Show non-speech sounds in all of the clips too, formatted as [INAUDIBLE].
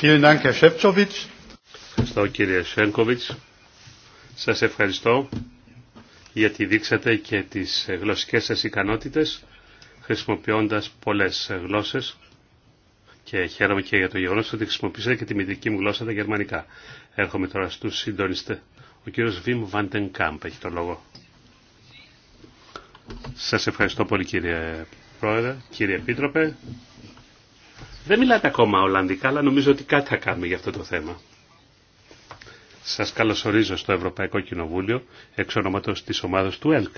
Ευχαριστώ κύριε Σένκοβιτς. Σας ευχαριστώ γιατί δείξατε και τις γλωσσικές σας ικανότητες χρησιμοποιώντας πολλές γλώσσες και χαίρομαι και για το γεγονό ότι χρησιμοποίησατε και τη μητρική μου γλώσσα τα γερμανικά. Έρχομαι τώρα στους συντονιστε. Ο κύριος Βιμ Βαντενκάμπ έχει το λόγο. Σας ευχαριστώ πολύ κύριε Πρόεδρε, κύριε Επίτροπε. Δεν μιλάτε ακόμα Ολλανδικά, αλλά νομίζω ότι κάτι θα κάνουμε για αυτό το θέμα. Σας καλωσορίζω στο Ευρωπαϊκό Κοινοβούλιο, εξ ονόματος της του ΕΛΚ.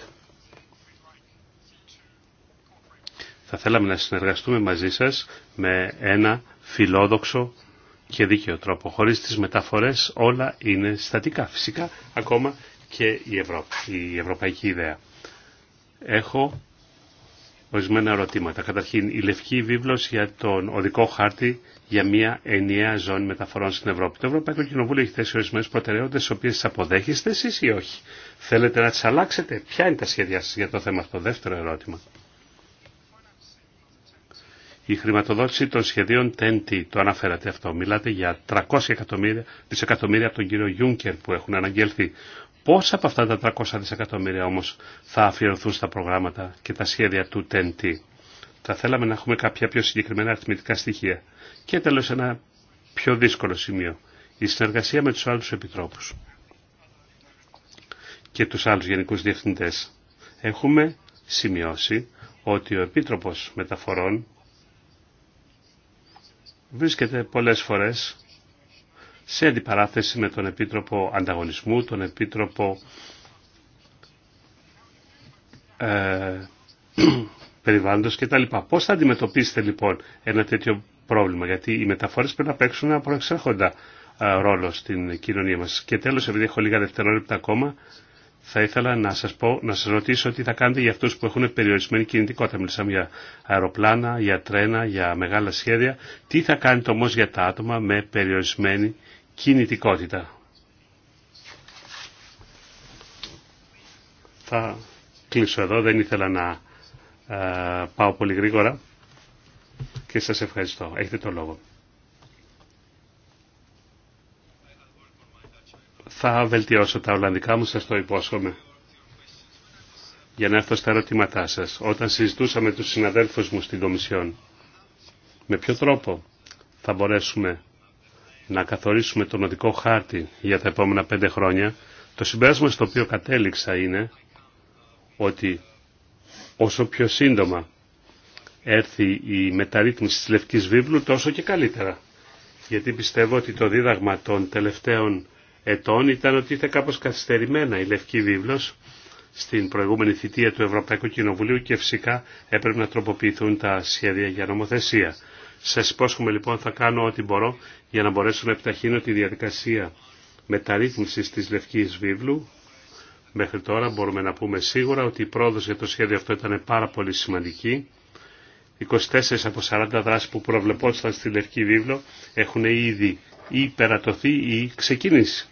Θα θέλαμε να συνεργαστούμε μαζί σας με ένα φιλόδοξο και δίκαιο τρόπο. Χωρίς τις μεταφορές όλα είναι στατικά. Φυσικά ακόμα και η, Ευρώπη, η ευρωπαϊκή ιδέα. Έχω ορισμένα ερωτήματα. Καταρχήν, η λευκή βίβλος για τον οδικό χάρτη για μια ενιαία ζώνη μεταφορών στην Ευρώπη. Το Ευρωπαϊκό Κοινοβούλιο έχει θέσει ορισμένε προτεραιότητε, τι οποίε τι αποδέχεστε εσεί ή όχι. Θέλετε να τι αλλάξετε, ποια είναι τα σχέδιά σα για το θέμα αυτό. Δεύτερο ερώτημα. Η χρηματοδότηση των σχεδίων TNT, το αναφέρατε αυτό. Μιλάτε για 300 εκατομμύρια, δισεκατομμύρια από τον κύριο Γιούνκερ που έχουν αναγγέλθει Πόσα από αυτά τα 300 δισεκατομμύρια όμως θα αφιερωθούν στα προγράμματα και τα σχέδια του TNT. Θα θέλαμε να έχουμε κάποια πιο συγκεκριμένα αριθμητικά στοιχεία. Και τέλος ένα πιο δύσκολο σημείο. Η συνεργασία με τους άλλους επιτρόπους και τους άλλους γενικούς διευθυντές. Έχουμε σημειώσει ότι ο Επίτροπος Μεταφορών βρίσκεται πολλές φορές σε αντιπαράθεση με τον Επίτροπο Ανταγωνισμού, τον Επίτροπο ε, [CLEARS THROAT] Περιβάλλοντος κτλ. Πώς θα αντιμετωπίσετε λοιπόν ένα τέτοιο πρόβλημα, γιατί οι μεταφορές πρέπει να παίξουν ένα προεξέρχοντα ε, ρόλο στην κοινωνία μας. Και τέλος, επειδή έχω λίγα δευτερόλεπτα ακόμα, θα ήθελα να σας, πω, να σας ρωτήσω τι θα κάνετε για αυτούς που έχουν περιορισμένη κινητικότητα. Μιλήσαμε για αεροπλάνα, για τρένα, για μεγάλα σχέδια. Τι θα κάνετε όμως για τα άτομα με περιορισμένη κινητικότητα. Θα κλείσω εδώ, δεν ήθελα να ε, πάω πολύ γρήγορα και σας ευχαριστώ. Έχετε το λόγο. Θα βελτιώσω τα Ολλανδικά μου, σας το υπόσχομαι. Για να έρθω στα ερωτήματά σας. Όταν συζητούσα με τους συναδέλφους μου στην Κομισιόν, με ποιο τρόπο θα μπορέσουμε να καθορίσουμε τον οδικό χάρτη για τα επόμενα πέντε χρόνια, το συμπέρασμα στο οποίο κατέληξα είναι ότι όσο πιο σύντομα έρθει η μεταρρύθμιση της Λευκής Βίβλου, τόσο και καλύτερα. Γιατί πιστεύω ότι το δίδαγμα των τελευταίων ετών ήταν ότι ήταν κάπως καθυστερημένα η Λευκή Βίβλος στην προηγούμενη θητεία του Ευρωπαϊκού Κοινοβουλίου και φυσικά έπρεπε να τροποποιηθούν τα σχέδια για νομοθεσία. Σας υπόσχομαι λοιπόν θα κάνω ό,τι μπορώ για να μπορέσω να επιταχύνω τη διαδικασία μεταρρύθμισης της Λευκής Βίβλου. Μέχρι τώρα μπορούμε να πούμε σίγουρα ότι η πρόοδος για το σχέδιο αυτό ήταν πάρα πολύ σημαντική. 24 από 40 δράσεις που προβλεπόταν στη Λευκή Βίβλο έχουν ήδη ή περατωθεί ή ξεκινήσει.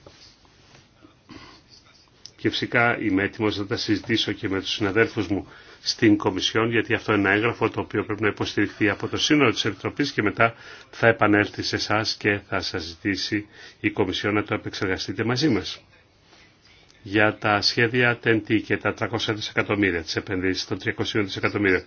Και φυσικά είμαι έτοιμος να τα συζητήσω και με τους συναδέλφους μου στην Κομισιόν, γιατί αυτό είναι ένα έγγραφο το οποίο πρέπει να υποστηριχθεί από το σύνολο της Επιτροπής και μετά θα επανέλθει σε εσά και θα σας ζητήσει η Κομισιόν να το επεξεργαστείτε μαζί μας. Για τα σχέδια TNT και τα 300 δισεκατομμύρια, τι επενδύσει των 300 δισεκατομμύρια.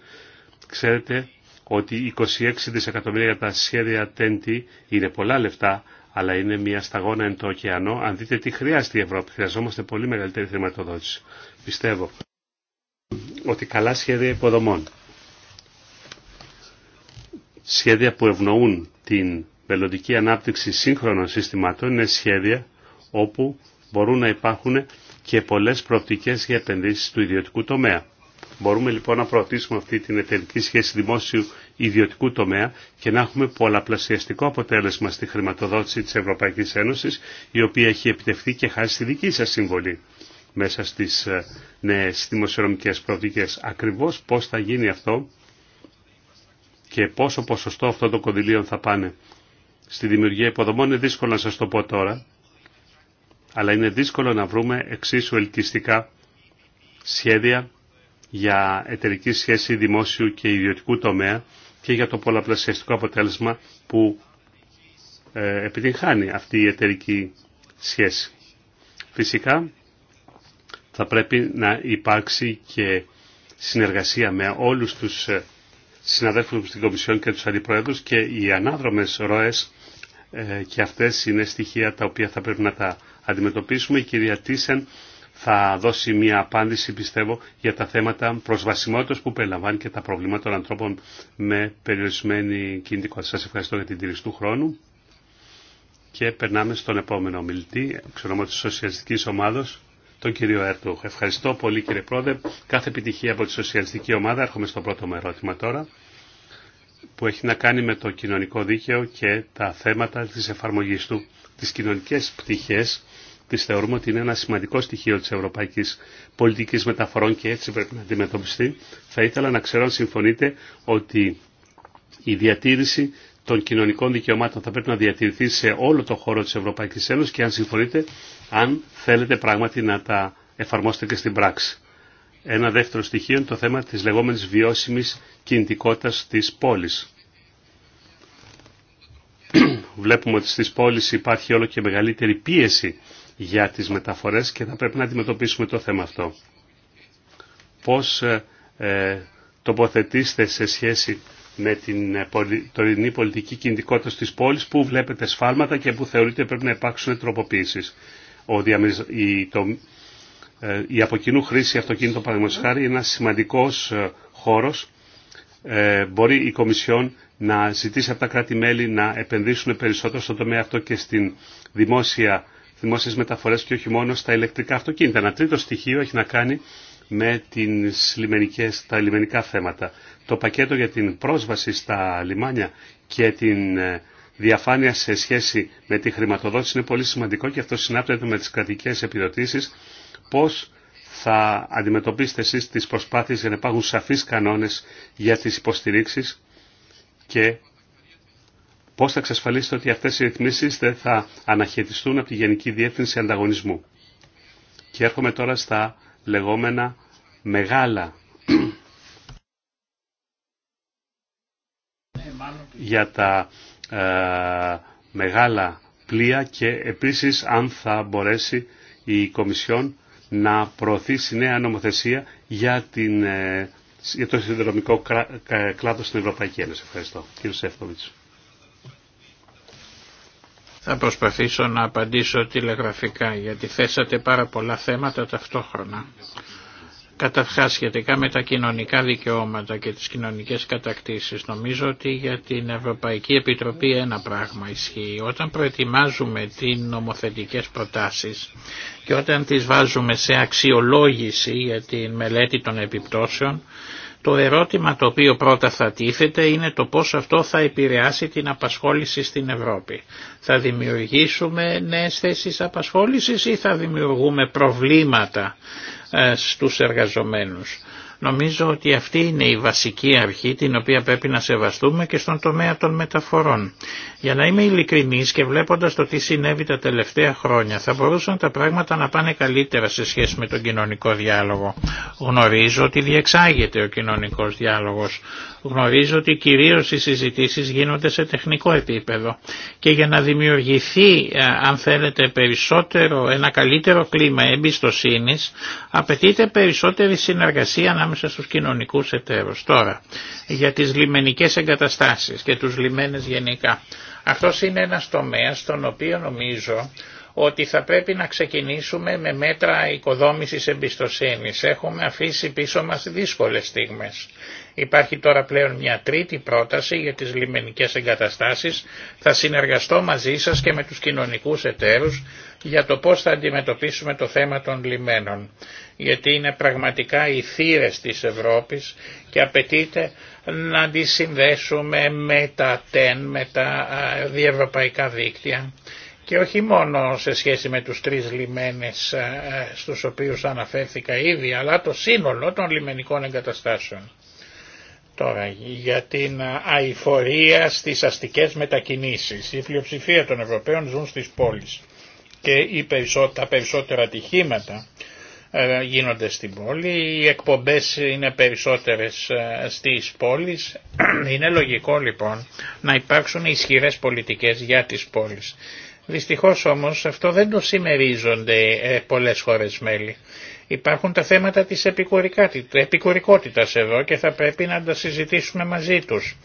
Ξέρετε ότι 26 δισεκατομμύρια για τα σχέδια TNT είναι πολλά λεφτά, αλλά είναι μια σταγόνα εν το ωκεανό. Αν δείτε τι χρειάζεται η Ευρώπη, χρειαζόμαστε πολύ μεγαλύτερη χρηματοδότηση. Πιστεύω ότι καλά σχέδια υποδομών, σχέδια που ευνοούν την μελλοντική ανάπτυξη σύγχρονων συστημάτων είναι σχέδια όπου μπορούν να υπάρχουν και πολλές προοπτικές για επενδύσεις του ιδιωτικού τομέα. Μπορούμε λοιπόν να προωθήσουμε αυτή την εταιρική σχέση δημόσιου ιδιωτικού τομέα και να έχουμε πολλαπλασιαστικό αποτέλεσμα στη χρηματοδότηση της Ευρωπαϊκής Ένωσης, η οποία έχει επιτευχθεί και χάσει τη δική σας συμβολή μέσα στις ε, νέες δημοσιονομικές προοδίκες Ακριβώς πώς θα γίνει αυτό και πόσο ποσοστό αυτό το κονδυλίων θα πάνε στη δημιουργία υποδομών είναι δύσκολο να σας το πω τώρα, αλλά είναι δύσκολο να βρούμε εξίσου ελκυστικά σχέδια για εταιρική σχέση δημόσιου και ιδιωτικού τομέα και για το πολλαπλασιαστικό αποτέλεσμα που ε, επιτυγχάνει αυτή η εταιρική σχέση. Φυσικά θα πρέπει να υπάρξει και συνεργασία με όλους τους ε, συναδέλφους στην Κομισιόν και τους αντιπροέδρους και οι ανάδρομες ροές ε, και αυτές είναι στοιχεία τα οποία θα πρέπει να τα αντιμετωπίσουμε. Η κυρία Τίσεν θα δώσει μια απάντηση πιστεύω για τα θέματα προσβασιμότητας που περιλαμβάνει και τα προβλήματα των ανθρώπων με περιορισμένη κινητικότητα. Σας ευχαριστώ για την τήρηση του χρόνου και περνάμε στον επόμενο μιλητή, ξενόμα της Σοσιαλιστικής Ομάδος τον κύριο Ερτούχ. Ευχαριστώ πολύ κύριε Πρόεδρε. Κάθε επιτυχία από τη Σοσιαλιστική Ομάδα. Έρχομαι στο πρώτο μου ερώτημα τώρα που έχει να κάνει με το κοινωνικό δίκαιο και τα θέματα της εφαρμογής του. Τις κοινωνικές πτυχές τις θεωρούμε ότι είναι ένα σημαντικό στοιχείο της ευρωπαϊκής πολιτικής μεταφορών και έτσι πρέπει να αντιμετωπιστεί. Θα ήθελα να ξέρω αν συμφωνείτε ότι η διατήρηση των κοινωνικών δικαιωμάτων θα πρέπει να διατηρηθεί σε όλο το χώρο της Ευρωπαϊκής Ένωσης και αν συμφωνείτε αν θέλετε πράγματι να τα εφαρμόσετε και στην πράξη. Ένα δεύτερο στοιχείο είναι το θέμα της λεγόμενης βιώσιμης κινητικότητας της πόλης. [CLEARS THROAT] Βλέπουμε ότι στις πόλεις υπάρχει όλο και μεγαλύτερη πίεση για τις μεταφορές και θα πρέπει να αντιμετωπίσουμε το θέμα αυτό. Πώς ε, ε τοποθετήστε σε σχέση με την ε, τωρινή πολιτική κινητικότητα της πόλης που βλέπετε σφάλματα και που θεωρείτε πρέπει να υπάρξουν τροποποίησεις ο διαμερισ... η, το... Ε, από κοινού χρήση αυτοκίνητων παραδείγματος είναι ένας σημαντικός ε, χώρος. Ε, μπορεί η Κομισιόν να ζητήσει από τα κράτη-μέλη να επενδύσουν περισσότερο στο τομέα αυτό και στην δημόσια, δημόσιες μεταφορές και όχι μόνο στα ηλεκτρικά αυτοκίνητα. Ένα τρίτο στοιχείο έχει να κάνει με τις λιμενικές, τα λιμενικά θέματα. Το πακέτο για την πρόσβαση στα λιμάνια και την ε, διαφάνεια σε σχέση με τη χρηματοδότηση είναι πολύ σημαντικό και αυτό συνάπτεται με τις κρατικές επιδοτήσεις. Πώς θα αντιμετωπίσετε εσείς τις προσπάθειες για να υπάρχουν σαφείς κανόνες για τις υποστηρίξεις και πώς θα εξασφαλίσετε ότι αυτές οι ρυθμίσεις δεν θα αναχαιτιστούν από τη Γενική Διεύθυνση Ανταγωνισμού. Και έρχομαι τώρα στα λεγόμενα μεγάλα ε, για τα ε, μεγάλα πλοία και επίσης αν θα μπορέσει η Κομισιόν να προωθήσει νέα νομοθεσία για, την, ε, το συνδρομικό κλάδο στην Ευρωπαϊκή Ένωση. Ευχαριστώ. Κύριε Θα προσπαθήσω να απαντήσω τηλεγραφικά γιατί θέσατε πάρα πολλά θέματα ταυτόχρονα. Καταρχά σχετικά με τα κοινωνικά δικαιώματα και τις κοινωνικές κατακτήσεις νομίζω ότι για την Ευρωπαϊκή Επιτροπή ένα πράγμα ισχύει. Όταν προετοιμάζουμε τις νομοθετικές προτάσεις και όταν τις βάζουμε σε αξιολόγηση για τη μελέτη των επιπτώσεων το ερώτημα το οποίο πρώτα θα τίθεται είναι το πώς αυτό θα επηρεάσει την απασχόληση στην Ευρώπη. Θα δημιουργήσουμε νέες θέσεις απασχόλησης ή θα δημιουργούμε προβλήματα ε, στους εργαζομένους. Νομίζω ότι αυτή είναι η βασική αρχή την οποία πρέπει να σεβαστούμε και στον τομέα των μεταφορών. Για να είμαι ειλικρινής και βλέποντας το τι συνέβη τα τελευταία χρόνια θα μπορούσαν τα πράγματα να πάνε καλύτερα σε σχέση με τον κοινωνικό διάλογο. Γνωρίζω ότι διεξάγεται ο κοινωνικός διάλογος. Γνωρίζω ότι κυρίως οι συζητήσεις γίνονται σε τεχνικό επίπεδο και για να δημιουργηθεί ε, αν θέλετε περισσότερο ένα καλύτερο κλίμα εμπιστοσύνης απαιτείται περισσότερη συνεργασία ανάμεσα στους κοινωνικούς εταίρους. Τώρα για τις λιμενικές εγκαταστάσεις και τους λιμένες γενικά. Αυτό είναι ένας τομέας στον οποίο νομίζω ότι θα πρέπει να ξεκινήσουμε με μέτρα οικοδόμησης εμπιστοσύνης. Έχουμε αφήσει πίσω μας δύσκολες στιγμές. Υπάρχει τώρα πλέον μια τρίτη πρόταση για τις λιμενικές εγκαταστάσεις. Θα συνεργαστώ μαζί σας και με τους κοινωνικούς εταίρους για το πώς θα αντιμετωπίσουμε το θέμα των λιμένων. Γιατί είναι πραγματικά οι θύρες της Ευρώπης και απαιτείται να τις συνδέσουμε με τα TEN, με τα διευρωπαϊκά δίκτυα και όχι μόνο σε σχέση με τους τρεις λιμένες στους οποίους αναφέρθηκα ήδη, αλλά το σύνολο των λιμενικών εγκαταστάσεων. Τώρα, για την αηφορία στις αστικές μετακινήσεις. Η πλειοψηφία των Ευρωπαίων ζουν στις πόλεις και τα περισσότερα ατυχήματα ε, γίνονται στην πόλη, οι εκπομπές είναι περισσότερες ε, στις πόλεις. [CLEARS THROAT] Είναι λογικό λοιπόν να υπάρξουν ισχυρές πολιτικές για τις πόλεις. Δυστυχώς όμως αυτό δεν το συμμερίζονται ε, πολλές χώρες μέλη. Υπάρχουν τα θέματα της επικουρικότητας εδώ και θα πρέπει να τα συζητήσουμε μαζί τους.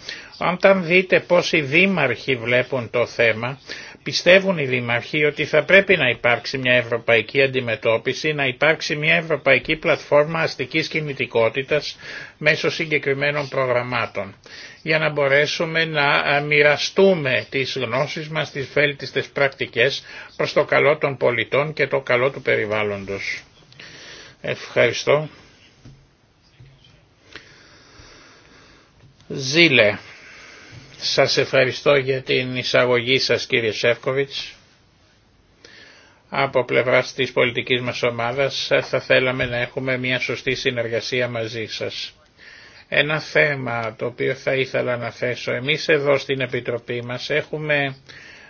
Όταν δείτε πώς οι δήμαρχοι βλέπουν το θέμα, πιστεύουν οι δήμαρχοι ότι θα πρέπει να υπάρξει μια ευρωπαϊκή αντιμετώπιση, να υπάρξει μια ευρωπαϊκή πλατφόρμα αστικής κινητικότητας μέσω συγκεκριμένων προγραμμάτων για να μπορέσουμε να ε, μοιραστούμε τις γνώσεις μας, τις βέλτιστες πρακτικές προς το καλό των πολιτών και το καλό του περιβάλλοντος. Ευχαριστώ. Ζήλε, σας ευχαριστώ για την εισαγωγή σας κύριε Σεύκοβιτς. Από πλευράς της πολιτικής μας ομάδας θα θέλαμε να έχουμε μια σωστή συνεργασία μαζί σας. Ένα θέμα το οποίο θα ήθελα να θέσω. Εμείς εδώ στην Επιτροπή μας έχουμε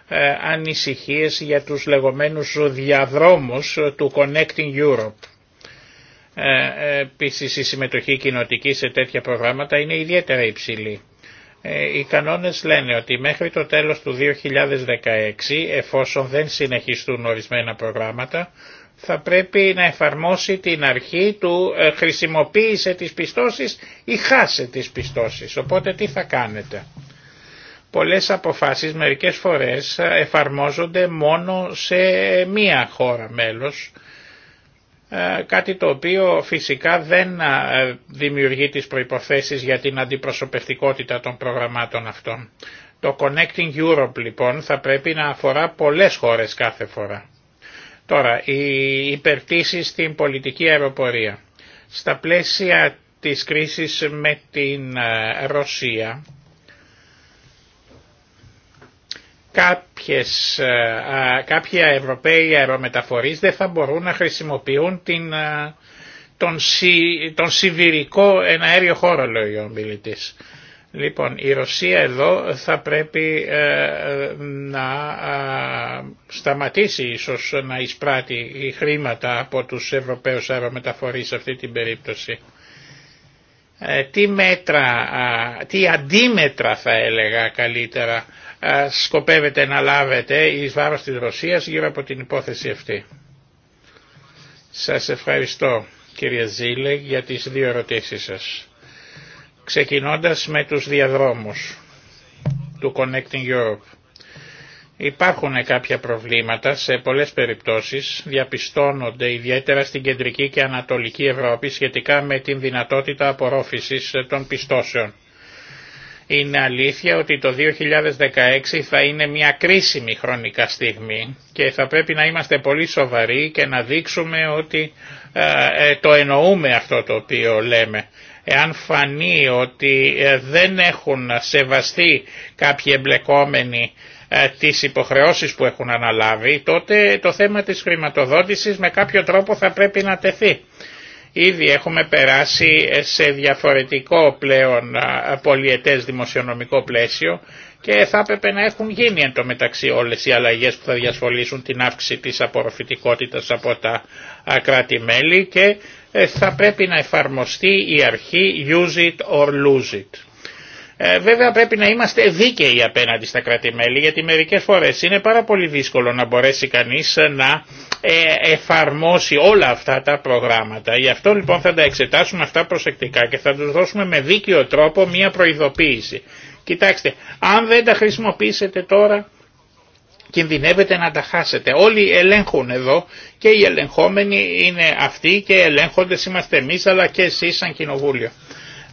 ε, ανησυχίες για τους λεγόμενους διαδρόμους του Connecting Europe ε, επίσης η συμμετοχή κοινοτική σε τέτοια προγράμματα είναι ιδιαίτερα υψηλή. Ε, οι κανόνες λένε ότι μέχρι το τέλος του 2016, εφόσον δεν συνεχιστούν ορισμένα προγράμματα, θα πρέπει να εφαρμόσει την αρχή του ε, χρησιμοποίησε τις πιστώσεις ή χάσε τις πιστώσεις. Οπότε τι θα κάνετε. Πολλές αποφάσεις μερικές φορές εφαρμόζονται μόνο σε μία χώρα μέλος ε, κάτι το οποίο φυσικά δεν ε, δημιουργεί τις προϋποθέσεις για την αντιπροσωπευτικότητα των προγραμμάτων αυτών. Το Connecting Europe λοιπόν θα πρέπει να αφορά πολλές χώρες κάθε φορά. Τώρα, οι υπερτήσει στην πολιτική αεροπορία. Στα πλαίσια της κρίσης με την ε, Ρωσία κάποιες, ε, κάποια Ευρωπαίοι αερομεταφορείς δεν θα μπορούν να χρησιμοποιούν την, ε, τον, σι, τον σιβηρικό εναέριο χώρο, λέει ο ομιλητής. Λοιπόν, η Ρωσία εδώ θα πρέπει ε, να σταματήσει ίσως να εισπράττει χρήματα από τους Ευρωπαίους αερομεταφορείς σε αυτή την περίπτωση. τι μέτρα, τι αντίμετρα θα έλεγα καλύτερα σκοπεύετε να λάβετε εις βάρος της Ρωσίας γύρω από την υπόθεση αυτή. Σας ευχαριστώ κύριε Ζήλε για τις δύο ερωτήσεις σας. Ξεκινώντας με τους διαδρόμους του Connecting Europe. Υπάρχουν κάποια προβλήματα σε πολλές περιπτώσεις, διαπιστώνονται ιδιαίτερα στην κεντρική και ανατολική Ευρώπη σχετικά με την δυνατότητα απορρόφησης των πιστώσεων. Είναι αλήθεια ότι το 2016 θα είναι μια κρίσιμη χρονικά στιγμή και θα πρέπει να είμαστε πολύ σοβαροί και να δείξουμε ότι ε, ε, το εννοούμε αυτό το οποίο λέμε. Εάν φανεί ότι ε, δεν έχουν σεβαστεί κάποιοι εμπλεκόμενοι ε, τις υποχρεώσεις που έχουν αναλάβει, τότε το θέμα της χρηματοδότησης με κάποιο τρόπο θα πρέπει να τεθεί. Ήδη έχουμε περάσει σε διαφορετικό πλέον πολιετές δημοσιονομικό πλαίσιο και θα έπρεπε να έχουν γίνει εν τω μεταξύ όλες οι αλλαγές που θα διασφαλίσουν την αύξηση της απορροφητικότητας από τα κράτη-μέλη και ε, θα πρέπει να εφαρμοστεί η αρχή use it or lose it. Ε, βέβαια πρέπει να είμαστε δίκαιοι απέναντι στα κρατημέλη γιατί μερικές φορές είναι πάρα πολύ δύσκολο να μπορέσει κανείς να ε, εφαρμόσει όλα αυτά τα προγράμματα. Γι' αυτό λοιπόν θα τα εξετάσουμε αυτά προσεκτικά και θα τους δώσουμε με δίκαιο τρόπο μια προειδοποίηση. Κοιτάξτε, αν δεν τα χρησιμοποιήσετε τώρα κινδυνεύετε να τα χάσετε. Όλοι ελέγχουν εδώ και οι ελεγχόμενοι είναι αυτοί και ελέγχοντες είμαστε εμείς αλλά και εσείς σαν κοινοβούλιο.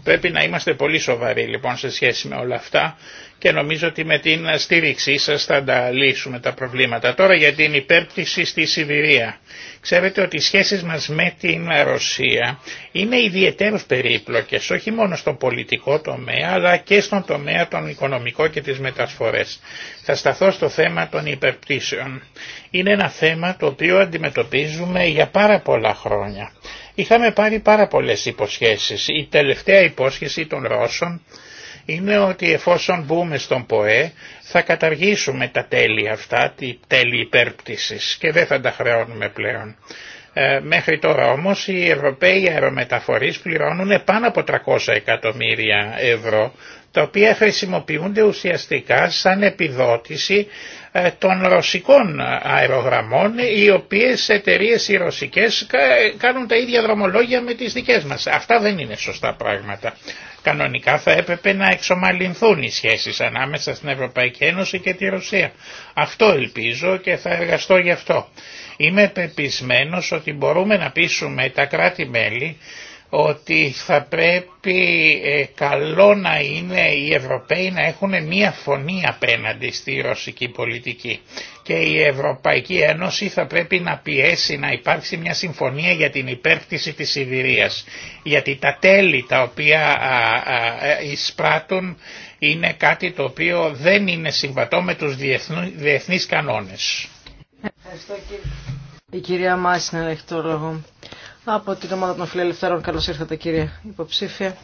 Πρέπει να είμαστε πολύ σοβαροί λοιπόν σε σχέση με όλα αυτά και νομίζω ότι με την στήριξή σας θα τα λύσουμε τα προβλήματα. Τώρα για την υπέρπτυση στη Σιβηρία. Ξέρετε ότι οι σχέσεις μας με την Ρωσία είναι ιδιαίτερως περίπλοκες, όχι μόνο στον πολιτικό τομέα, αλλά και στον τομέα των οικονομικών και τις μεταφορές. Θα σταθώ στο θέμα των υπερπτήσεων. Είναι ένα θέμα το οποίο αντιμετωπίζουμε για πάρα πολλά χρόνια. Είχαμε πάρει πάρα πολλές υποσχέσεις. Η τελευταία υπόσχεση των Ρώσων είναι ότι εφόσον μπούμε στον ΠΟΕ θα καταργήσουμε τα τέλη αυτά, τη τέλη υπέρπτυσης και δεν θα τα χρεώνουμε πλέον. Ε, μέχρι τώρα όμως οι Ευρωπαίοι αερομεταφορείς πληρώνουν πάνω από 300 εκατομμύρια ευρώ τα οποία χρησιμοποιούνται ουσιαστικά σαν επιδότηση ε, των ρωσικών αερογραμμών οι οποίες εταιρείε οι ρωσικές κάνουν τα ίδια δρομολόγια με τις δικές μας. Αυτά δεν είναι σωστά πράγματα. Κανονικά θα έπρεπε να εξομαλυνθούν οι σχέσεις ανάμεσα στην Ευρωπαϊκή Ένωση και τη Ρωσία. Αυτό ελπίζω και θα εργαστώ γι' αυτό. Είμαι πεπισμένος ότι μπορούμε να πείσουμε τα κράτη-μέλη ότι θα πρέπει ε, καλό να είναι οι Ευρωπαίοι να έχουν μία φωνή απέναντι στη ρωσική πολιτική και η Ευρωπαϊκή Ένωση θα πρέπει να πιέσει να υπάρξει μια συμφωνία για την υπέρκτηση της Σιβηρίας γιατί τα τέλη τα οποία ε, εισπράττουν είναι κάτι το οποίο δεν είναι συμβατό με τους διεθνείς κανόνες. Ευχαριστώ κύριε. Η κυρία από την ομάδα των φιλελευθέρων καλώ ήρθατε κύριε υποψήφια.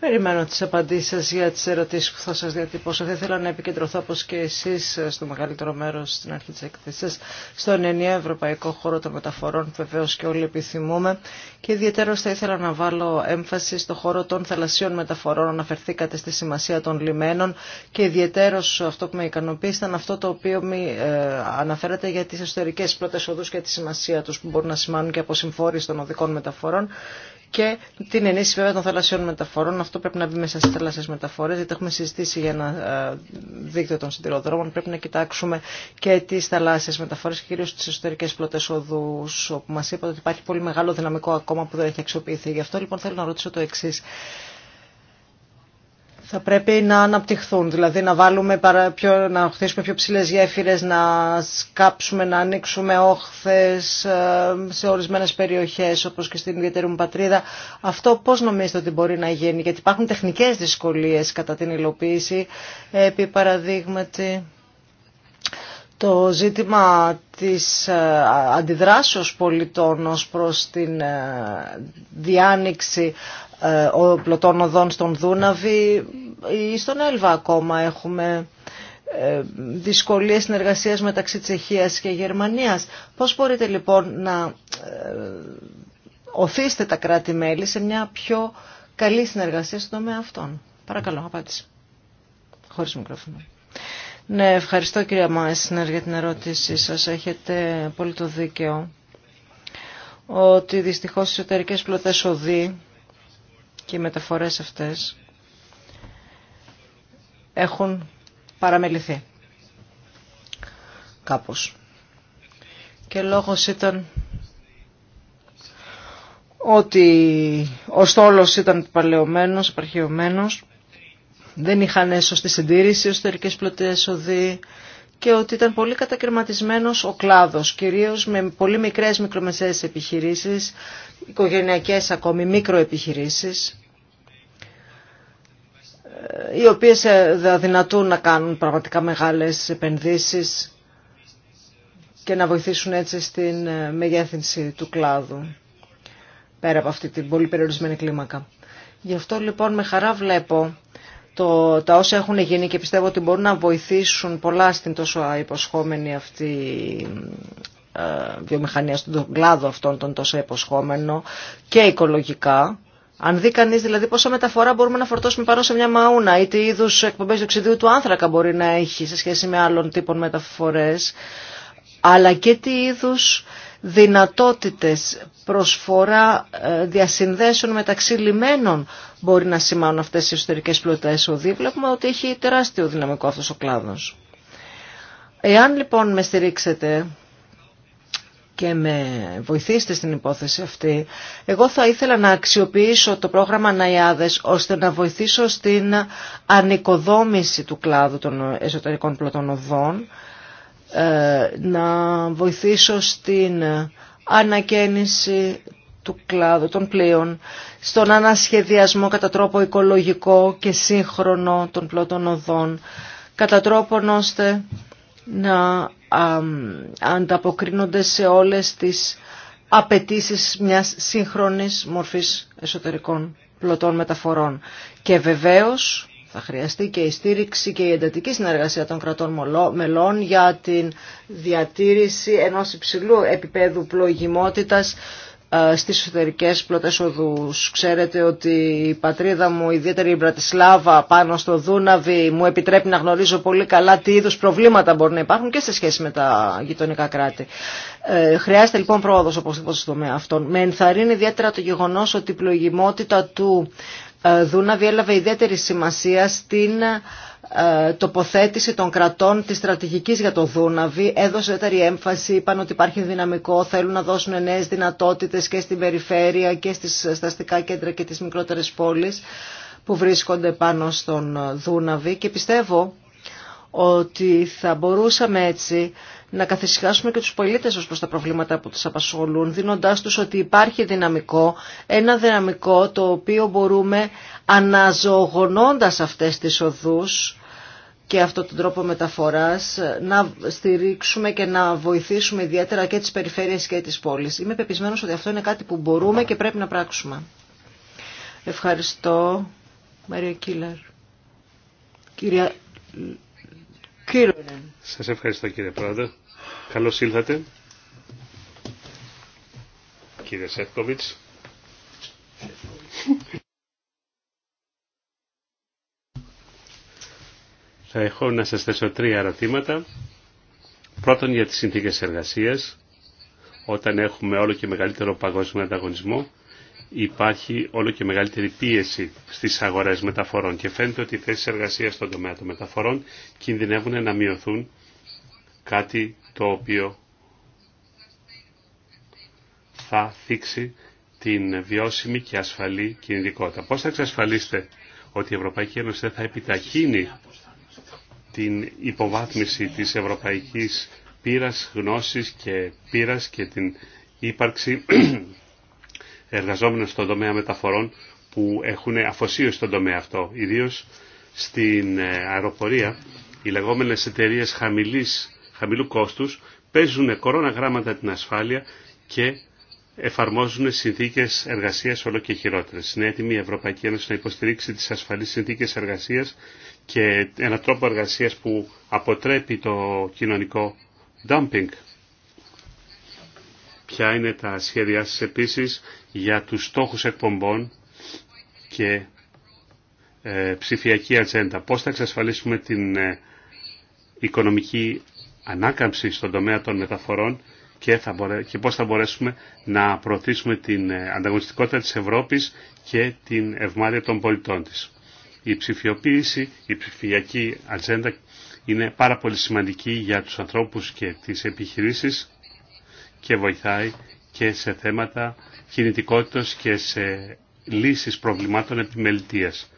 Περιμένω τις απαντήσεις σας για τις ερωτήσεις που θα σας διατυπώσω. Θα ήθελα να επικεντρωθώ όπως και εσείς στο μεγαλύτερο μέρος στην αρχή της εκθέσης στον ενιαίο ευρωπαϊκό χώρο των μεταφορών που βεβαίως και όλοι επιθυμούμε και ιδιαίτερα θα ήθελα να βάλω έμφαση στο χώρο των θαλασσίων μεταφορών. Αναφερθήκατε στη σημασία των λιμένων και ιδιαίτερο αυτό που με ικανοποίησε ήταν αυτό το οποίο ε, αναφέρατε για τις εσωτερικές πρώτες οδούς και τη σημασία τους που μπορούν να σημάνουν και αποσυμφόρηση των οδικών μεταφορών και την ενίσχυση βέβαια των θαλασσιών μεταφορών. Αυτό πρέπει να μπει μέσα στι θαλασσιέ μεταφορέ, γιατί έχουμε συζητήσει για ένα ε, δίκτυο των συντηροδρόμων. Πρέπει να κοιτάξουμε και τι θαλάσσιε μεταφορέ και κυρίω τι εσωτερικέ πλωτέ οδού, όπου μα είπατε ότι υπάρχει πολύ μεγάλο δυναμικό ακόμα που δεν έχει αξιοποιηθεί. Γι' αυτό λοιπόν θέλω να ρωτήσω το εξή θα πρέπει να αναπτυχθούν, δηλαδή να, βάλουμε πιο, να χτίσουμε πιο ψηλές γέφυρες, να σκάψουμε, να ανοίξουμε όχθες ε, σε ορισμένες περιοχές όπως και στην ιδιαίτερη μου πατρίδα. Αυτό πώς νομίζετε ότι μπορεί να γίνει, γιατί υπάρχουν τεχνικές δυσκολίες κατά την υλοποίηση, επί παραδείγματι... Το ζήτημα της ε, αντιδράσεως πολιτών ως προς την ε, διάνοιξη ε, πλωτών οδών στον Δούναβη ή στον Έλβα ακόμα έχουμε ε, δυσκολίες συνεργασίας μεταξύ Τσεχίας και Γερμανίας. Πώς μπορείτε λοιπόν να ε, οθήσετε τα κράτη-μέλη σε μια πιο καλή συνεργασία στον τομέα αυτών. Παρακαλώ, απάντηση. Χωρίς μικρόφωνο. Ναι, ευχαριστώ κυρία Μάισνερ για την ερώτησή σας. Έχετε πολύ το δίκαιο ότι δυστυχώς οι εσωτερικές πλωτές οδοί και οι μεταφορές αυτές έχουν παραμεληθεί κάπως. Και λόγος ήταν ότι ο στόλος ήταν παλαιωμένος, απαρχαιωμένος, δεν είχαν σωστή συντήρηση, εσωτερικές πλωτές οδοί και ότι ήταν πολύ κατακαιρματισμένος ο κλάδος, κυρίως με πολύ μικρές μικρομεσαίες επιχειρήσεις, οικογενειακές ακόμη μικροεπιχειρήσεις οι οποίες ε, δυνατούν να κάνουν πραγματικά μεγάλες επενδύσεις και να βοηθήσουν έτσι στην ε, μεγέθυνση του κλάδου πέρα από αυτή την πολύ περιορισμένη κλίμακα. Γι' αυτό λοιπόν με χαρά βλέπω τα όσα έχουν γίνει και πιστεύω ότι μπορούν να βοηθήσουν πολλά στην τόσο υποσχόμενη αυτή ε, βιομηχανία, στον κλάδο αυτόν τον τόσο υποσχόμενο και οικολογικά αν δει κανεί δηλαδή πόσα μεταφορά μπορούμε να φορτώσουμε πάνω σε μια μαούνα ή τι είδου εκπομπέ διοξιδίου του άνθρακα μπορεί να έχει σε σχέση με άλλων τύπων μεταφορέ, αλλά και τι είδου δυνατότητες προσφορά ε, διασυνδέσεων μεταξύ λιμένων μπορεί να σημάνουν αυτές οι εσωτερικέ πλωτέ οδοί, βλέπουμε ότι έχει τεράστιο δυναμικό αυτό ο κλάδο. Εάν λοιπόν με στηρίξετε και με βοηθήσετε στην υπόθεση αυτή, εγώ θα ήθελα να αξιοποιήσω το πρόγραμμα Ναϊάδες ώστε να βοηθήσω στην ανοικοδόμηση του κλάδου των εσωτερικών πλωτών οδών, ε, να βοηθήσω στην ανακαίνιση του κλάδου των πλοίων, στον ανασχεδιασμό κατά τρόπο οικολογικό και σύγχρονο των πλωτών οδών, κατά τρόπον ώστε να ανταποκρίνονται σε όλες τις απαιτήσει μιας σύγχρονης μορφής εσωτερικών πλωτών μεταφορών. Και βεβαίως θα χρειαστεί και η στήριξη και η εντατική συνεργασία των κρατών μελών για την διατήρηση ενός υψηλού επίπεδου πλοηγημότητας ε, στις εσωτερικές πλωτές οδούς. Ξέρετε ότι η πατρίδα μου, ιδιαίτερη η Μπρατισλάβα, πάνω στο Δούναβι, μου επιτρέπει να γνωρίζω πολύ καλά τι είδους προβλήματα μπορεί να υπάρχουν και σε σχέση με τα γειτονικά κράτη. Ε, χρειάζεται λοιπόν πρόοδος είπα, στο τομέα αυτόν. Με ενθαρρύνει ιδιαίτερα το γεγονός ότι η πλογιμότητα του ε, Δούναβι έλαβε ιδιαίτερη σημασία στην ε, τοποθέτηση των κρατών της στρατηγικής για το Δούναβι έδωσε έτερη έμφαση, είπαν ότι υπάρχει δυναμικό, θέλουν να δώσουν νέες δυνατότητες και στην περιφέρεια και στις σταστικά κέντρα και τις μικρότερες πόλεις που βρίσκονται πάνω στον Δούναβι και πιστεύω ότι θα μπορούσαμε έτσι να καθησυχάσουμε και τους πολίτες ως προς τα προβλήματα που τους απασχολούν, δίνοντάς τους ότι υπάρχει δυναμικό, ένα δυναμικό το οποίο μπορούμε αναζωογονώντας αυτές τις οδούς, και αυτόν τον τρόπο μεταφοράς να στηρίξουμε και να βοηθήσουμε ιδιαίτερα και τις περιφέρειες και τις πόλεις. Είμαι πεπισμένος ότι αυτό είναι κάτι που μπορούμε και πρέπει να πράξουμε. Ευχαριστώ. Μαρία Κίλαρ. Κυρία Σας ευχαριστώ κύριε Πρόεδρε. Καλώς ήλθατε. Κύριε Θα έχω να σας θέσω τρία ερωτήματα. Πρώτον για τις συνθήκες εργασίας. Όταν έχουμε όλο και μεγαλύτερο παγκόσμιο ανταγωνισμό, υπάρχει όλο και μεγαλύτερη πίεση στις αγορές μεταφορών και φαίνεται ότι οι θέσεις εργασίας στον τομέα των μεταφορών κινδυνεύουν να μειωθούν κάτι το οποίο θα θίξει την βιώσιμη και ασφαλή κινητικότητα. Πώς θα εξασφαλίσετε ότι η Ευρωπαϊκή Ένωση δεν θα επιταχύνει την υποβάθμιση της ευρωπαϊκής πείρας γνώσης και πείρας και την ύπαρξη [CLEARS THROAT] εργαζόμενων στον τομέα μεταφορών που έχουν αφοσίωση στον τομέα αυτό. Ιδίως στην ε, αεροπορία οι λεγόμενες εταιρείε χαμηλού κόστους παίζουν κορώνα γράμματα την ασφάλεια και εφαρμόζουν συνθήκες εργασίας όλο και χειρότερες. Είναι έτοιμη η Ευρωπαϊκή Ένωση να υποστηρίξει τι ασφαλείς συνθήκε εργασία και ένα τρόπο εργασίας που αποτρέπει το κοινωνικό dumping. Ποια είναι τα σχέδιά σας επίσης για τους στόχους εκπομπών και ε, ψηφιακή ατζέντα. Πώς θα εξασφαλίσουμε την ε, οικονομική ανάκαμψη στον τομέα των μεταφορών και, θα μπορέ, και πώς θα μπορέσουμε να προωθήσουμε την ε, ανταγωνιστικότητα της Ευρώπης και την ευμάρεια των πολιτών της. Η ψηφιοποίηση, η ψηφιακή ατζέντα είναι πάρα πολύ σημαντική για τους ανθρώπους και τις επιχειρήσεις και βοηθάει και σε θέματα κινητικότητας και σε λύσεις προβλημάτων επιμελητίας.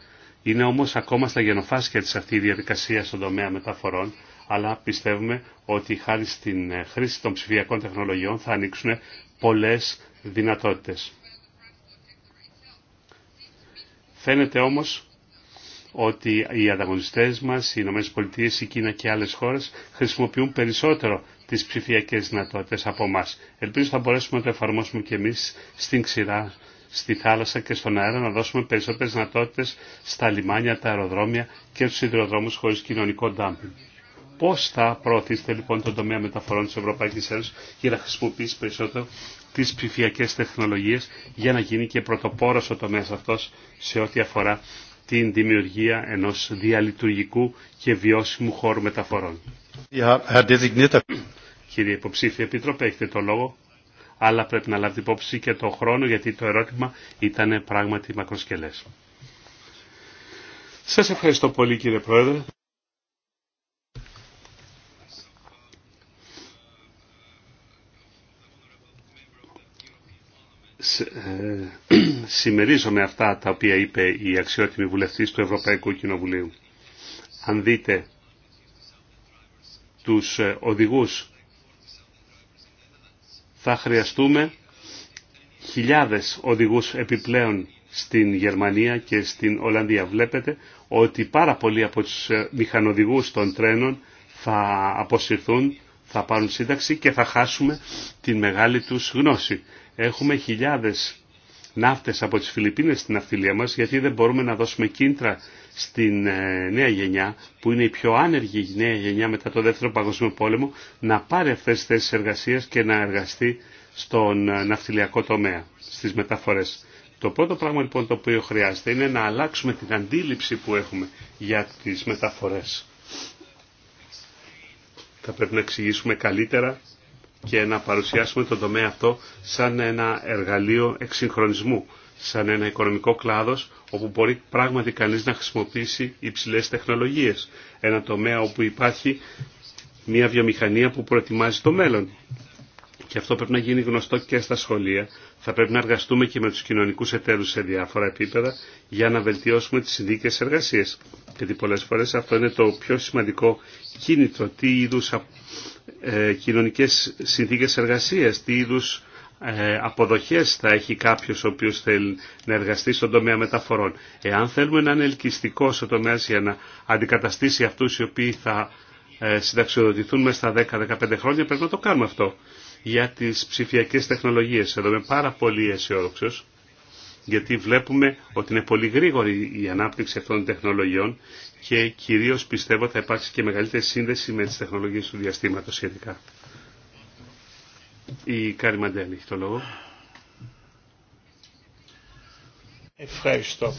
Είναι όμως ακόμα στα γενοφάσκια της αυτή η διαδικασία στον τομέα μεταφορών, αλλά πιστεύουμε ότι χάρη στην ε, χρήση των ψηφιακών τεχνολογιών θα ανοίξουν πολλές δυνατότητες. Φαίνεται όμως ότι οι ανταγωνιστές μας, οι ΗΠΑ, η Κίνα και άλλες χώρες χρησιμοποιούν περισσότερο τις ψηφιακές δυνατότητες από εμά. Ελπίζω θα μπορέσουμε να το εφαρμόσουμε και εμείς στην ξηρά, στη θάλασσα και στον αέρα, να δώσουμε περισσότερες δυνατότητες στα λιμάνια, τα αεροδρόμια και στους σιδηροδρόμους χωρίς κοινωνικό ντάμπινγκ. Πώς θα προωθήσετε λοιπόν τον τομέα μεταφορών της Ευρωπαϊκής Ένωσης για να χρησιμοποιήσει περισσότερο τις ψηφιακές τεχνολογίες για να γίνει και πρωτοπόρος ο τομέας αυτός σε ό,τι αφορά την δημιουργία ενός διαλειτουργικού και βιώσιμου χώρου μεταφορών. Κύριε υποψήφιε επίτροπε, έχετε το λόγο, αλλά πρέπει να λάβετε υπόψη και το χρόνο γιατί το ερώτημα ήταν πράγματι μακροσκελές. Σας ευχαριστώ πολύ κύριε Πρόεδρε. Ε, [CLEARS THROAT] συμμερίζομαι αυτά τα οποία είπε η αξιότιμη βουλευτής του Ευρωπαϊκού Κοινοβουλίου. Αν δείτε τους ε, οδηγούς θα χρειαστούμε χιλιάδες οδηγούς επιπλέον στην Γερμανία και στην Ολλανδία. Βλέπετε ότι πάρα πολλοί από τους ε, μηχανοδηγούς των τρένων θα αποσυρθούν, θα πάρουν σύνταξη και θα χάσουμε την μεγάλη τους γνώση. Έχουμε χιλιάδες ναύτες από τις Φιλιππίνες στην ναυτιλία μας γιατί δεν μπορούμε να δώσουμε κίντρα στην ε, νέα γενιά που είναι η πιο άνεργη νέα γενιά μετά το δεύτερο παγκόσμιο πόλεμο να πάρει αυτές τις θέσεις εργασίας και να εργαστεί στον ε, ναυτιλιακό τομέα, στις μεταφορές. Το πρώτο πράγμα λοιπόν το οποίο χρειάζεται είναι να αλλάξουμε την αντίληψη που έχουμε για τις μεταφορές. Θα πρέπει να εξηγήσουμε καλύτερα και να παρουσιάσουμε τον τομέα αυτό σαν ένα εργαλείο εξυγχρονισμού, σαν ένα οικονομικό κλάδος όπου μπορεί πράγματι κανείς να χρησιμοποιήσει υψηλές τεχνολογίες. Ένα τομέα όπου υπάρχει μια βιομηχανία που προετοιμάζει το μέλλον. Και αυτό πρέπει να γίνει γνωστό και στα σχολεία. Θα πρέπει να εργαστούμε και με τους κοινωνικούς εταίρους σε διάφορα επίπεδα για να βελτιώσουμε τις συνδίκε εργασίας. Γιατί πολλές φορές αυτό είναι το πιο σημαντικό κίνητρο. Τι είδους ε, κοινωνικές συνθήκες εργασίας, τι είδους ε, αποδοχές θα έχει κάποιος ο οποίος θέλει να εργαστεί στον τομέα μεταφορών. Εάν θέλουμε να είναι ελκυστικό ο τομέας για να αντικαταστήσει αυτούς οι οποίοι θα ε, συνταξιοδοτηθούν μέσα στα 10-15 χρόνια, πρέπει να το κάνουμε αυτό. Για τις ψηφιακές τεχνολογίες, εδώ είμαι πάρα πολύ αισιόδοξο γιατί βλέπουμε ότι είναι πολύ γρήγορη η ανάπτυξη αυτών των τεχνολογιών και κυρίως πιστεύω θα υπάρξει και μεγαλύτερη σύνδεση με τις τεχνολογίες του διαστήματος σχετικά. Η Κάρη Μαντέλη έχει το λόγο. Ευχαριστώ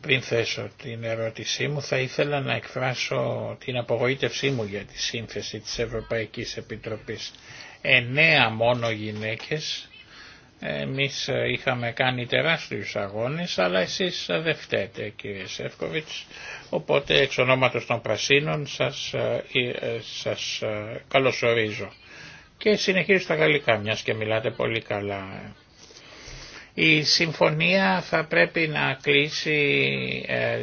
Πριν θέσω την ερώτησή μου θα ήθελα να εκφράσω την απογοήτευσή μου για τη σύνθεση της Ευρωπαϊκής Επιτροπής. Εννέα μόνο γυναίκες εμείς ε, είχαμε κάνει τεράστιους αγώνες, αλλά εσείς ε, δεν φταίτε κύριε Σεύκοβιτς, οπότε εξ ονόματος των Πρασίνων σας, ε, σας καλωσορίζω. Και συνεχίζω στα γαλλικά, μιας και μιλάτε πολύ καλά. Η συμφωνία θα πρέπει να κλείσει,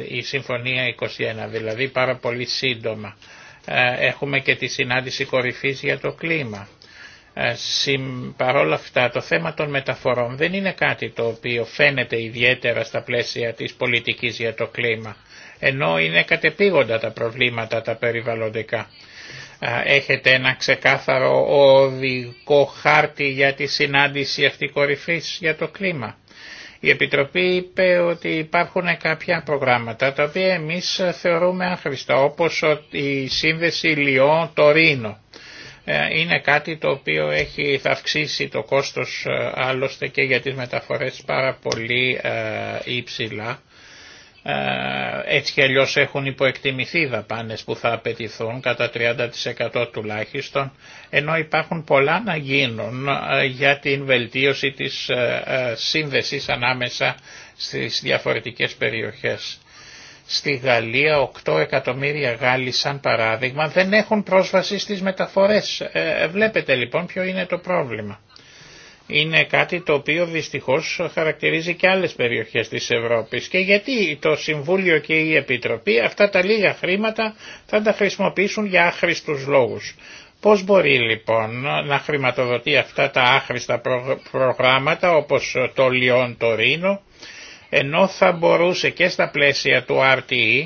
η συμφωνία 21, δηλαδή πάρα πολύ σύντομα. Έχουμε και τη συνάντηση κορυφής για το κλίμα ε, παρόλα αυτά το θέμα των μεταφορών δεν είναι κάτι το οποίο φαίνεται ιδιαίτερα στα πλαίσια της πολιτικής για το κλίμα, ενώ είναι κατεπήγοντα τα προβλήματα τα περιβαλλοντικά. Ε, έχετε ένα ξεκάθαρο οδικό χάρτη για τη συνάντηση αυτή κορυφής για το κλίμα. Η Επιτροπή είπε ότι υπάρχουν κάποια προγράμματα τα οποία εμείς θεωρούμε άχρηστα όπως η σύνδεση Λιών-Τωρίνο ε, είναι κάτι το οποίο έχει, θα αυξήσει το κόστος ε, άλλωστε και για τις μεταφορές πάρα πολύ ε, υψηλά. Έτσι κι αλλιώς έχουν υποεκτιμηθεί οι δαπάνες που θα απαιτηθούν κατά 30% τουλάχιστον, ενώ υπάρχουν πολλά να γίνουν για την βελτίωση της σύνδεσης ανάμεσα στις διαφορετικές περιοχές. Στη Γαλλία 8 εκατομμύρια Γάλλοι σαν παράδειγμα δεν έχουν πρόσβαση στις μεταφορές. Ε, βλέπετε λοιπόν ποιο είναι το πρόβλημα. Είναι κάτι το οποίο δυστυχώς χαρακτηρίζει και άλλες περιοχές της Ευρώπης. Και γιατί το Συμβούλιο και η Επιτροπή αυτά τα λίγα χρήματα θα τα χρησιμοποιήσουν για άχρηστους λόγους. Πώς μπορεί λοιπόν να χρηματοδοτεί αυτά τα άχρηστα προγράμματα όπως το Λιόν το Ρήνο ενώ θα μπορούσε και στα πλαίσια του RTE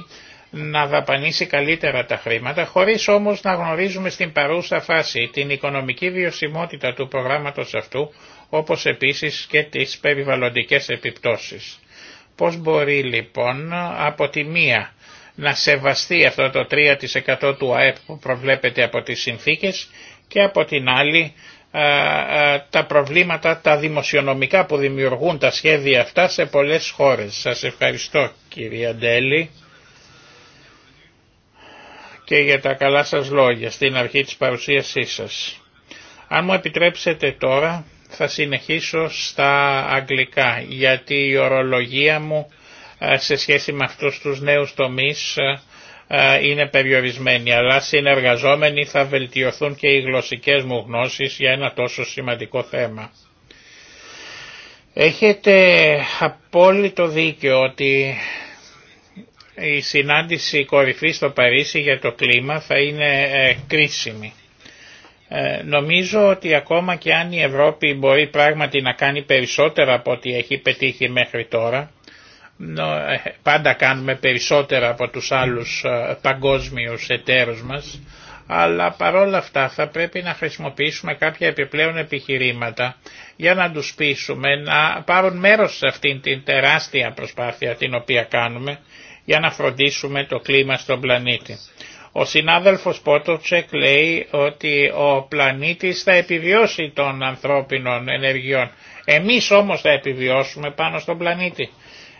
να δαπανίσει καλύτερα τα χρήματα, χωρίς όμως να γνωρίζουμε στην παρούσα φάση την οικονομική βιωσιμότητα του προγράμματος αυτού, όπως επίσης και τις περιβαλλοντικές επιπτώσεις. Πώς μπορεί λοιπόν από τη μία να σεβαστεί αυτό το 3% του ΑΕΠ που προβλέπεται από τις συνθήκες και από την άλλη ε, ε, τα προβλήματα, τα δημοσιονομικά που δημιουργούν τα σχέδια αυτά σε πολλές χώρες. Σας ευχαριστώ κυρία Ντέλη και για τα καλά σας λόγια στην αρχή της παρουσίασής σας. Αν μου επιτρέψετε τώρα θα συνεχίσω στα αγγλικά γιατί η ορολογία μου ε, σε σχέση με αυτούς τους νέους τομείς ε, είναι περιορισμένοι, αλλά συνεργαζόμενοι θα βελτιωθούν και οι γλωσσικές μου γνώσεις για ένα τόσο σημαντικό θέμα. Έχετε απόλυτο δίκιο ότι η συνάντηση κορυφή στο Παρίσι για το κλίμα θα είναι ε, κρίσιμη. Ε, νομίζω ότι ακόμα και αν η Ευρώπη μπορεί πράγματι να κάνει περισσότερα από ό,τι έχει πετύχει μέχρι τώρα, ε, πάντα κάνουμε περισσότερα από τους άλλους ε, παγκόσμιους εταίρους μας, αλλά παρόλα αυτά θα πρέπει να χρησιμοποιήσουμε κάποια επιπλέον επιχειρήματα για να τους πείσουμε να πάρουν μέρος σε αυτήν την τεράστια προσπάθεια την οποία κάνουμε για να φροντίσουμε το κλίμα στον πλανήτη. Ο συνάδελφος Πότοτσεκ λέει ότι ο πλανήτης θα επιβιώσει των ανθρώπινων ενεργειών. Εμείς όμως θα επιβιώσουμε πάνω στον πλανήτη.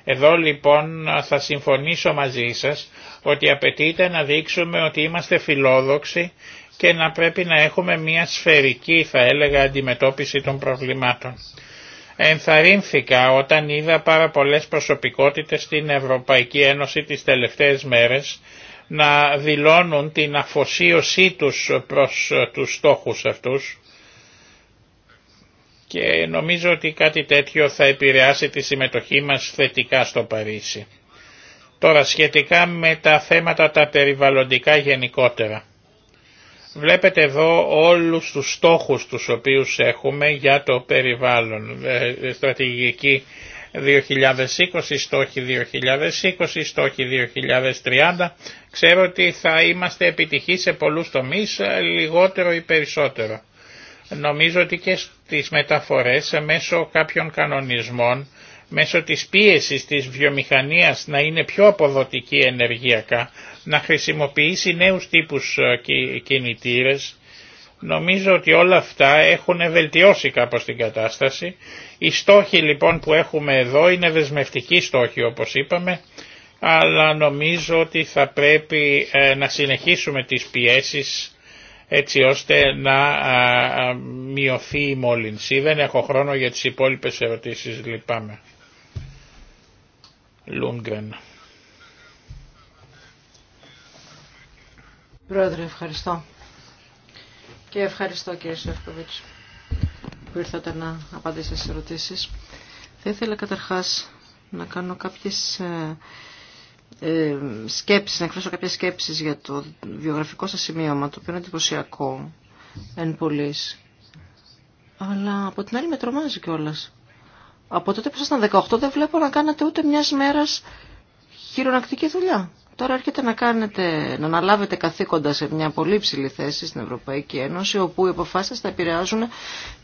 Εδώ λοιπόν θα συμφωνήσω μαζί σας ότι απαιτείται να δείξουμε ότι είμαστε φιλόδοξοι και να πρέπει να έχουμε μια σφαιρική θα έλεγα αντιμετώπιση των προβλημάτων. Ενθαρρύνθηκα όταν είδα πάρα πολλές προσωπικότητες στην Ευρωπαϊκή Ένωση τις τελευταίες μέρες να δηλώνουν την αφοσίωσή τους προς τους στόχους αυτούς και νομίζω ότι κάτι τέτοιο θα επηρεάσει τη συμμετοχή μας θετικά στο Παρίσι. Τώρα σχετικά με τα θέματα τα περιβαλλοντικά γενικότερα. Βλέπετε εδώ όλους τους στόχους τους οποίους έχουμε για το περιβάλλον. Ε, ε, στρατηγική 2020, στόχοι 2020, στόχοι 2030. Ξέρω ότι θα είμαστε επιτυχείς σε πολλούς τομείς, ε, λιγότερο ή περισσότερο. Νομίζω ότι και στις μεταφορές μέσω κάποιων κανονισμών, μέσω της πίεσης της βιομηχανίας να είναι πιο αποδοτική ενεργειακά, να χρησιμοποιήσει νέους τύπους ε, κινητήρες, Νομίζω ότι όλα αυτά έχουν βελτιώσει κάπως την κατάσταση. Οι στόχοι λοιπόν που έχουμε εδώ είναι δεσμευτικοί στόχοι όπως είπαμε, αλλά νομίζω ότι θα πρέπει ε, να συνεχίσουμε τις πιέσεις έτσι ώστε να μειωθεί η μόλυνση. Δεν έχω χρόνο για τις υπόλοιπες ερωτήσεις, λυπάμαι. Λούγκρεν. Πρόεδρε, ευχαριστώ. Και ευχαριστώ κύριε Σεφκοβίτς που ήρθατε να απαντήσετε στις ερωτήσεις. Θα ήθελα καταρχάς να κάνω κάποιες ε, ε, σκέψεις, να εκφράσω κάποιες σκέψεις για το βιογραφικό σας σημείωμα, το οποίο είναι εντυπωσιακό εν πολλής Αλλά από την άλλη με τρομάζει κιόλα. Από τότε που ήσασταν 18 δεν βλέπω να κάνετε ούτε μιας μέρας χειρονακτική δουλειά. Τώρα έρχεται να, κάνετε, να αναλάβετε καθήκοντα σε μια πολύ ψηλή θέση στην Ευρωπαϊκή Ένωση, όπου οι αποφάσεις θα επηρεάζουν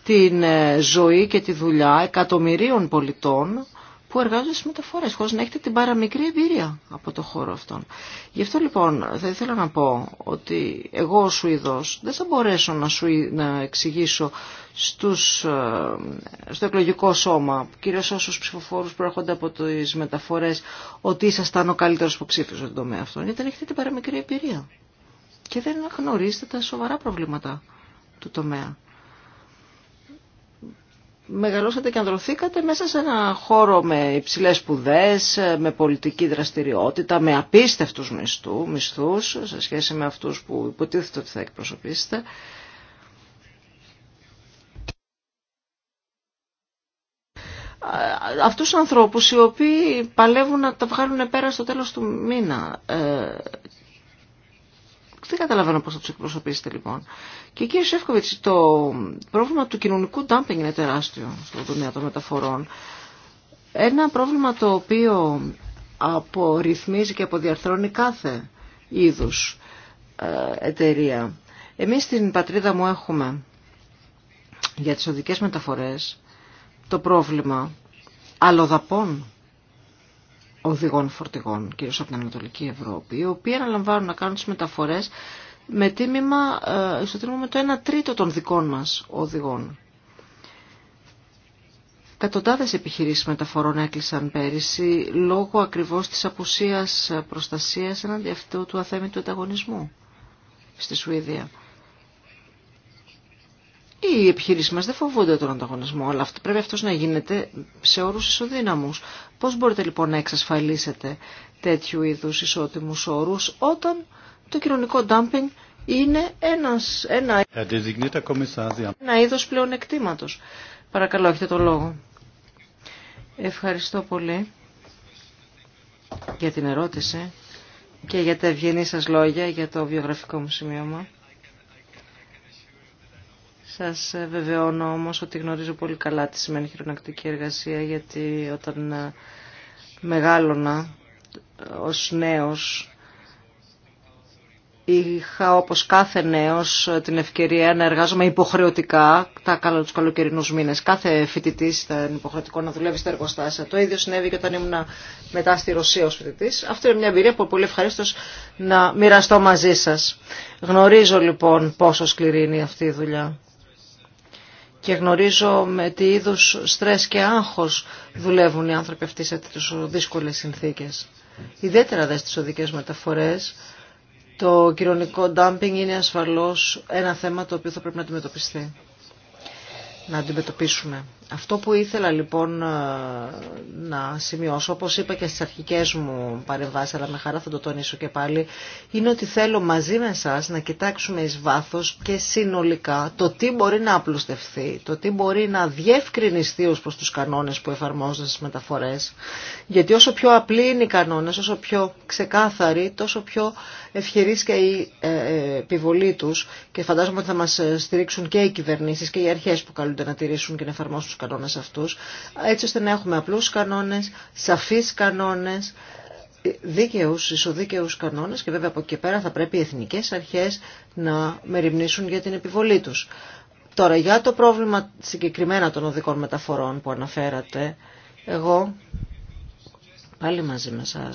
την ε, ζωή και τη δουλειά εκατομμυρίων πολιτών, που εργάζονται στις μεταφορές, χωρίς να έχετε την παραμικρή εμπειρία από το χώρο αυτόν. Γι' αυτό λοιπόν θα ήθελα να πω ότι εγώ σου Σουηδός δεν θα μπορέσω να, σου, να εξηγήσω στους, ε, στο εκλογικό σώμα, κυρίως όσους ψηφοφόρους προέρχονται από τις μεταφορές, ότι ήσασταν ο καλύτερος ψήφισε τον τομέα αυτόν, γιατί δεν έχετε την παραμικρή εμπειρία. Και δεν γνωρίζετε τα σοβαρά προβλήματα του τομέα μεγαλώσατε και ανδρωθήκατε μέσα σε ένα χώρο με υψηλές σπουδέ, με πολιτική δραστηριότητα, με απίστευτους μισθού, μισθούς σε σχέση με αυτούς που υποτίθεται ότι θα εκπροσωπήσετε. Αυτούς τους ανθρώπους οι οποίοι παλεύουν να τα βγάλουν πέρα στο τέλος του μήνα ε, δεν καταλαβαίνω πώς θα τους εκπροσωπήσετε λοιπόν. Και κύριε Σεύκοβιτς, το πρόβλημα του κοινωνικού ντάμπινγκ είναι τεράστιο στον τομέα των μεταφορών. Ένα πρόβλημα το οποίο απορριθμίζει και αποδιαρθρώνει κάθε είδους ε, εταιρεία. Εμείς στην πατρίδα μου έχουμε για τις οδικές μεταφορές το πρόβλημα αλλοδαπών οδηγών φορτηγών, κυρίως από την Ανατολική Ευρώπη, οι οποίοι αναλαμβάνουν να κάνουν τις μεταφορές με τίμημα ε, τίμημα με το 1 τρίτο των δικών μας οδηγών. Κατοντάδες επιχειρήσεις μεταφορών έκλεισαν πέρυσι λόγω ακριβώς της απουσίας προστασίας εναντί αυτού του αθέμητου ανταγωνισμού στη Σουηδία. Οι επιχειρήσει μα δεν φοβούνται τον ανταγωνισμό, αλλά πρέπει αυτό να γίνεται σε όρου ισοδύναμου. Πώ μπορείτε λοιπόν να εξασφαλίσετε τέτοιου είδου ισότιμου όρου όταν το κοινωνικό ντάμπινγκ είναι ένας, ένα, ένα είδο πλεονεκτήματο. Παρακαλώ, έχετε το λόγο. Ευχαριστώ πολύ για την ερώτηση και για τα ευγενή σας λόγια για το βιογραφικό μου σημείωμα. Σας βεβαιώνω όμως ότι γνωρίζω πολύ καλά τι σημαίνει χειρονακτική εργασία γιατί όταν ε, μεγάλωνα ως νέος είχα όπως κάθε νέος την ευκαιρία να εργάζομαι υποχρεωτικά τα καλά τους καλοκαιρινούς μήνες. Κάθε φοιτητή ήταν υποχρεωτικό να δουλεύει στα εργοστάσια. Το ίδιο συνέβη και όταν ήμουν μετά στη Ρωσία ως φοιτητή. Αυτό είναι μια εμπειρία που πολύ ευχαρίστω να μοιραστώ μαζί σας. Γνωρίζω λοιπόν πόσο σκληρή είναι αυτή η δουλειά και γνωρίζω με τι είδους στρες και άγχος δουλεύουν οι άνθρωποι αυτοί σε τέτοιες δύσκολες συνθήκες. Ιδιαίτερα δε στις οδικές μεταφορές, το κοινωνικό ντάμπινγκ είναι ασφαλώς ένα θέμα το οποίο θα πρέπει να αντιμετωπιστεί. Να αντιμετωπίσουμε. Αυτό που ήθελα λοιπόν ε, να σημειώσω, όπως είπα και στις αρχικές μου παρεμβάσεις, αλλά με χαρά θα το τονίσω και πάλι, είναι ότι θέλω μαζί με εσά να κοιτάξουμε εις βάθος και συνολικά το τι μπορεί να απλουστευθεί, το τι μπορεί να διευκρινιστεί ως προς τους κανόνες που εφαρμόζονται στις μεταφορές, γιατί όσο πιο απλοί είναι οι κανόνες, όσο πιο ξεκάθαροι, τόσο πιο ευχερής και η ε, ε, επιβολή τους και φαντάζομαι ότι θα μας στηρίξουν και οι κυβερνήσεις και οι αρχές που καλούνται να τηρήσουν και να εφαρμόσουν κανόνες αυτούς, έτσι ώστε να έχουμε απλούς κανόνες, σαφείς κανόνες, δίκαιους, ισοδίκαιους κανόνες και βέβαια από εκεί πέρα θα πρέπει οι εθνικές αρχές να μεριμνήσουν για την επιβολή τους. Τώρα για το πρόβλημα συγκεκριμένα των οδικών μεταφορών που αναφέρατε, εγώ πάλι μαζί με εσά.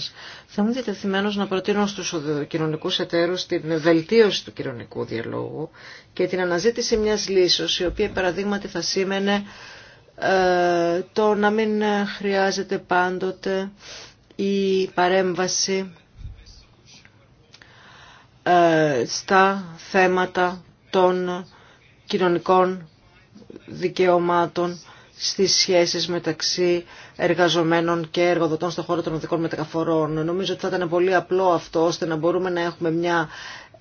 Θα είμαι διατεθειμένο να προτείνω στου κοινωνικού εταίρου την βελτίωση του κοινωνικού διαλόγου και την αναζήτηση μια λύση, η οποία παραδείγματι θα σήμαινε ε, το να μην χρειάζεται πάντοτε η παρέμβαση ε, στα θέματα των κοινωνικών δικαιωμάτων στις σχέσεις μεταξύ εργαζομένων και εργοδοτών στον χώρο των οδικών μεταφορών. Νομίζω ότι θα ήταν πολύ απλό αυτό ώστε να μπορούμε να έχουμε μια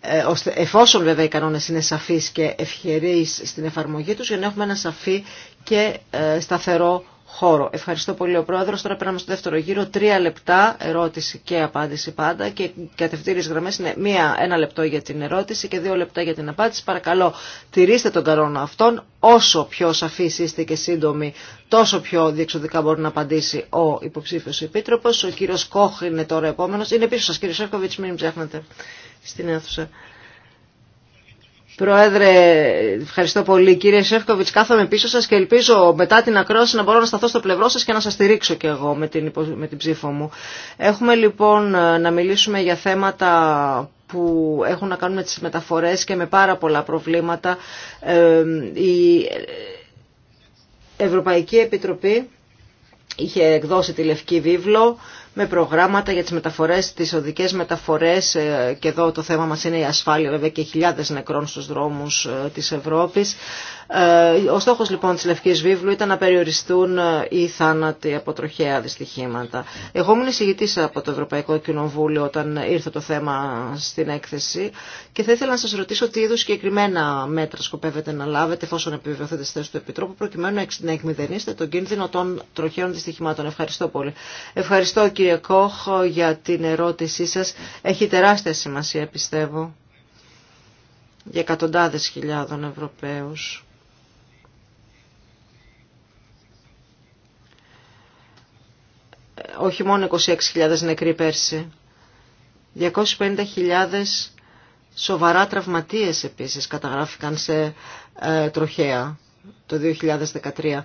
ε, εφόσον βέβαια οι κανόνες είναι σαφείς και ευχερείς στην εφαρμογή τους για να έχουμε ένα σαφή και ε, σταθερό χώρο. Ευχαριστώ πολύ ο Πρόεδρος. Τώρα περνάμε στο δεύτερο γύρο. Τρία λεπτά ερώτηση και απάντηση πάντα και οι κατευθύνες γραμμές είναι μία, ένα λεπτό για την ερώτηση και δύο λεπτά για την απάντηση. Παρακαλώ τηρήστε τον κανόνα αυτόν. Όσο πιο σαφή είστε και σύντομοι τόσο πιο διεξοδικά μπορεί να απαντήσει ο υποψήφιος επίτροπος. Ο κύριος Κόχ είναι τώρα επόμενο. Είναι πίσω σα κύριε Σέρκοβιτς, μην ψάχνετε στην αίθουσα. Πρόεδρε, ευχαριστώ πολύ. Κύριε Σεύκοβιτς, κάθομαι πίσω σας και ελπίζω μετά την ακρόαση να μπορώ να σταθώ στο πλευρό σας και να σας στηρίξω κι εγώ με την, με την ψήφο μου. Έχουμε λοιπόν ε, να μιλήσουμε για θέματα που έχουν να κάνουν με τις μεταφορές και με πάρα πολλά προβλήματα. Ε, η Ευρωπαϊκή Επιτροπή είχε εκδώσει τη Λευκή Βίβλο με προγράμματα για τις μεταφορές, τις οδικές μεταφορές ε, και εδώ το θέμα μας είναι η ασφάλεια βέβαια και χιλιάδες νεκρών στους δρόμους ε, της Ευρώπης ε, ο στόχος λοιπόν της Λευκής Βίβλου ήταν να περιοριστούν ε, οι θάνατοι από τροχαία δυστυχήματα. Εγώ ήμουν εισηγητής από το Ευρωπαϊκό Κοινοβούλιο όταν ήρθε το θέμα στην έκθεση και θα ήθελα να σας ρωτήσω τι είδους συγκεκριμένα μέτρα σκοπεύετε να λάβετε εφόσον επιβεβαιωθείτε στη θέση του Επιτρόπου προκειμένου να εκμηδενίσετε τον κίνδυνο των τροχαίων δυστυχημάτων. Ευχαριστώ πολύ. Ευχαριστώ κύριε Κόχ για την ερώτησή σας. Έχει τεράστια σημασία πιστεύω για εκατοντάδες χιλιάδων Ευρωπαίους όχι μόνο 26.000 νεκροί πέρσι, 250.000 σοβαρά τραυματίες επίσης καταγράφηκαν σε ε, τροχέα το 2013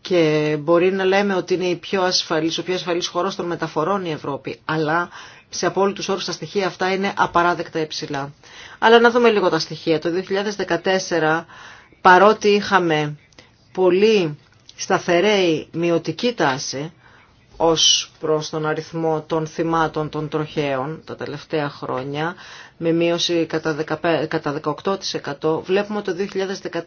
και μπορεί να λέμε ότι είναι η πιο ασφαλής, ο πιο ασφαλής χώρος των μεταφορών η Ευρώπη, αλλά σε απόλυτους όρους τα στοιχεία αυτά είναι απαράδεκτα υψηλά. Αλλά να δούμε λίγο τα στοιχεία. Το 2014 παρότι είχαμε πολύ σταθερή μειωτική τάση, ως προς τον αριθμό των θυμάτων των τροχαίων τα τελευταία χρόνια με μείωση κατά 18% βλέπουμε ότι το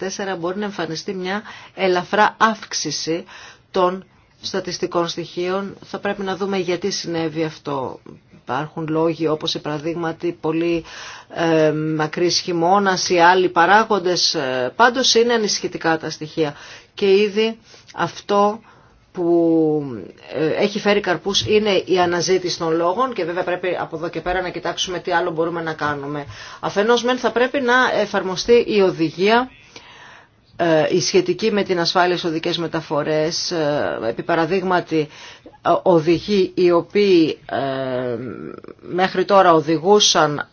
2014 μπορεί να εμφανιστεί μια ελαφρά αύξηση των στατιστικών στοιχείων. Θα πρέπει να δούμε γιατί συνέβη αυτό. Υπάρχουν λόγοι όπως οι παραδείγματι πολύ ε, μακρύς ή άλλοι παράγοντες. Ε, πάντως είναι ανησυχητικά τα στοιχεία. Και ήδη αυτό που ε, έχει φέρει καρπούς είναι η αναζήτηση των λόγων και βέβαια πρέπει από εδώ και πέρα να κοιτάξουμε τι άλλο μπορούμε να κάνουμε. Αφενός μεν θα πρέπει να εφαρμοστεί η οδηγία ε, η σχετική με την ασφάλεια στις οδικές μεταφορές, ε, επί παραδείγματι οδηγοί οι οποίοι μέχρι τώρα οδηγούσαν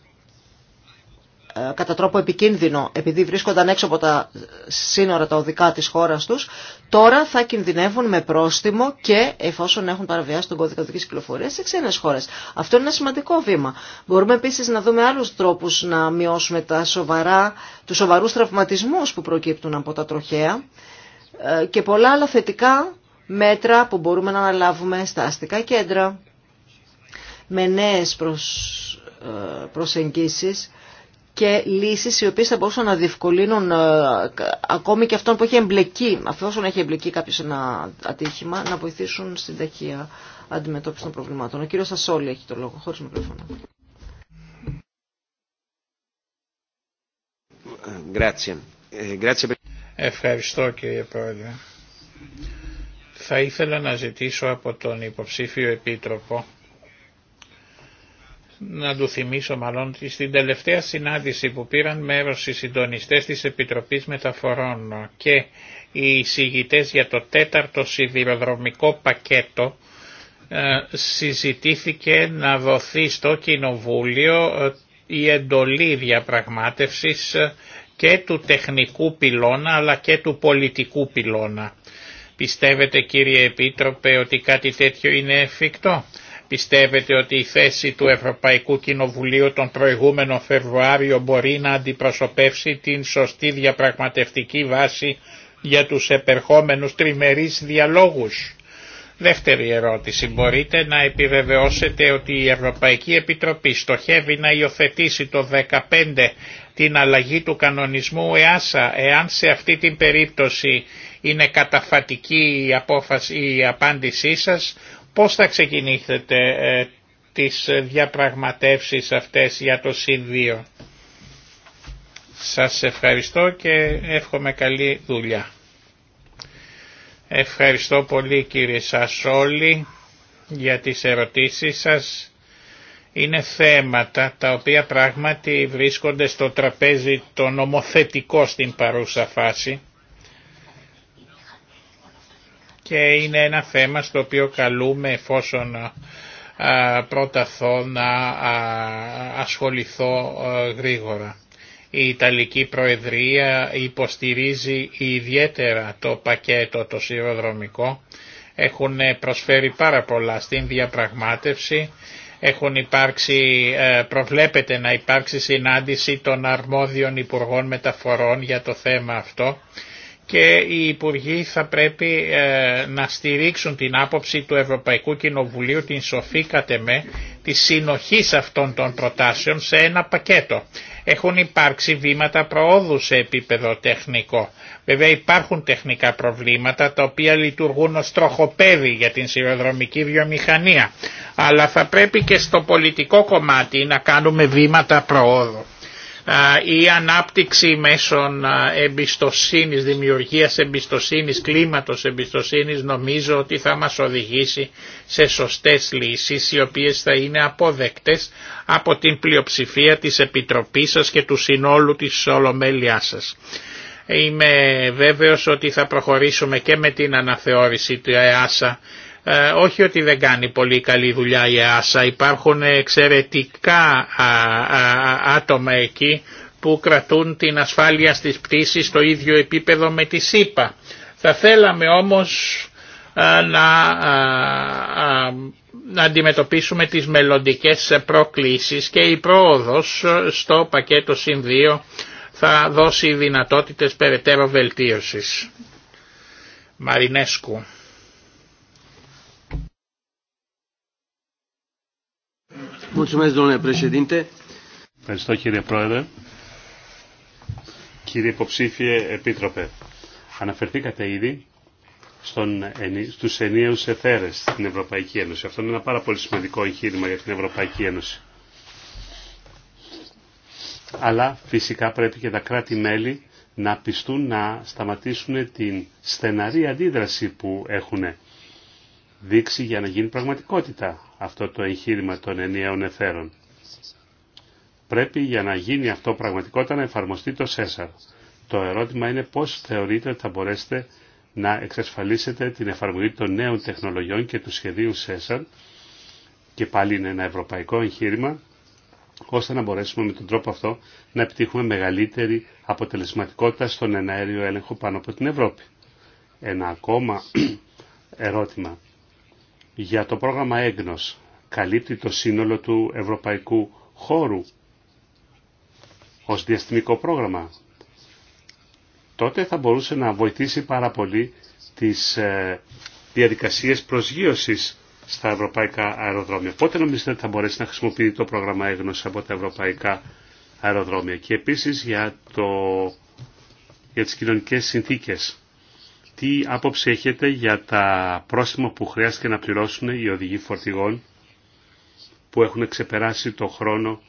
ε, κατά τρόπο επικίνδυνο επειδή βρίσκονταν έξω από τα σύνορα τα οδικά της χώρας τους, τώρα θα κινδυνεύουν με πρόστιμο και εφόσον έχουν παραβιάσει τον κώδικα οδικής κυκλοφορίας σε ξένες χώρες. Αυτό είναι ένα σημαντικό βήμα. Μπορούμε επίσης να δούμε άλλους τρόπους να μειώσουμε τα σοβαρά, τους σοβαρούς τραυματισμούς που προκύπτουν από τα τροχέα ε, και πολλά άλλα θετικά μέτρα που μπορούμε να αναλάβουμε στα αστικά κέντρα με νέες ε, προσεγγίσεις και λύσεις οι οποίες θα μπορούσαν να διευκολύνουν ε, ακόμη και αυτόν που έχει εμπλεκεί, αυτόν έχει εμπλεκεί κάποιο σε ένα ατύχημα, να βοηθήσουν στην ταχεία αντιμετώπιση των προβλημάτων. Ο κύριος Σασόλη έχει το λόγο, χωρίς μικρόφωνο. Ε, Ευχαριστώ κύριε Πρόεδρε. Θα ήθελα να ζητήσω από τον υποψήφιο Επίτροπο να του θυμίσω μάλλον ότι στην τελευταία συνάντηση που πήραν μέρος οι συντονιστές της Επιτροπής Μεταφορών και οι εισηγητές για το τέταρτο σιδηροδρομικό πακέτο ε, συζητήθηκε να δοθεί στο Κοινοβούλιο ε, η εντολή διαπραγμάτευσης ε, και του τεχνικού πυλώνα αλλά και του πολιτικού πυλώνα. Πιστεύετε κύριε Επίτροπε ότι κάτι τέτοιο είναι εφικτό. Πιστεύετε ότι η θέση του Ευρωπαϊκού Κοινοβουλίου τον προηγούμενο Φεβρουάριο μπορεί να αντιπροσωπεύσει την σωστή διαπραγματευτική βάση για τους επερχόμενους τριμερείς διαλόγους. Δεύτερη ερώτηση. Μπορείτε να επιβεβαιώσετε ότι η Ευρωπαϊκή Επιτροπή στοχεύει να υιοθετήσει το 2015 την αλλαγή του κανονισμού ΕΑΣΑ, εάν σε αυτή την περίπτωση είναι καταφατική η, απόφαση, η απάντησή σας, Πώς θα ξεκινήσετε ε, τις διαπραγματεύσεις αυτές για το ΣΥΝ 2. Σας ευχαριστώ και εύχομαι καλή δουλειά. Ευχαριστώ πολύ κύριε Σασόλη για τις ερωτήσεις σας. Είναι θέματα τα οποία πράγματι βρίσκονται στο τραπέζι το νομοθετικό στην παρούσα φάση και είναι ένα θέμα στο οποίο καλούμε εφόσον πρόταθω να ασχοληθώ γρήγορα. Η Ιταλική Προεδρία υποστηρίζει ιδιαίτερα το πακέτο το σειροδρομικό. Έχουν προσφέρει πάρα πολλά στην διαπραγμάτευση. Έχουν υπάρξει, ε, προβλέπεται να υπάρξει συνάντηση των αρμόδιων Υπουργών Μεταφορών για το θέμα αυτό και οι Υπουργοί θα πρέπει ε, να στηρίξουν την άποψη του Ευρωπαϊκού Κοινοβουλίου την σοφή κατεμέ τη συνοχή αυτών των προτάσεων σε ένα πακέτο. Έχουν υπάρξει βήματα προόδου σε επίπεδο τεχνικό. Βέβαια υπάρχουν τεχνικά προβλήματα τα οποία λειτουργούν ως τροχοπέδι για την σειροδρομική βιομηχανία. Αλλά θα πρέπει και στο πολιτικό κομμάτι να κάνουμε βήματα προόδου η ανάπτυξη μέσων εμπιστοσύνης, δημιουργίας εμπιστοσύνης, κλίματος εμπιστοσύνης νομίζω ότι θα μας οδηγήσει σε σωστές λύσεις οι οποίες θα είναι αποδεκτές από την πλειοψηφία της Επιτροπής σας και του συνόλου της Ολομέλειάς σας. Είμαι βέβαιος ότι θα προχωρήσουμε και με την αναθεώρηση του ΕΑΣΑ ε, όχι ότι δεν κάνει πολύ καλή δουλειά η ΕΑΣΑ, υπάρχουν εξαιρετικά άτομα εκεί που κρατούν την ασφάλεια στις πτήσεις στο ίδιο επίπεδο με τη ΣΥΠΑ. Θα θέλαμε όμως να, να αντιμετωπίσουμε τις μελλοντικές προκλήσεις και η πρόοδος στο πακέτο ΣΥΝ2 θα δώσει δυνατότητες περαιτέρω βελτίωσης. Μαρινέσκου. Ευχαριστώ κύριε Πρόεδρε. Κύριε Υποψήφιε Επίτροπε, αναφερθήκατε ήδη στον, στους ενίους εθέρες στην Ευρωπαϊκή Ένωση. Αυτό είναι ένα πάρα πολύ σημαντικό εγχείρημα για την Ευρωπαϊκή Ένωση. Αλλά φυσικά πρέπει και τα κράτη-μέλη να πιστούν να σταματήσουν την στεναρή αντίδραση που έχουν δείξει για να γίνει πραγματικότητα αυτό το εγχείρημα των ενιαίων εθέρων. Πρέπει για να γίνει αυτό πραγματικότητα να εφαρμοστεί το ΣΕΣΑΡ. Το ερώτημα είναι πώς θεωρείτε ότι θα μπορέσετε να εξασφαλίσετε την εφαρμογή των νέων τεχνολογιών και του σχεδίου ΣΕΣΑΡ και πάλι είναι ένα ευρωπαϊκό εγχείρημα ώστε να μπορέσουμε με τον τρόπο αυτό να επιτύχουμε μεγαλύτερη αποτελεσματικότητα στον εναέριο έλεγχο πάνω από την Ευρώπη. Ένα ακόμα [CLEARS THROAT] ερώτημα για το πρόγραμμα έγνος καλύπτει το σύνολο του ευρωπαϊκού χώρου ως διαστημικό πρόγραμμα, τότε θα μπορούσε να βοηθήσει πάρα πολύ τις ε, διαδικασίες προσγείωσης στα ευρωπαϊκά αεροδρόμια. Πότε νομίζετε ότι θα μπορέσει να χρησιμοποιεί το πρόγραμμα έγνωση από τα ευρωπαϊκά αεροδρόμια και επίσης για, το, για τις κοινωνικές συνθήκες τι άποψη έχετε για τα πρόστιμα που χρειάστηκε να πληρώσουν οι οδηγοί φορτηγών που έχουν ξεπεράσει το χρόνο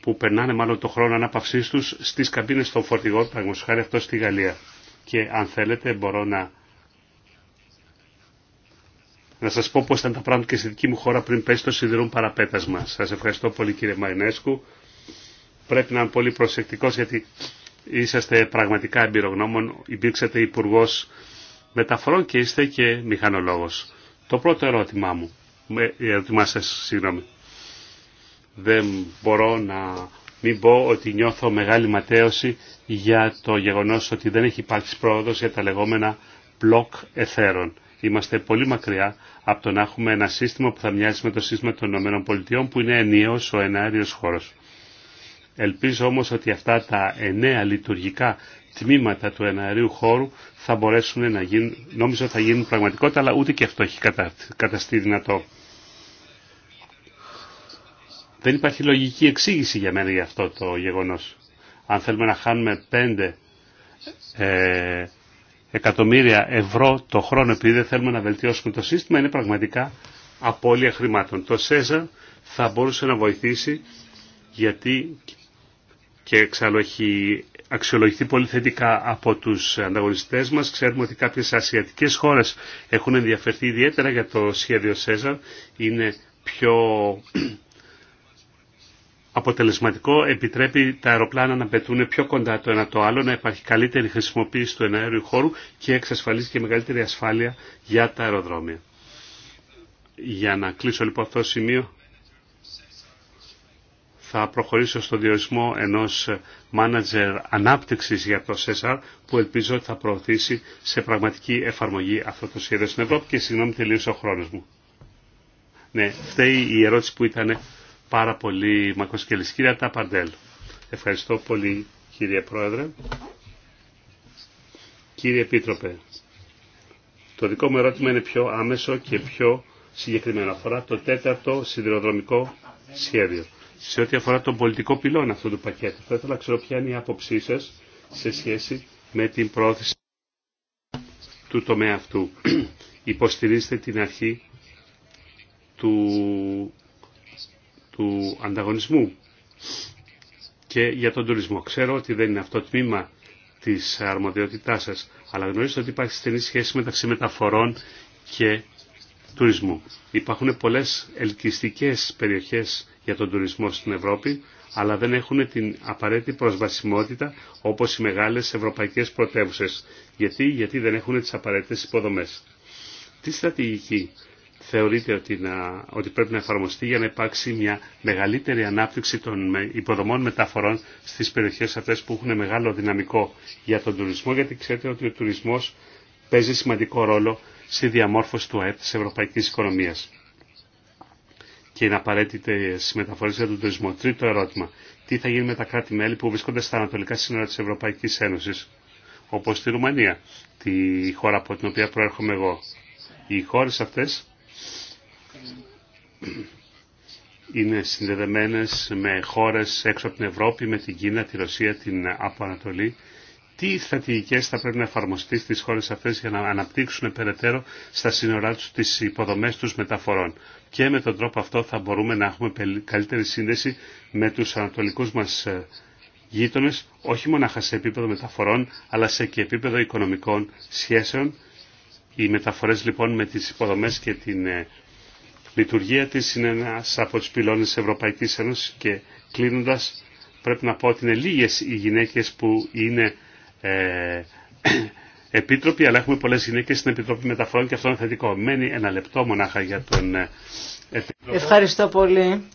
που περνάνε μάλλον το χρόνο ανάπαυσής τους στις καμπίνες των φορτηγών, χάρη αυτό στη Γαλλία. Και αν θέλετε μπορώ να, να σας πω πώς ήταν τα πράγματα και στη δική μου χώρα πριν πέσει το σιδηρούν παραπέτασμα. Σα ευχαριστώ πολύ κύριε Μαρινέσκου. Πρέπει να είμαι πολύ προσεκτικό γιατί είσαστε πραγματικά εμπειρογνώμων, υπήρξατε υπουργό μεταφορών και είστε και μηχανολόγος. Το πρώτο ερώτημά μου, η ερώτημά σας, συγγνώμη. Δεν μπορώ να μην πω ότι νιώθω μεγάλη ματέωση για το γεγονός ότι δεν έχει υπάρξει πρόοδος για τα λεγόμενα block εθέρων. Είμαστε πολύ μακριά από το να έχουμε ένα σύστημα που θα μοιάζει με το σύστημα των ΗΠΑ που είναι ενιαίος ο ενάριος χώρος. Ελπίζω όμως ότι αυτά τα εννέα λειτουργικά τμήματα του εναερίου χώρου θα μπορέσουν να γίνουν, νόμιζα θα γίνουν πραγματικότητα, αλλά ούτε και αυτό έχει καταστεί δυνατό. Δεν υπάρχει λογική εξήγηση για μένα για αυτό το γεγονός. Αν θέλουμε να χάνουμε 5 ε, εκατομμύρια ευρώ το χρόνο επειδή δεν θέλουμε να βελτιώσουμε το σύστημα, είναι πραγματικά απώλεια χρημάτων. Το ΣΕΖΑ θα μπορούσε να βοηθήσει γιατί και εξάλλου έχει αξιολογηθεί πολύ θετικά από τους ανταγωνιστές μας. Ξέρουμε ότι κάποιες ασιατικές χώρες έχουν ενδιαφερθεί ιδιαίτερα για το σχέδιο ΣΕΖΑ. Είναι πιο [CLEARS THROAT] αποτελεσματικό, επιτρέπει τα αεροπλάνα να πετούν πιο κοντά το ένα το άλλο, να υπάρχει καλύτερη χρησιμοποίηση του εναέριου χώρου και εξασφαλίζει και μεγαλύτερη ασφάλεια για τα αεροδρόμια. Για να κλείσω λοιπόν αυτό το σημείο, θα προχωρήσω στο διορισμό ενός μάνατζερ ανάπτυξης για το ΣΕΣΑΡ που ελπίζω ότι θα προωθήσει σε πραγματική εφαρμογή αυτό το σχέδιο στην Ευρώπη και συγγνώμη τελείωσε ο χρόνος μου. Ναι, φταίει η ερώτηση που ήταν πάρα πολύ μακροσκελής. Κύριε Ταπαρντέλ, ευχαριστώ πολύ κύριε Πρόεδρε. Κύριε Επίτροπε, το δικό μου ερώτημα είναι πιο άμεσο και πιο συγκεκριμένο. Αφορά το τέταρτο σιδηροδρομικό σχέδιο σε ό,τι αφορά τον πολιτικό πυλόν αυτού του πακέτου. Θα ήθελα να ξέρω ποια είναι η άποψή σα σε σχέση με την πρόθεση του τομέα αυτού. [CLEARS THROAT] Υποστηρίζετε την αρχή του, του ανταγωνισμού και για τον τουρισμό. Ξέρω ότι δεν είναι αυτό το τμήμα της αρμοδιότητάς σας, αλλά γνωρίζετε ότι υπάρχει στενή σχέση μεταξύ μεταφορών και τουρισμού. Υπάρχουν πολλές ελκυστικές περιοχές για τον τουρισμό στην Ευρώπη, αλλά δεν έχουν την απαραίτητη προσβασιμότητα όπως οι μεγάλες ευρωπαϊκές πρωτεύουσες. Γιατί, Γιατί δεν έχουν τις απαραίτητες υποδομές. Τι στρατηγική θεωρείτε ότι, να, ότι πρέπει να εφαρμοστεί για να υπάρξει μια μεγαλύτερη ανάπτυξη των υποδομών μεταφορών στις περιοχές αυτές που έχουν μεγάλο δυναμικό για τον τουρισμό, γιατί ξέρετε ότι ο τουρισμός παίζει σημαντικό ρόλο στη διαμόρφωση του ΑΕΠ της ευρωπαϊκής οικονομίας και είναι απαραίτητε μεταφορέ για τον τουρισμό. Τρίτο ερώτημα. Τι θα γίνει με τα κράτη-μέλη που βρίσκονται στα ανατολικά σύνορα τη Ευρωπαϊκή Ένωση, όπω τη Ρουμανία, τη χώρα από την οποία προέρχομαι εγώ. Οι χώρε αυτέ είναι συνδεδεμένες με χώρες έξω από την Ευρώπη, με την Κίνα, τη Ρωσία, την Αποανατολή τι στρατηγικέ θα πρέπει να εφαρμοστεί στι χώρε αυτέ για να αναπτύξουν περαιτέρω στα σύνορά του τι υποδομέ του μεταφορών. Και με τον τρόπο αυτό θα μπορούμε να έχουμε καλύτερη σύνδεση με του ανατολικού μα ε, γείτονε, όχι μόνο σε επίπεδο μεταφορών, αλλά σε και επίπεδο οικονομικών σχέσεων. Οι μεταφορέ λοιπόν με τι υποδομέ και την ε, λειτουργία τη είναι ένα από του πυλώνε Ευρωπαϊκή Ένωση και κλείνοντα. Πρέπει να πω ότι είναι λίγε οι γυναίκες που είναι ε, [CLEARS THROAT] επίτροποι, αλλά έχουμε πολλές γυναίκε στην Επιτροπή Μεταφορών και αυτό είναι θετικό. Μένει ένα λεπτό μονάχα για τον ε, Επίτροπο. Ευχαριστώ πολύ.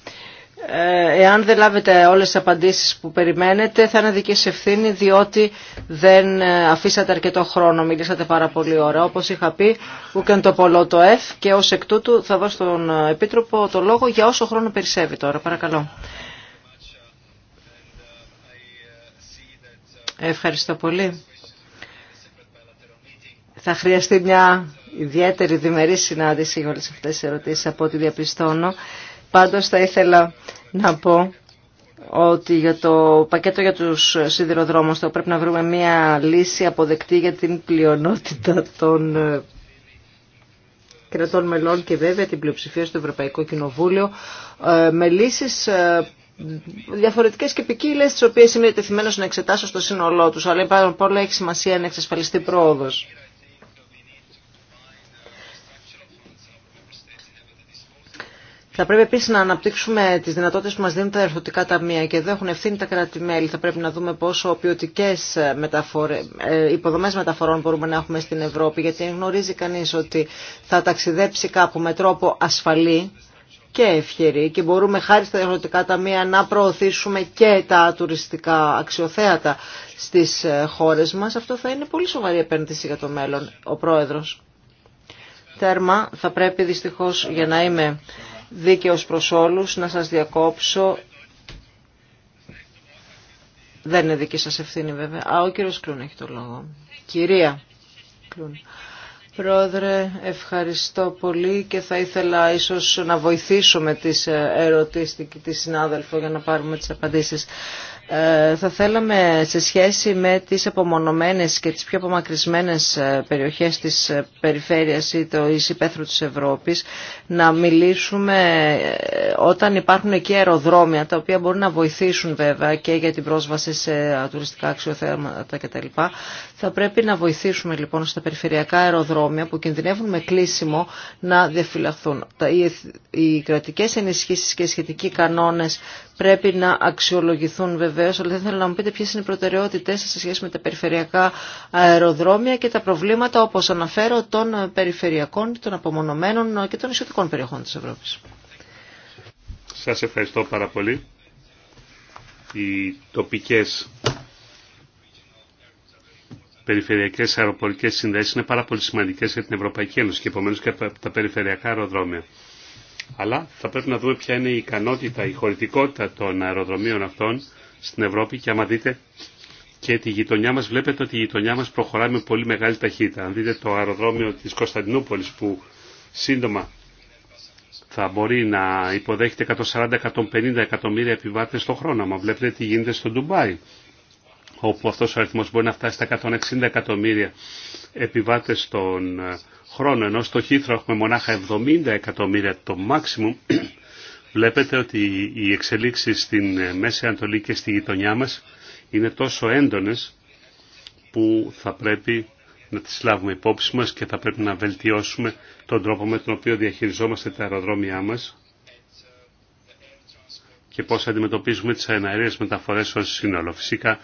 Ε, εάν δεν λάβετε όλες τις απαντήσεις που περιμένετε θα είναι δική ευθύνη διότι δεν ε, αφήσατε αρκετό χρόνο, μιλήσατε πάρα πολύ ώρα. Όπως είχα πει, ούκεν το πολλό το εφ και ως εκ τούτου θα δώσω στον Επίτροπο το λόγο για όσο χρόνο περισσεύει τώρα. Παρακαλώ. Ευχαριστώ πολύ. Θα χρειαστεί μια ιδιαίτερη διμερή συνάντηση για όλες αυτές τις ερωτήσεις από ό,τι διαπιστώνω. Πάντως θα ήθελα να πω ότι για το πακέτο για τους σιδηροδρόμους θα πρέπει να βρούμε μια λύση αποδεκτή για την πλειονότητα των ε, κρατών μελών και βέβαια την πλειοψηφία στο Ευρωπαϊκό Κοινοβούλιο ε, με λύσεις ε, διαφορετικές και ποικίλε τις οποίες είναι τεθειμένος να εξετάσω στο σύνολό τους, αλλά υπάρχουν πολλά έχει σημασία να εξασφαλιστεί πρόοδος. Θα πρέπει επίση να αναπτύξουμε τι δυνατότητε που μα δίνουν τα ερθωτικά ταμεία και εδώ έχουν ευθύνη τα κράτη-μέλη. Θα πρέπει να δούμε πόσο ποιοτικέ ε, υποδομέ μεταφορών μπορούμε να έχουμε στην Ευρώπη, γιατί γνωρίζει κανεί ότι θα ταξιδέψει κάπου με τρόπο ασφαλή και ευχερή και μπορούμε χάρη στα ερωτικά ταμεία να προωθήσουμε και τα τουριστικά αξιοθέατα στις ε, χώρες μας. Αυτό θα είναι πολύ σοβαρή επένδυση για το μέλλον, ο Πρόεδρος. Τέρμα, θα πρέπει δυστυχώς για να είμαι δίκαιος προς όλους να σας διακόψω. Δεν είναι δική σας ευθύνη βέβαια. Α, ο κύριος Κλούν έχει το λόγο. Κυρία Κλούν. Πρόεδρε, ευχαριστώ πολύ και θα ήθελα ίσως να βοηθήσω με τις ε, ερωτήσεις της συνάδελφο για να πάρουμε τις απαντήσεις. Ε, θα θέλαμε σε σχέση με τις απομονωμένες και τις πιο απομακρυσμένες ε, περιοχές της ε, περιφέρειας ή το υπαίθρου της Ευρώπης να μιλήσουμε όταν υπάρχουν εκεί αεροδρόμια τα οποία μπορούν να βοηθήσουν βέβαια και για την πρόσβαση σε τουριστικά αξιοθέματα κτλ. Θα πρέπει να βοηθήσουμε λοιπόν στα περιφερειακά αεροδρόμια που κινδυνεύουν με κλείσιμο να διαφυλαχθούν. Οι κρατικές ενισχύσεις και οι σχετικοί κανόνες πρέπει να αξιολογηθούν βεβαίως, αλλά δεν θέλω να μου πείτε ποιες είναι οι προτεραιότητες σε σχέση με τα περιφερειακά αεροδρόμια και τα προβλήματα, όπως αναφέρω, των περιφερειακών, των απομονωμένων και των ισοτικών περιοχών της Ευρώπης. Σας ευχαριστώ πάρα πολύ. Οι τοπικές περιφερειακές αεροπορικές συνδέσεις είναι πάρα πολύ σημαντικές για την Ευρωπαϊκή Ένωση και επομένως και τα περιφερειακά αεροδρόμια αλλά θα πρέπει να δούμε ποια είναι η ικανότητα, η χωρητικότητα των αεροδρομίων αυτών στην Ευρώπη και άμα δείτε και τη γειτονιά μας βλέπετε ότι η γειτονιά μας προχωράει με πολύ μεγάλη ταχύτητα. Αν δείτε το αεροδρόμιο της Κωνσταντινούπολης που σύντομα θα μπορεί να υποδέχεται 140-150 εκατομμύρια επιβάτες το χρόνο. Μα βλέπετε τι γίνεται στο Ντουμπάι όπου αυτός ο αριθμός μπορεί να φτάσει στα 160 εκατομμύρια επιβάτες τον ε, χρόνο, ενώ στο Χήθρο έχουμε μονάχα 70 εκατομμύρια το maximum, [CLEARS THROAT] βλέπετε ότι οι εξελίξεις στην ε, Μέση Ανατολή και στη γειτονιά μας είναι τόσο έντονες που θα πρέπει να τις λάβουμε υπόψη μας και θα πρέπει να βελτιώσουμε τον τρόπο με τον οποίο διαχειριζόμαστε τα αεροδρόμια μας και πώς αντιμετωπίζουμε τις αεναερίες μεταφορές ως σύνολο. Φυσικά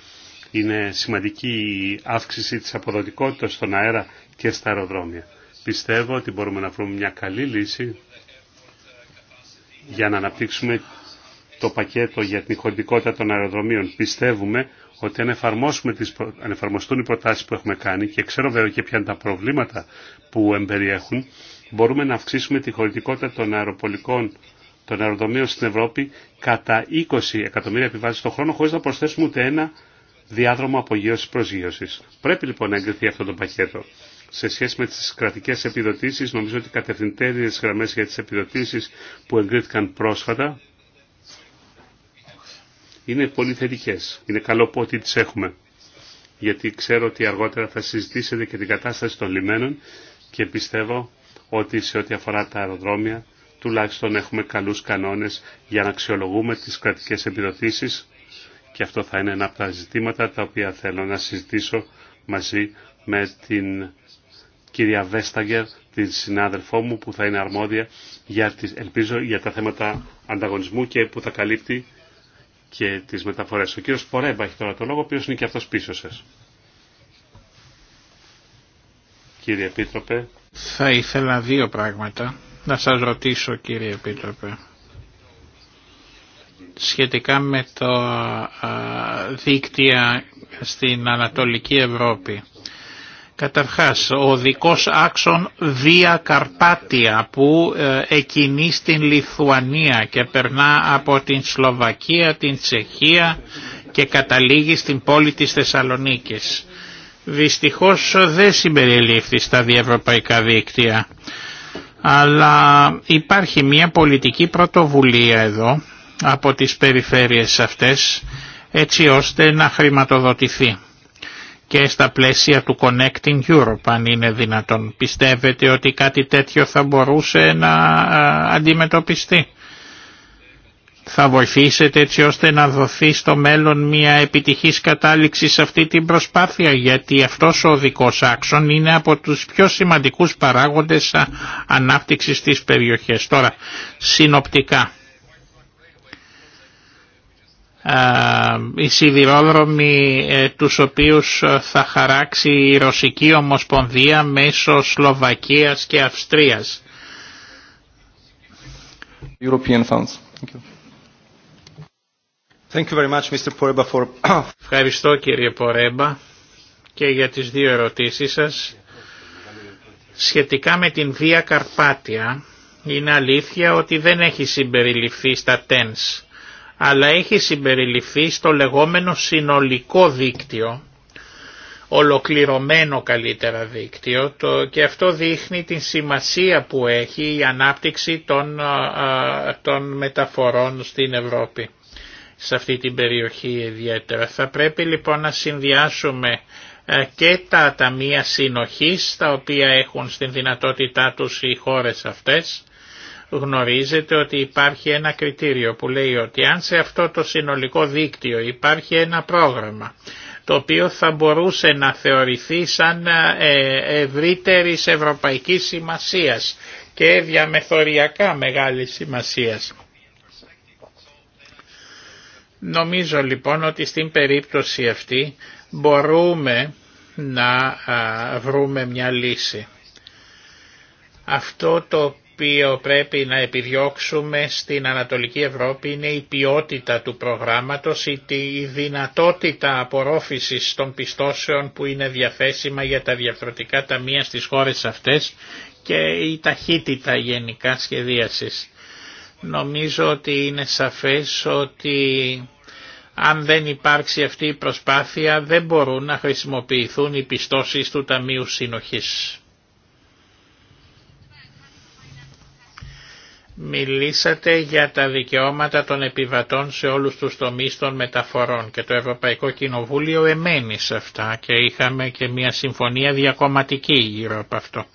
είναι σημαντική η αύξηση της αποδοτικότητας στον αέρα και στα αεροδρόμια. Πιστεύω ότι μπορούμε να βρούμε μια καλή λύση για να αναπτύξουμε το πακέτο για την χωρητικότητα των αεροδρομίων. Πιστεύουμε ότι αν, εφαρμόσουμε τις, αν εφαρμοστούν οι προτάσεις που έχουμε κάνει και ξέρω βέβαια και ποια είναι τα προβλήματα που εμπεριέχουν, μπορούμε να αυξήσουμε τη χωρητικότητα των αεροπολικών των αεροδρομίων στην Ευρώπη κατά 20 εκατομμύρια επιβάσεις το χρόνο χωρίς να προσθέσουμε ούτε ένα διάδρομο απογείωσης προσγείωσης. Πρέπει λοιπόν να εγκριθεί αυτό το πακέτο σε σχέση με τις κρατικές επιδοτήσεις, νομίζω ότι οι κατευθυντέριες γραμμές για τις επιδοτήσεις που εγκρίθηκαν πρόσφατα είναι πολύ θετικές. Είναι καλό που ότι τις έχουμε. Γιατί ξέρω ότι αργότερα θα συζητήσετε και την κατάσταση των λιμένων και πιστεύω ότι σε ό,τι αφορά τα αεροδρόμια τουλάχιστον έχουμε καλούς κανόνες για να αξιολογούμε τις κρατικές επιδοτήσεις και αυτό θα είναι ένα από τα ζητήματα τα οποία θέλω να συζητήσω μαζί με την κυρία Βέσταγκερ, την συνάδελφό μου που θα είναι αρμόδια για τις, ελπίζω για τα θέματα ανταγωνισμού και που θα καλύπτει και τις μεταφορές. Ο κύριος Πορέμπα έχει τώρα το λόγο, ο είναι και αυτός πίσω σας. Κύριε Επίτροπε. Θα ήθελα δύο πράγματα να σας ρωτήσω κύριε Επίτροπε σχετικά με το δίκτυα στην Ανατολική Ευρώπη. Καταρχάς, ο δικός άξον Βία Καρπάτια που ε, εκινεί στην Λιθουανία και περνά από την Σλοβακία, την Τσεχία και καταλήγει στην πόλη της Θεσσαλονίκης. Δυστυχώς δεν συμπεριλήφθη στα διευρωπαϊκά δίκτυα. Αλλά υπάρχει μια πολιτική πρωτοβουλία εδώ από τις περιφέρειες αυτές έτσι ώστε να χρηματοδοτηθεί και στα πλαίσια του Connecting Europe αν είναι δυνατόν. Πιστεύετε ότι κάτι τέτοιο θα μπορούσε να αντιμετωπιστεί. Θα βοηθήσετε έτσι ώστε να δοθεί στο μέλλον μια επιτυχής κατάληξη σε αυτή την προσπάθεια γιατί αυτός ο οδικός άξον είναι από τους πιο σημαντικούς παράγοντες ανάπτυξης της περιοχής. Τώρα, συνοπτικά οι σιδηρόδρομοι ε, τους οποίους ε, θα χαράξει η Ρωσική Ομοσπονδία μέσω Σλοβακίας και Αυστρίας. European funds. Thank you. Thank very much, Mr. for... [COUGHS] Ευχαριστώ κύριε Πορέμπα και για τις δύο ερωτήσεις σας. Σχετικά με την Βία Καρπάτια, είναι αλήθεια ότι δεν έχει συμπεριληφθεί στα TENS αλλά έχει συμπεριληφθεί στο λεγόμενο συνολικό δίκτυο, ολοκληρωμένο καλύτερα δίκτυο το, και αυτό δείχνει την σημασία που έχει η ανάπτυξη των, των μεταφορών στην Ευρώπη σε αυτή την περιοχή ιδιαίτερα. Θα πρέπει λοιπόν να συνδυάσουμε ε, και τα ταμεία συνοχής τα οποία έχουν στην δυνατότητά τους οι χώρες αυτές γνωρίζετε ότι υπάρχει ένα κριτήριο που λέει ότι αν σε αυτό το συνολικό δίκτυο υπάρχει ένα πρόγραμμα το οποίο θα μπορούσε να θεωρηθεί σαν ε, ε, ευρύτερης ευρωπαϊκής σημασίας και διαμεθοριακά μεγάλης σημασίας. Νομίζω λοιπόν ότι στην περίπτωση αυτή μπορούμε να βρούμε μια λύση. Αυτό το οποίο πρέπει να επιδιώξουμε στην Ανατολική Ευρώπη είναι η ποιότητα του προγράμματος ή η δυνατότητα απορρόφησης των πιστώσεων που είναι διαθέσιμα για τα διαφορετικά ταμεία στις χώρες αυτές και η ταχύτητα γενικά σχεδίασης. Νομίζω ότι είναι σαφές ότι αν δεν υπάρξει αυτή η προσπάθεια δεν μπορούν να χρησιμοποιηθούν οι πιστώσεις του Ταμείου Συνοχής. Μιλήσατε για τα δικαιώματα των επιβατών σε όλους τους τομείς των μεταφορών και το Ευρωπαϊκό Κοινοβούλιο εμένει σε αυτά και είχαμε και μια συμφωνία διακομματική γύρω από αυτό.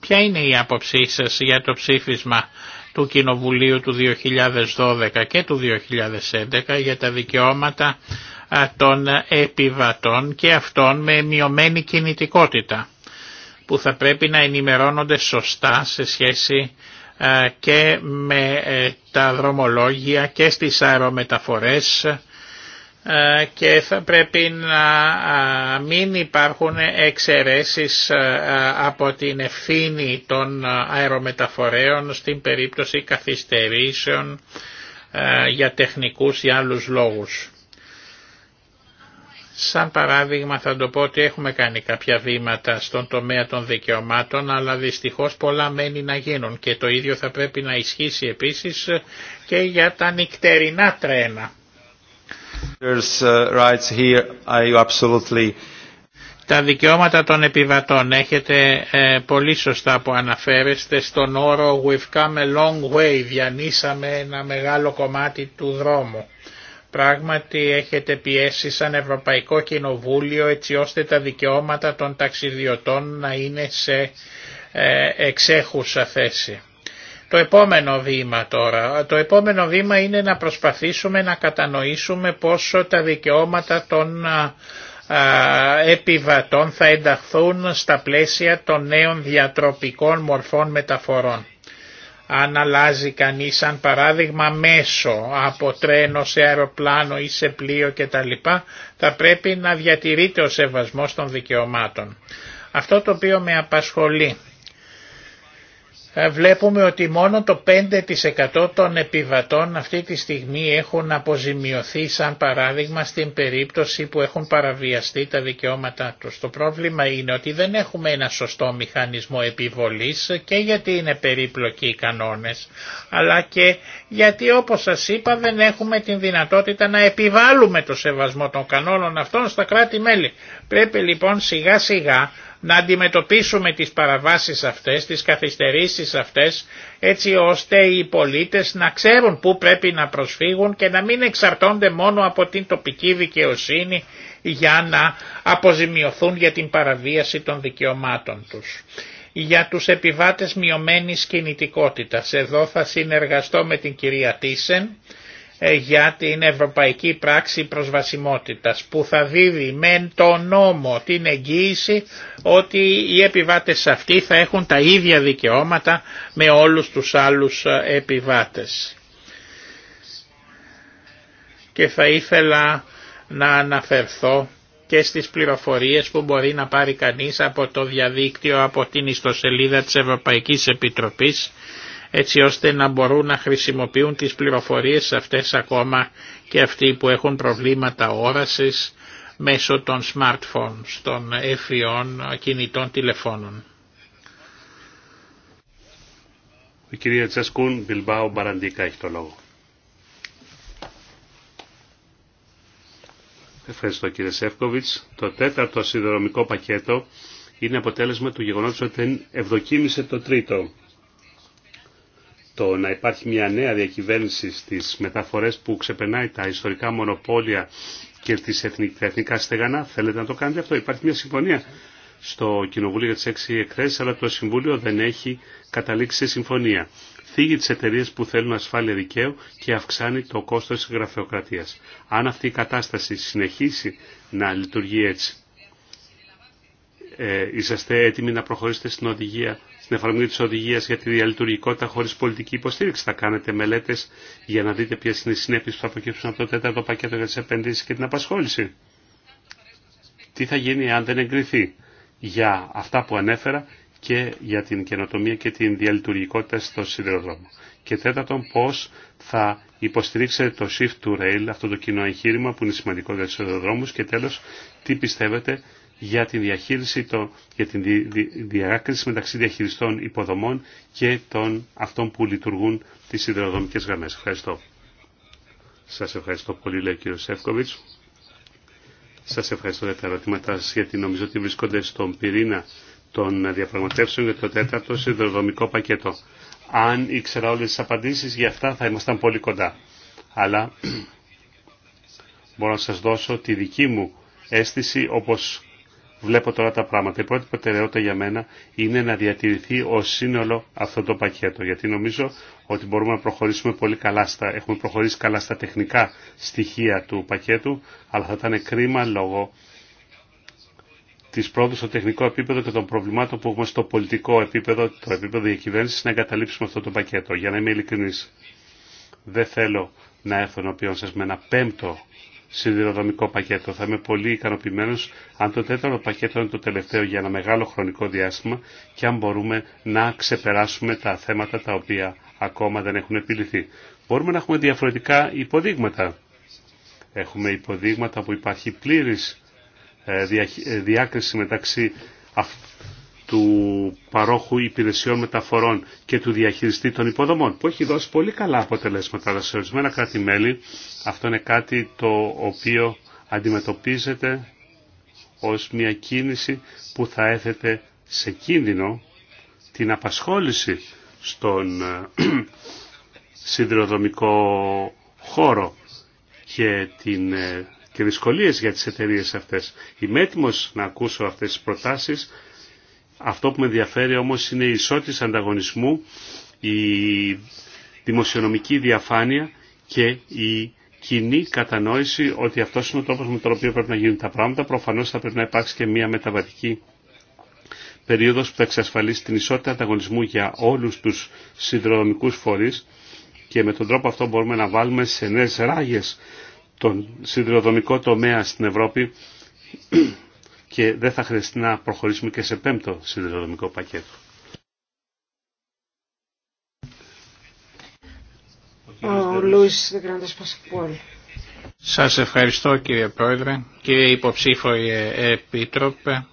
Ποια είναι η άποψή σας για το ψήφισμα του Κοινοβουλίου του 2012 και του 2011 για τα δικαιώματα των επιβατών και αυτών με μειωμένη κινητικότητα που θα πρέπει να ενημερώνονται σωστά σε σχέση ε, και με ε, τα δρομολόγια και στις αερομεταφορές ε, και θα πρέπει να μην υπάρχουν εξαιρέσεις από την ευθύνη των αερομεταφορέων στην περίπτωση καθυστερήσεων για τεχνικούς ή άλλους λόγους. Σαν παράδειγμα θα το πω ότι έχουμε κάνει κάποια βήματα στον τομέα των δικαιωμάτων αλλά δυστυχώς πολλά μένει να γίνουν και το ίδιο θα πρέπει να ισχύσει επίσης και για τα νυχτερινά τρένα. Uh, τα δικαιώματα των επιβατών έχετε ε, πολύ σωστά που αναφέρεστε στον όρο «We've come a long way», διανύσαμε ένα μεγάλο κομμάτι του δρόμου. Πράγματι έχετε πιέσει σαν Ευρωπαϊκό Κοινοβούλιο έτσι ώστε τα δικαιώματα των ταξιδιωτών να είναι σε ε, εξέχουσα θέση. Το επόμενο βήμα τώρα. Το επόμενο βήμα είναι να προσπαθήσουμε να κατανοήσουμε πόσο τα δικαιώματα των επιβατών θα ενταχθούν στα πλαίσια των νέων διατροπικών μορφών μεταφορών αν αλλάζει κανείς σαν παράδειγμα μέσο από τρένο σε αεροπλάνο ή σε πλοίο κτλ θα πρέπει να διατηρείται ο σεβασμός των δικαιωμάτων. Αυτό το οποίο με απασχολεί ε, βλέπουμε ότι μόνο το 5% των επιβατών αυτή τη στιγμή έχουν αποζημιωθεί σαν παράδειγμα στην περίπτωση που έχουν παραβιαστεί τα δικαιώματά τους. Το πρόβλημα είναι ότι δεν έχουμε ένα σωστό μηχανισμό επιβολής και γιατί είναι περίπλοκοι οι κανόνες αλλά και γιατί όπως σας είπα δεν έχουμε την δυνατότητα να επιβάλλουμε το σεβασμό των κανόνων αυτών στα κράτη-μέλη. Πρέπει λοιπόν σιγά σιγά να αντιμετωπίσουμε τις παραβάσεις αυτές, τις καθυστερήσεις αυτές, έτσι ώστε οι πολίτες να ξέρουν πού πρέπει να προσφύγουν και να μην εξαρτώνται μόνο από την τοπική δικαιοσύνη για να αποζημιωθούν για την παραβίαση των δικαιωμάτων τους για τους επιβάτες μειωμένης κινητικότητας. Εδώ θα συνεργαστώ με την κυρία Τίσεν ε, για την Ευρωπαϊκή Πράξη Προσβασιμότητας που θα δίδει με το νόμο την εγγύηση ότι οι επιβάτες αυτοί θα έχουν τα ίδια δικαιώματα με όλους τους άλλους ε, επιβάτες. Και θα ήθελα να αναφερθώ και στις πληροφορίες που μπορεί να πάρει κανείς από το διαδίκτυο, από την ιστοσελίδα της Ευρωπαϊκής Επιτροπής, έτσι ώστε να μπορούν να χρησιμοποιούν τις πληροφορίες αυτές ακόμα και αυτοί που έχουν προβλήματα όρασης μέσω των smartphones, των εφιών κινητών τηλεφώνων. Η κυρία Τσέσκουν Μπιλμπάου Μπαραντίκα Ευχαριστώ κύριε Σεύκοβιτς. Το τέταρτο σιδηροδρομικό πακέτο είναι αποτέλεσμα του γεγονότος ότι δεν ευδοκίμησε το τρίτο. Το να υπάρχει μια νέα διακυβέρνηση στις μεταφορές που ξεπερνάει τα ιστορικά μονοπόλια και τις εθνικά στεγανά, θέλετε να το κάνετε αυτό. Υπάρχει μια συμφωνία στο Κοινοβούλιο για τις έξι εκθέσεις, αλλά το Συμβούλιο δεν έχει καταλήξει σε συμφωνία θίγει τι εταιρείε που θέλουν ασφάλεια δικαίου και αυξάνει το κόστο τη γραφειοκρατίας. Αν αυτή η κατάσταση συνεχίσει να λειτουργεί έτσι, ε, είσαστε έτοιμοι να προχωρήσετε στην οδηγία, στην εφαρμογή τη οδηγία για τη διαλειτουργικότητα χωρί πολιτική υποστήριξη. Θα κάνετε μελέτε για να δείτε ποιε είναι οι συνέπειε που θα αποκύψουν από το τέταρτο πακέτο για τι επενδύσει και την απασχόληση. Τι θα γίνει αν δεν εγκριθεί για αυτά που ανέφερα και για την καινοτομία και την διαλειτουργικότητα στο σιδηροδρόμο. Και τέταρτον, πώ θα υποστηρίξετε το shift to rail, αυτό το κοινό εγχείρημα που είναι σημαντικό για του σιδηροδρόμου. Και τέλο, τι πιστεύετε για την διαχείριση, το, για την διάκριση μεταξύ διαχειριστών υποδομών και των αυτών που λειτουργούν τι σιδηροδρομικέ γραμμέ. Ευχαριστώ. Σα ευχαριστώ πολύ, λέει ο κύριο Σεύκοβιτ. Σας ευχαριστώ για τα ερωτήματά σα γιατί νομίζω ότι βρίσκονται στον πυρήνα των διαπραγματεύσεων για το τέταρτο συνδρομικό πακέτο. Αν ήξερα όλες τις απαντήσεις για αυτά θα ήμασταν πολύ κοντά. Αλλά μπορώ να σας δώσω τη δική μου αίσθηση όπως βλέπω τώρα τα πράγματα. Η πρώτη προτεραιότητα για μένα είναι να διατηρηθεί ω σύνολο αυτό το πακέτο. Γιατί νομίζω ότι μπορούμε να προχωρήσουμε πολύ καλά στα, έχουμε προχωρήσει καλά στα τεχνικά στοιχεία του πακέτου, αλλά θα ήταν κρίμα λόγω τη πρόοδου στο τεχνικό επίπεδο και των προβλημάτων που έχουμε στο πολιτικό επίπεδο, το επίπεδο διακυβέρνηση, να εγκαταλείψουμε αυτό το πακέτο. Για να είμαι ειλικρινή, δεν θέλω να έρθω ενώπιον σα με ένα πέμπτο σιδηροδρομικό πακέτο. Θα είμαι πολύ ικανοποιημένο αν το τέταρτο πακέτο είναι το τελευταίο για ένα μεγάλο χρονικό διάστημα και αν μπορούμε να ξεπεράσουμε τα θέματα τα οποία ακόμα δεν έχουν επιληθεί. Μπορούμε να έχουμε διαφορετικά υποδείγματα. Έχουμε υποδείγματα που υπάρχει πλήρης ε, ε, διάκριση μεταξύ του παρόχου υπηρεσιών μεταφορών και του διαχειριστή των υποδομών, που έχει δώσει πολύ καλά αποτελέσματα. σε ορισμένα κράτη-μέλη αυτό είναι κάτι το οποίο αντιμετωπίζεται ως μια κίνηση που θα έθετε σε κίνδυνο την απασχόληση στον ε, [CLEARS THROAT] σιδηροδρομικό χώρο και την και δυσκολίε για τι εταιρείε αυτέ. Είμαι έτοιμο να ακούσω αυτέ τι προτάσει. Αυτό που με ενδιαφέρει όμω είναι η ισότητα ανταγωνισμού, η δημοσιονομική διαφάνεια και η κοινή κατανόηση ότι αυτό είναι ο τρόπο με τον οποίο πρέπει να γίνουν τα πράγματα. Προφανώ θα πρέπει να υπάρξει και μια μεταβατική περίοδο που θα εξασφαλίσει την ισότητα ανταγωνισμού για όλου του συνδρομικού φορεί και με τον τρόπο αυτό μπορούμε να βάλουμε σε νέε ράγες τον συνδυοδομικό τομέα στην Ευρώπη και δεν θα χρειαστεί να προχωρήσουμε και σε πέμπτο συνδυοδομικό πακέτο. Ο Λούις Σας ευχαριστώ κύριε Πρόεδρε, κύριε υποψήφοι ε, Επίτροπε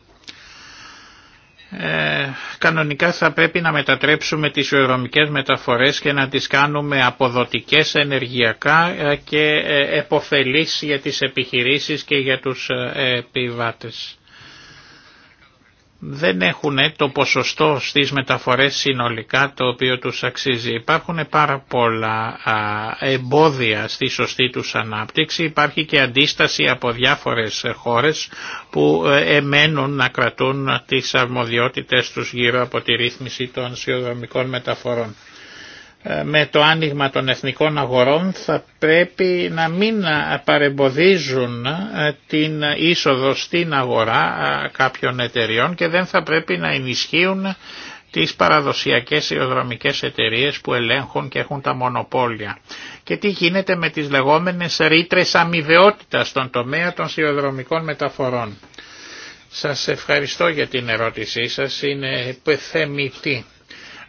ε, κανονικά θα πρέπει να μετατρέψουμε τις ιερομικές μεταφορές και να τις κάνουμε αποδοτικές ενεργειακά ε, και ε, εποφελείς για τις επιχειρήσεις και για τους ε, επιβάτες δεν έχουν το ποσοστό στις μεταφορές συνολικά το οποίο τους αξίζει. Υπάρχουν πάρα πολλά εμπόδια στη σωστή τους ανάπτυξη. Υπάρχει και αντίσταση από διάφορες χώρες που ε, εμένουν να κρατούν τις αρμοδιότητες τους γύρω από τη ρύθμιση των σιωδρομικών μεταφορών. Ε, με το άνοιγμα των εθνικών αγορών θα πρέπει να μην ε, παρεμποδίζουν ε, την είσοδο στην αγορά κάποιων εταιριών και δεν θα πρέπει να ενισχύουν τις παραδοσιακές ιοδρομικές εταιρείες που ελέγχουν και έχουν τα μονοπόλια. Και τι γίνεται με τις λεγόμενες ρήτρε αμοιβαιότητας στον τομέα των σειοδρομικών μεταφορών. Σας ευχαριστώ για την ερώτησή σας, είναι πεθεμητή.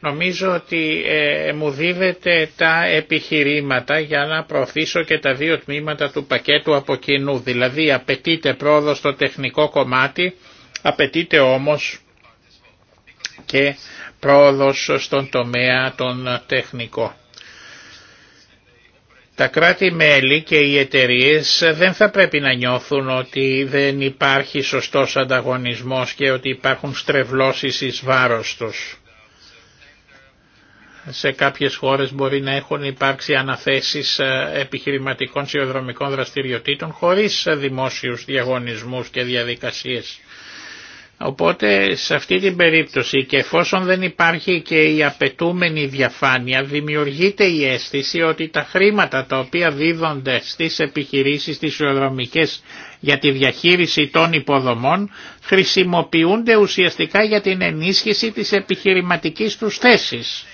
Νομίζω ότι ε, μου δίδεται τα επιχειρήματα για να προωθήσω και τα δύο τμήματα του πακέτου από κοινού. Δηλαδή απαιτείται πρόοδο στο τεχνικό κομμάτι, απαιτείται όμως και πρόοδος στον τομέα τον τεχνικό. Τα κράτη-μέλη και οι εταιρείες δεν θα πρέπει να νιώθουν ότι δεν υπάρχει σωστός ανταγωνισμός και ότι υπάρχουν στρεβλώσεις εις βάρος τους σε κάποιες χώρες μπορεί να έχουν υπάρξει αναθέσεις ε, επιχειρηματικών σιωδρομικών δραστηριοτήτων χωρίς ε, δημόσιους διαγωνισμούς και διαδικασίες. Οπότε σε αυτή την περίπτωση και εφόσον δεν υπάρχει και η απαιτούμενη διαφάνεια δημιουργείται η αίσθηση ότι τα χρήματα τα οποία δίδονται στις επιχειρήσεις τις οδρομικές για τη διαχείριση των υποδομών χρησιμοποιούνται ουσιαστικά για την ενίσχυση της επιχειρηματικής τους θέσης.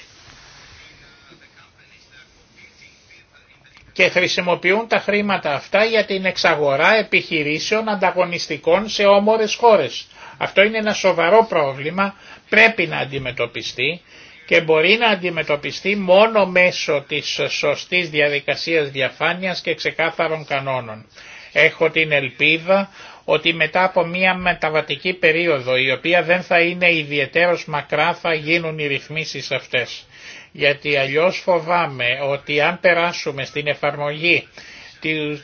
και χρησιμοποιούν τα χρήματα αυτά για την εξαγορά επιχειρήσεων ανταγωνιστικών σε όμορες χώρες. Αυτό είναι ένα σοβαρό πρόβλημα, πρέπει να αντιμετωπιστεί και μπορεί να αντιμετωπιστεί μόνο μέσω της σωστής διαδικασίας διαφάνειας και ξεκάθαρων κανόνων. Έχω την ελπίδα ότι μετά από μια μεταβατική περίοδο η οποία δεν θα είναι ιδιαίτερος μακρά θα γίνουν οι ρυθμίσεις αυτές γιατί αλλιώς φοβάμαι ότι αν περάσουμε στην εφαρμογή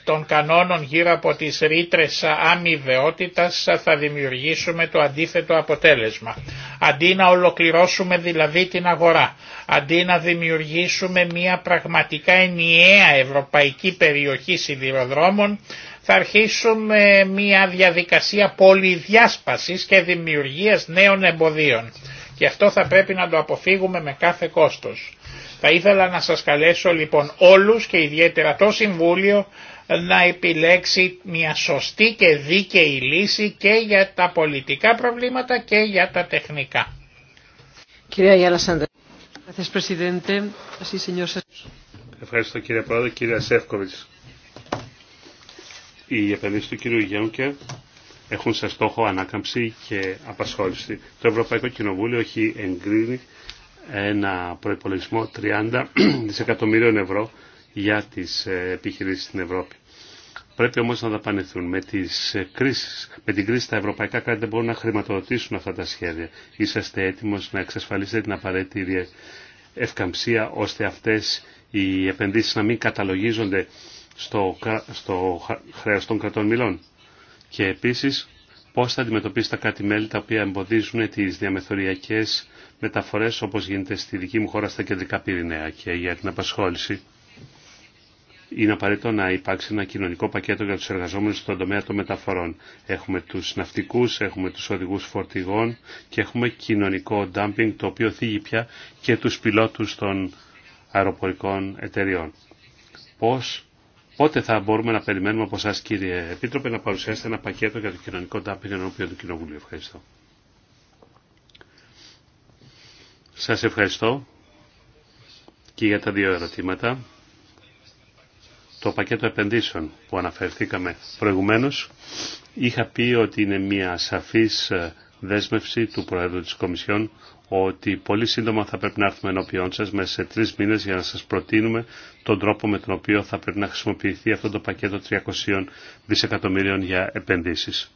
των κανόνων γύρω από τις ρήτρε αμοιβαιότητας θα δημιουργήσουμε το αντίθετο αποτέλεσμα. Αντί να ολοκληρώσουμε δηλαδή την αγορά, αντί να δημιουργήσουμε μια πραγματικά ενιαία ευρωπαϊκή περιοχή σιδηροδρόμων, θα αρχίσουμε μια διαδικασία πολυδιάσπασης και δημιουργίας νέων εμποδίων και αυτό θα πρέπει να το αποφύγουμε με κάθε κόστος. Θα ήθελα να σας καλέσω λοιπόν όλους και ιδιαίτερα το Συμβούλιο να επιλέξει μια σωστή και δίκαιη λύση και για τα πολιτικά προβλήματα και για τα τεχνικά. Κυρία Γιάννα Ευχαριστώ κύριε Πρόεδρε, κύριε Σεύκοβιτς. Η επενδύση του κύριου Γιάνκερ έχουν σε στόχο ανάκαμψη και απασχόληση. Το Ευρωπαϊκό Κοινοβούλιο έχει εγκρίνει ένα προϋπολογισμό 30 δισεκατομμυρίων ευρώ για τις ε, επιχειρήσεις στην Ευρώπη. Πρέπει όμως να δαπανηθούν. Με, τις ε, κρίσεις, με την κρίση τα ευρωπαϊκά κράτη δεν μπορούν να χρηματοδοτήσουν αυτά τα σχέδια. Είσαστε έτοιμος να εξασφαλίσετε την απαραίτητη ευκαμψία ώστε αυτές οι επενδύσεις να μην καταλογίζονται στο, στο χρέος των κρατών μιλών και επίσης πώς θα αντιμετωπίσει τα κάτι μελη τα οποία εμποδίζουν τις διαμεθοριακές μεταφορές όπως γίνεται στη δική μου χώρα στα κεντρικά πυρηναία και για την απασχόληση. Είναι απαραίτητο να υπάρξει ένα κοινωνικό πακέτο για τους εργαζόμενους στον τομέα των μεταφορών. Έχουμε τους ναυτικούς, έχουμε τους οδηγούς φορτηγών και έχουμε κοινωνικό ντάμπινγκ το οποίο θίγει πια και τους πιλότους των αεροπορικών εταιριών. Πώς Πότε θα μπορούμε να περιμένουμε από εσά, κύριε Επίτροπε, να παρουσιάσετε ένα πακέτο για το κοινωνικό τάμπινγκ ενώπιον του Κοινοβουλίου. Ευχαριστώ. Σα ευχαριστώ και για τα δύο ερωτήματα. Το πακέτο επενδύσεων που αναφερθήκαμε προηγουμένω. είχα πει ότι είναι μια σαφή ε, δέσμευση του Προέδρου της Κομισιόν ότι πολύ σύντομα θα πρέπει να έρθουμε ενώπιόν σας μέσα σε τρεις μήνες για να σας προτείνουμε τον τρόπο με τον οποίο θα πρέπει να χρησιμοποιηθεί αυτό το πακέτο 300 δισεκατομμύριων για επενδύσεις.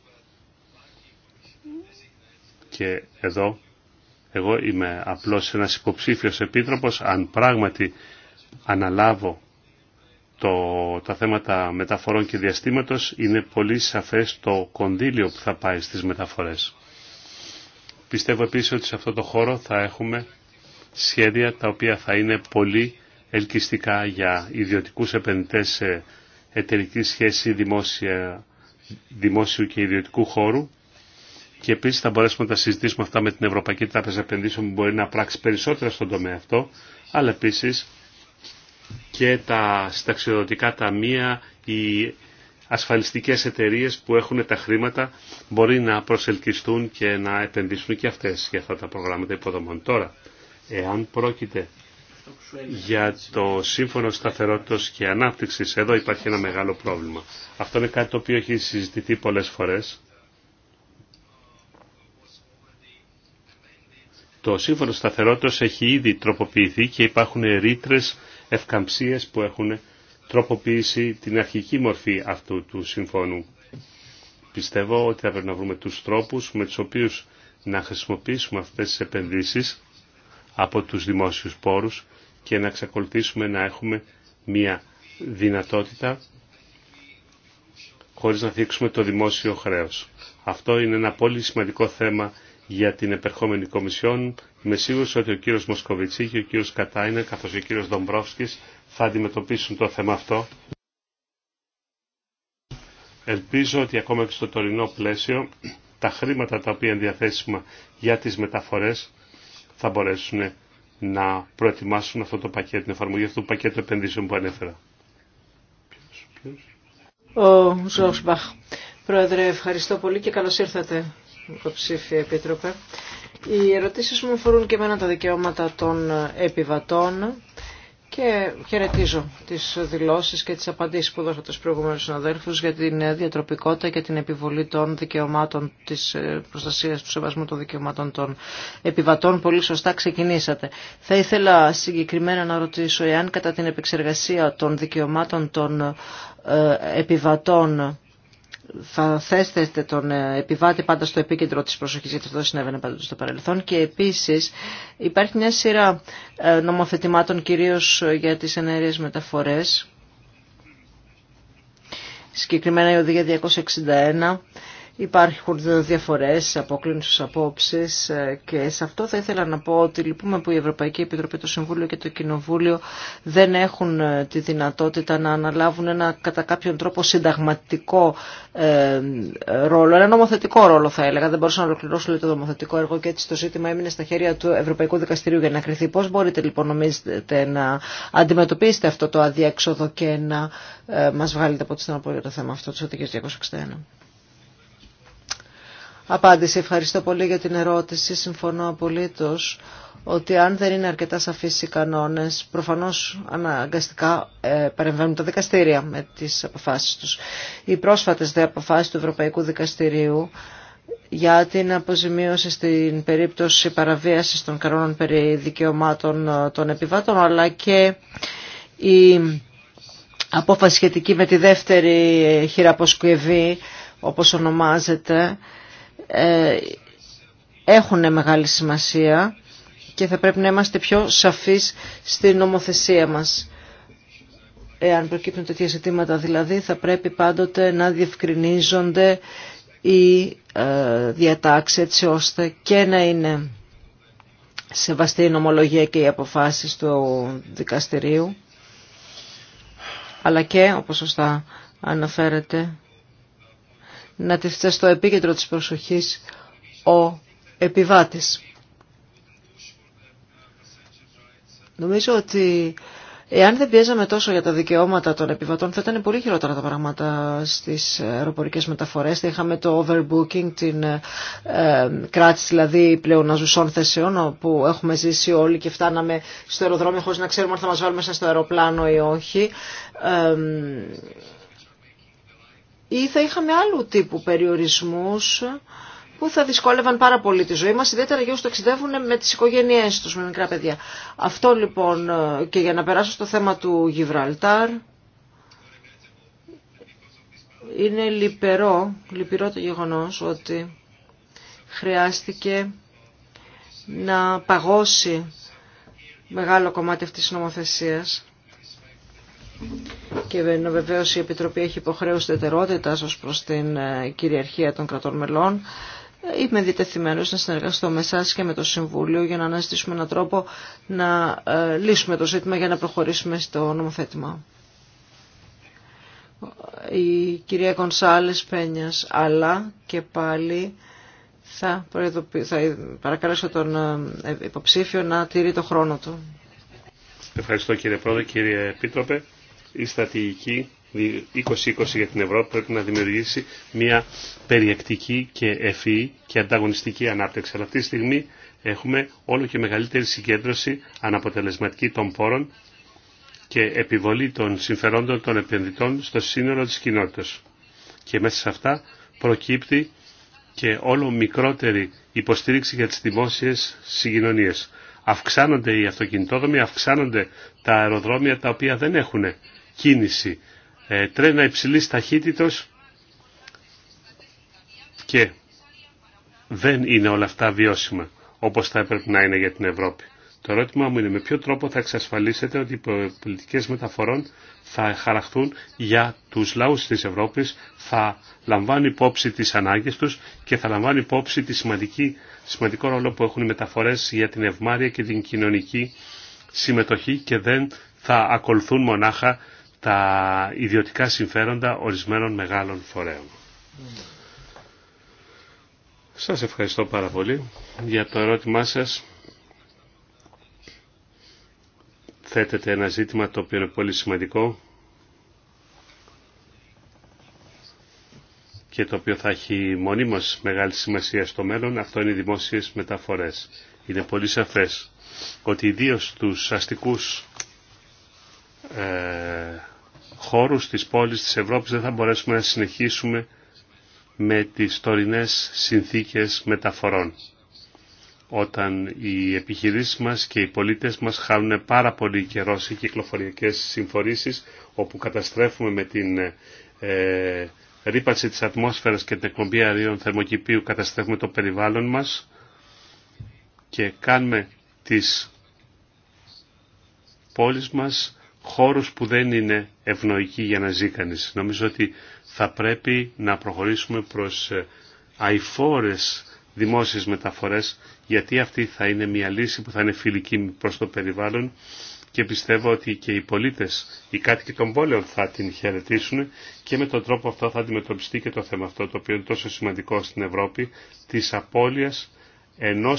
Και εδώ εγώ είμαι απλώς ένας υποψήφιος επίτροπος. Αν πράγματι αναλάβω το, τα θέματα μεταφορών και διαστήματος, είναι πολύ σαφές το κονδύλιο που θα πάει στις μεταφορές. Πιστεύω επίσης ότι σε αυτό το χώρο θα έχουμε σχέδια τα οποία θα είναι πολύ ελκυστικά για ιδιωτικούς επενδυτές σε εταιρική σχέση δημόσια, δημόσιου και ιδιωτικού χώρου και επίσης θα μπορέσουμε να τα συζητήσουμε αυτά με την Ευρωπαϊκή Τράπεζα Επενδύσεων που μπορεί να πράξει περισσότερα στον τομέα αυτό αλλά επίσης και τα συνταξιοδοτικά ταμεία, οι ασφαλιστικές εταιρείες που έχουν τα χρήματα μπορεί να προσελκυστούν και να επενδύσουν και αυτές για αυτά τα προγράμματα υποδομών. Τώρα, εάν πρόκειται για το Σύμφωνο Σταθερότητας και Ανάπτυξης, εδώ υπάρχει ένα μεγάλο πρόβλημα. Αυτό είναι κάτι το οποίο έχει συζητηθεί πολλές φορές. Το Σύμφωνο Σταθερότητας έχει ήδη τροποποιηθεί και υπάρχουν ρήτρε ευκαμψίες που έχουν τροποποιήσει την αρχική μορφή αυτού του συμφώνου. Πιστεύω ότι θα πρέπει να βρούμε τους τρόπους με τους οποίους να χρησιμοποιήσουμε αυτές τις επενδύσεις από τους δημόσιους πόρους και να εξακολουθήσουμε να έχουμε μία δυνατότητα χωρίς να θίξουμε το δημόσιο χρέος. Αυτό είναι ένα πολύ σημαντικό θέμα για την επερχόμενη Κομισιόν. Είμαι σίγουρος ότι ο κύριος Μοσκοβιτσί και ο κύριος Κατάινα καθώς και ο κύριος Δομπρόφσκης θα αντιμετωπίσουν το θέμα αυτό. Ελπίζω ότι ακόμα και στο τωρινό πλαίσιο τα χρήματα τα οποία είναι διαθέσιμα για τις μεταφορές θα μπορέσουν να προετοιμάσουν αυτό το πακέτο, την εφαρμογή αυτού του πακέτου επενδύσεων που ανέφερα. Ο Ζωσμπαχ. Πρόεδρε, ευχαριστώ πολύ και καλώς ήρθατε, υποψήφια Επίτροπε. Οι ερωτήσεις μου αφορούν και εμένα τα δικαιώματα των επιβατών και χαιρετίζω τις δηλώσεις και τις απαντήσεις που δώσατε στους προηγούμενους συναδέλφου για την διατροπικότητα και την επιβολή των δικαιωμάτων της ε, προστασίας του σεβασμού των δικαιωμάτων των επιβατών. Πολύ σωστά ξεκινήσατε. Θα ήθελα συγκεκριμένα να ρωτήσω εάν κατά την επεξεργασία των δικαιωμάτων των ε, επιβατών θα θέσετε τον ε, επιβάτη πάντα στο επίκεντρο της προσοχής, γιατί αυτό συνέβαινε πάντα στο παρελθόν. Και επίσης υπάρχει μια σειρά ε, νομοθετημάτων, κυρίως για τις ενέργειες μεταφορές. Συγκεκριμένα η οδηγία 261 Υπάρχουν διαφορές, αποκλίνουσες απόψεις ε, και σε αυτό θα ήθελα να πω ότι λυπούμε που η Ευρωπαϊκή Επιτροπή, το Συμβούλιο και το Κοινοβούλιο δεν έχουν ε, τη δυνατότητα να αναλάβουν ένα κατά κάποιον τρόπο συνταγματικό ε, ρόλο, ένα νομοθετικό ρόλο θα έλεγα. Δεν μπορούσα να ολοκληρώσω το νομοθετικό έργο και έτσι το ζήτημα έμεινε στα χέρια του Ευρωπαϊκού Δικαστηρίου για να κρυθεί. Πώς μπορείτε λοιπόν νομίζετε να αντιμετωπίσετε αυτό το αδιέξοδο και να μας βγάλετε από τη το θέμα αυτό του 261 απάντηση. Ευχαριστώ πολύ για την ερώτηση. Συμφωνώ απολύτως ότι αν δεν είναι αρκετά σαφείς οι κανόνες, προφανώς αναγκαστικά ε, παρεμβαίνουν τα δικαστήρια με τις αποφάσεις τους. Οι πρόσφατες δε αποφάσεις του Ευρωπαϊκού Δικαστηρίου για την αποζημίωση στην περίπτωση παραβίασης των κανόνων περί δικαιωμάτων ε, των επιβάτων, αλλά και η απόφαση σχετική με τη δεύτερη χειραποσκευή, όπως ονομάζεται, ε, έχουν μεγάλη σημασία και θα πρέπει να είμαστε πιο σαφείς στην νομοθεσία μας. Εάν προκύπτουν τέτοια ζητήματα δηλαδή θα πρέπει πάντοτε να διευκρινίζονται οι ε, διατάξεις έτσι ώστε και να είναι σεβαστή η νομολογία και οι αποφάσεις του δικαστηρίου αλλά και όπως σωστά αναφέρεται να τεθεί στο επίκεντρο της προσοχής ο επιβάτης. Νομίζω ότι εάν δεν πιέζαμε τόσο για τα δικαιώματα των επιβατών θα ήταν πολύ χειρότερα τα πράγματα στις αεροπορικές μεταφορές. Θα είχαμε το overbooking, την ε, κράτηση δηλαδή πλεοναζουσών θέσεων που έχουμε ζήσει όλοι και φτάναμε στο αεροδρόμιο χωρίς να ξέρουμε αν θα μας βάλουμε μέσα στο αεροπλάνο ή όχι ή θα είχαμε άλλου τύπου περιορισμούς που θα δυσκόλευαν πάρα πολύ τη ζωή μας, ιδιαίτερα για όσους ταξιδεύουν με τις οικογένειές τους, με μικρά παιδιά. Αυτό λοιπόν και για να περάσω στο θέμα του Γιβραλτάρ, είναι λυπηρό, λυπηρό το γεγονός ότι χρειάστηκε να παγώσει μεγάλο κομμάτι αυτής της νομοθεσίας και βεβαίω η Επιτροπή έχει υποχρέωση τετερότητα ω προ την ε, κυριαρχία των κρατών μελών. Ε, είμαι διτεθειμένο να συνεργαστώ με εσά και με το Συμβούλιο για να αναζητήσουμε έναν τρόπο να ε, λύσουμε το ζήτημα για να προχωρήσουμε στο νομοθέτημα. Η κυρία Κονσάλης Πένιας, αλλά και πάλι θα, θα παρακαλέσω τον υποψήφιο να τηρεί το χρόνο του. Ευχαριστώ κύριε Πρόεδρε, κύριε Επίτροπε η στρατηγική 2020 για την Ευρώπη πρέπει να δημιουργήσει μια περιεκτική και ευφυή και ανταγωνιστική ανάπτυξη. Αλλά αυτή τη στιγμή έχουμε όλο και μεγαλύτερη συγκέντρωση αναποτελεσματική των πόρων και επιβολή των συμφερόντων των επενδυτών στο σύνολο της κοινότητας. Και μέσα σε αυτά προκύπτει και όλο μικρότερη υποστήριξη για τις δημόσιες συγκοινωνίες. Αυξάνονται οι αυτοκινητόδομοι, αυξάνονται τα αεροδρόμια τα οποία δεν έχουν κίνηση. Ε, τρένα υψηλής ταχύτητος και δεν είναι όλα αυτά βιώσιμα όπως θα έπρεπε να είναι για την Ευρώπη. Το ερώτημά μου είναι με ποιο τρόπο θα εξασφαλίσετε ότι οι πολιτικές μεταφορών θα χαραχθούν για τους λαούς της Ευρώπης, θα λαμβάνουν υπόψη τις ανάγκες τους και θα λαμβάνουν υπόψη τη σημαντική, σημαντικό ρόλο που έχουν οι μεταφορές για την ευμάρεια και την κοινωνική συμμετοχή και δεν θα ακολουθούν μονάχα τα ιδιωτικά συμφέροντα ορισμένων μεγάλων φορέων. Σας ευχαριστώ πάρα πολύ για το ερώτημά σας. Θέτετε ένα ζήτημα το οποίο είναι πολύ σημαντικό και το οποίο θα έχει μονίμως μεγάλη σημασία στο μέλλον. Αυτό είναι οι δημόσιες μεταφορές. Είναι πολύ σαφές ότι ιδίω τους αστικούς ε, χώρους της πόλης της Ευρώπης δεν θα μπορέσουμε να συνεχίσουμε με τις τωρινές συνθήκες μεταφορών. Όταν οι επιχειρήσεις μας και οι πολίτες μας χάνουν πάρα πολύ καιρό σε κυκλοφοριακές συμφορήσεις όπου καταστρέφουμε με την ε, ρήπανση της ατμόσφαιρας και την εκπομπή αερίων θερμοκηπίου καταστρέφουμε το περιβάλλον μας και κάνουμε τις πόλεις μας χώρους που δεν είναι ευνοϊκοί για να ζει κανείς. Νομίζω ότι θα πρέπει να προχωρήσουμε προς ε, αηφόρες δημόσιες μεταφορές γιατί αυτή θα είναι μια λύση που θα είναι φιλική προς το περιβάλλον και πιστεύω ότι και οι πολίτες, οι κάτοικοι των πόλεων θα την χαιρετήσουν και με τον τρόπο αυτό θα αντιμετωπιστεί και το θέμα αυτό το οποίο είναι τόσο σημαντικό στην Ευρώπη της απώλειας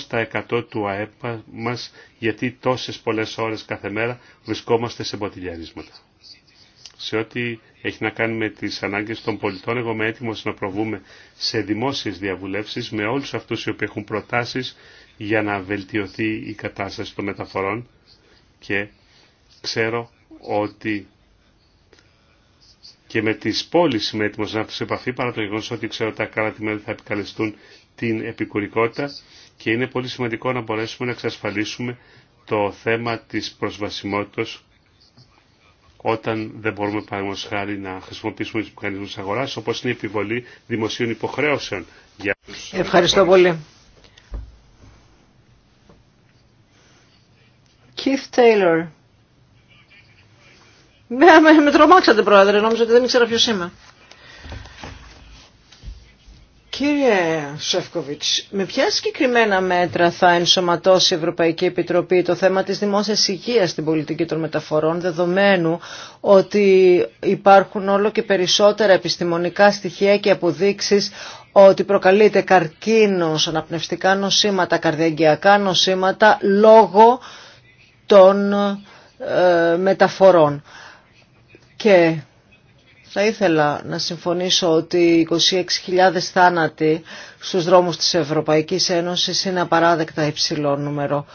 εκατό του ΑΕΠ μας γιατί τόσες πολλές ώρες κάθε μέρα βρισκόμαστε σε μποτιλιαρίσματα. Σε ό,τι έχει να κάνει με τις ανάγκες των πολιτών, εγώ είμαι έτοιμος να προβούμε σε δημόσιες διαβουλεύσεις με όλους αυτούς οι οποίοι έχουν προτάσεις για να βελτιωθεί η κατάσταση των μεταφορών και ξέρω ότι και με τις πόλεις είμαι έτοιμος να έρθω σε επαφή παρά το γεγονός ότι ξέρω ότι τα κράτη μέλη θα επικαλεστούν την επικουρικότητα και είναι πολύ σημαντικό να μπορέσουμε να εξασφαλίσουμε το θέμα της προσβασιμότητας όταν δεν μπορούμε παραδείγματος χάρη να χρησιμοποιήσουμε τους μηχανισμούς αγοράς όπως είναι η επιβολή δημοσίων υποχρέωσεων. Για Ευχαριστώ πολύ. Keith Taylor. Με, με, με τρομάξατε πρόεδρε, νόμιζα ότι δεν ήξερα ποιος είμαι. Κύριε Σεφκοβιτς, με ποια συγκεκριμένα μέτρα θα ενσωματώσει η Ευρωπαϊκή Επιτροπή το θέμα της δημόσιας υγείας στην πολιτική των μεταφορών, δεδομένου ότι υπάρχουν όλο και περισσότερα επιστημονικά στοιχεία και αποδείξεις ότι προκαλείται καρκίνος, αναπνευστικά νοσήματα, καρδιαγκιακά νοσήματα λόγω των ε, μεταφορών. Και θα ήθελα να συμφωνήσω ότι 26.000 θάνατοι στους δρόμους της Ευρωπαϊκής Ένωσης είναι απαράδεκτα υψηλό νούμερο.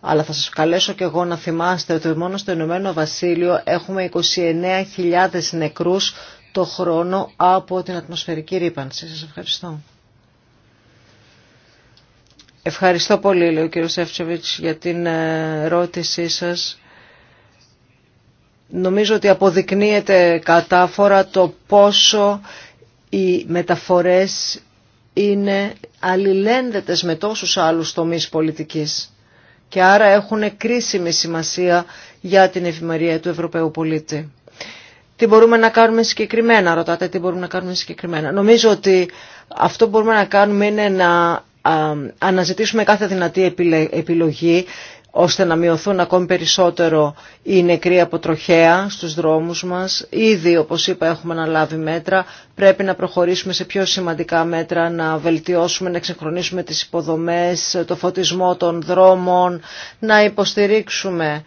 Αλλά θα σας καλέσω και εγώ να θυμάστε ότι μόνο στο Ηνωμένο Βασίλειο έχουμε 29.000 νεκρούς το χρόνο από την ατμοσφαιρική ρήπανση. Σας ευχαριστώ. Ευχαριστώ πολύ, λέει ο κύριος για την ερώτησή σας νομίζω ότι αποδεικνύεται κατάφορα το πόσο οι μεταφορές είναι αλληλένδετες με τόσους άλλους τομείς πολιτικής και άρα έχουν κρίσιμη σημασία για την ευημερία του Ευρωπαίου πολίτη. Τι μπορούμε να κάνουμε συγκεκριμένα, ρωτάτε, τι μπορούμε να κάνουμε συγκεκριμένα. Νομίζω ότι αυτό που μπορούμε να κάνουμε είναι να αναζητήσουμε κάθε δυνατή επιλογή ώστε να μειωθούν ακόμη περισσότερο οι νεκροί από τροχέα στους δρόμους μας. Ήδη, όπως είπα, έχουμε αναλάβει μέτρα. Πρέπει να προχωρήσουμε σε πιο σημαντικά μέτρα, να βελτιώσουμε, να εξεχρονίσουμε τις υποδομές, το φωτισμό των δρόμων, να υποστηρίξουμε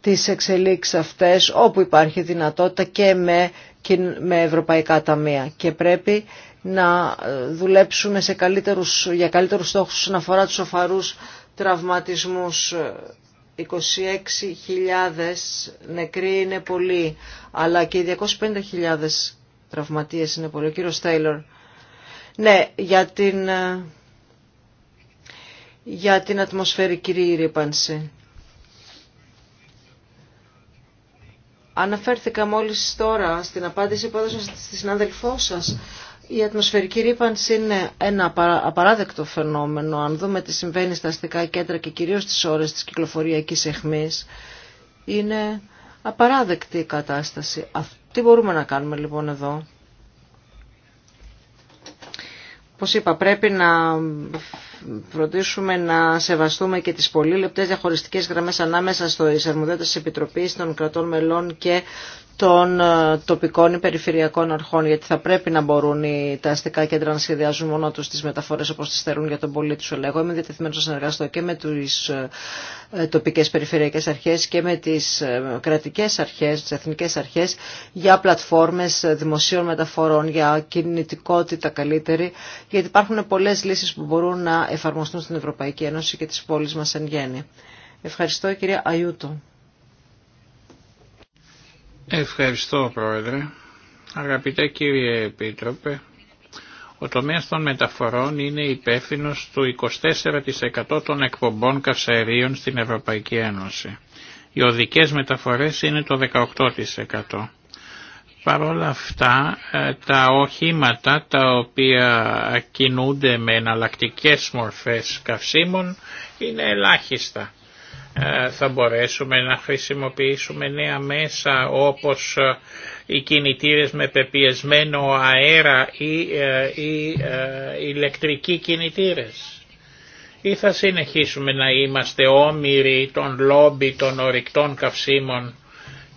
τις εξελίξεις αυτές όπου υπάρχει δυνατότητα και με, με ευρωπαϊκά ταμεία. Και πρέπει να δουλέψουμε σε καλύτερους, για καλύτερους στόχους όσον αφορά τους σοφαρούς τραυματισμούς 26.000 νεκροί είναι πολλοί, αλλά και οι 250.000 τραυματίες είναι πολλοί. Ο κύριος Ναι, για την, για την ατμοσφαιρική ρήπανση. Αναφέρθηκα μόλις τώρα στην απάντηση που έδωσα στη συνάδελφό σας η ατμοσφαιρική ρήπανση είναι ένα απαράδεκτο φαινόμενο. Αν δούμε τι συμβαίνει στα αστικά κέντρα και κυρίως τις ώρες της κυκλοφοριακής αιχμής, είναι απαράδεκτη η κατάσταση. Τι μπορούμε να κάνουμε λοιπόν εδώ. Πώς είπα, πρέπει να φροντίσουμε να σεβαστούμε και τις πολύ λεπτές διαχωριστικές γραμμές ανάμεσα στο αρμοδιότητες τη Επιτροπής των κρατών μελών και των ε, τοπικών ή περιφερειακών αρχών, γιατί θα πρέπει να μπορούν οι, τα αστικά κέντρα να σχεδιάζουν μόνο τους τις μεταφορές όπως τις θέλουν για τον πολίτη του Εγώ είμαι διατεθειμένος να συνεργαστώ και με τις ε, ε, τοπικές περιφερειακές αρχές και με τις κρατικές αρχές, τις εθνικές αρχές για πλατφόρμες δημοσίων μεταφορών, για κινητικότητα καλύτερη, γιατί υπάρχουν πολλές λύσεις που μπορούν να εφαρμοστούν στην Ευρωπαϊκή Ένωση και τις πόλεις μας εν γέννη. Ευχαριστώ κυρία Αιούτο. Ευχαριστώ Πρόεδρε. Αγαπητέ κύριε Επίτροπε, ο τομέας των μεταφορών είναι υπεύθυνο του 24% των εκπομπών καυσαερίων στην Ευρωπαϊκή Ένωση. Οι οδικές μεταφορές είναι το 18%. Παρ' όλα αυτά ε, τα οχήματα τα οποία κινούνται με εναλλακτικέ μορφές καυσίμων είναι ελάχιστα. Ε, θα μπορέσουμε να χρησιμοποιήσουμε νέα μέσα όπως ε, οι κινητήρες με πεπιεσμένο αέρα ή οι ε, ηλεκτρικοί κινητήρες. Ή θα συνεχίσουμε να είμαστε όμοιροι των λόμπι των ορυκτών καυσίμων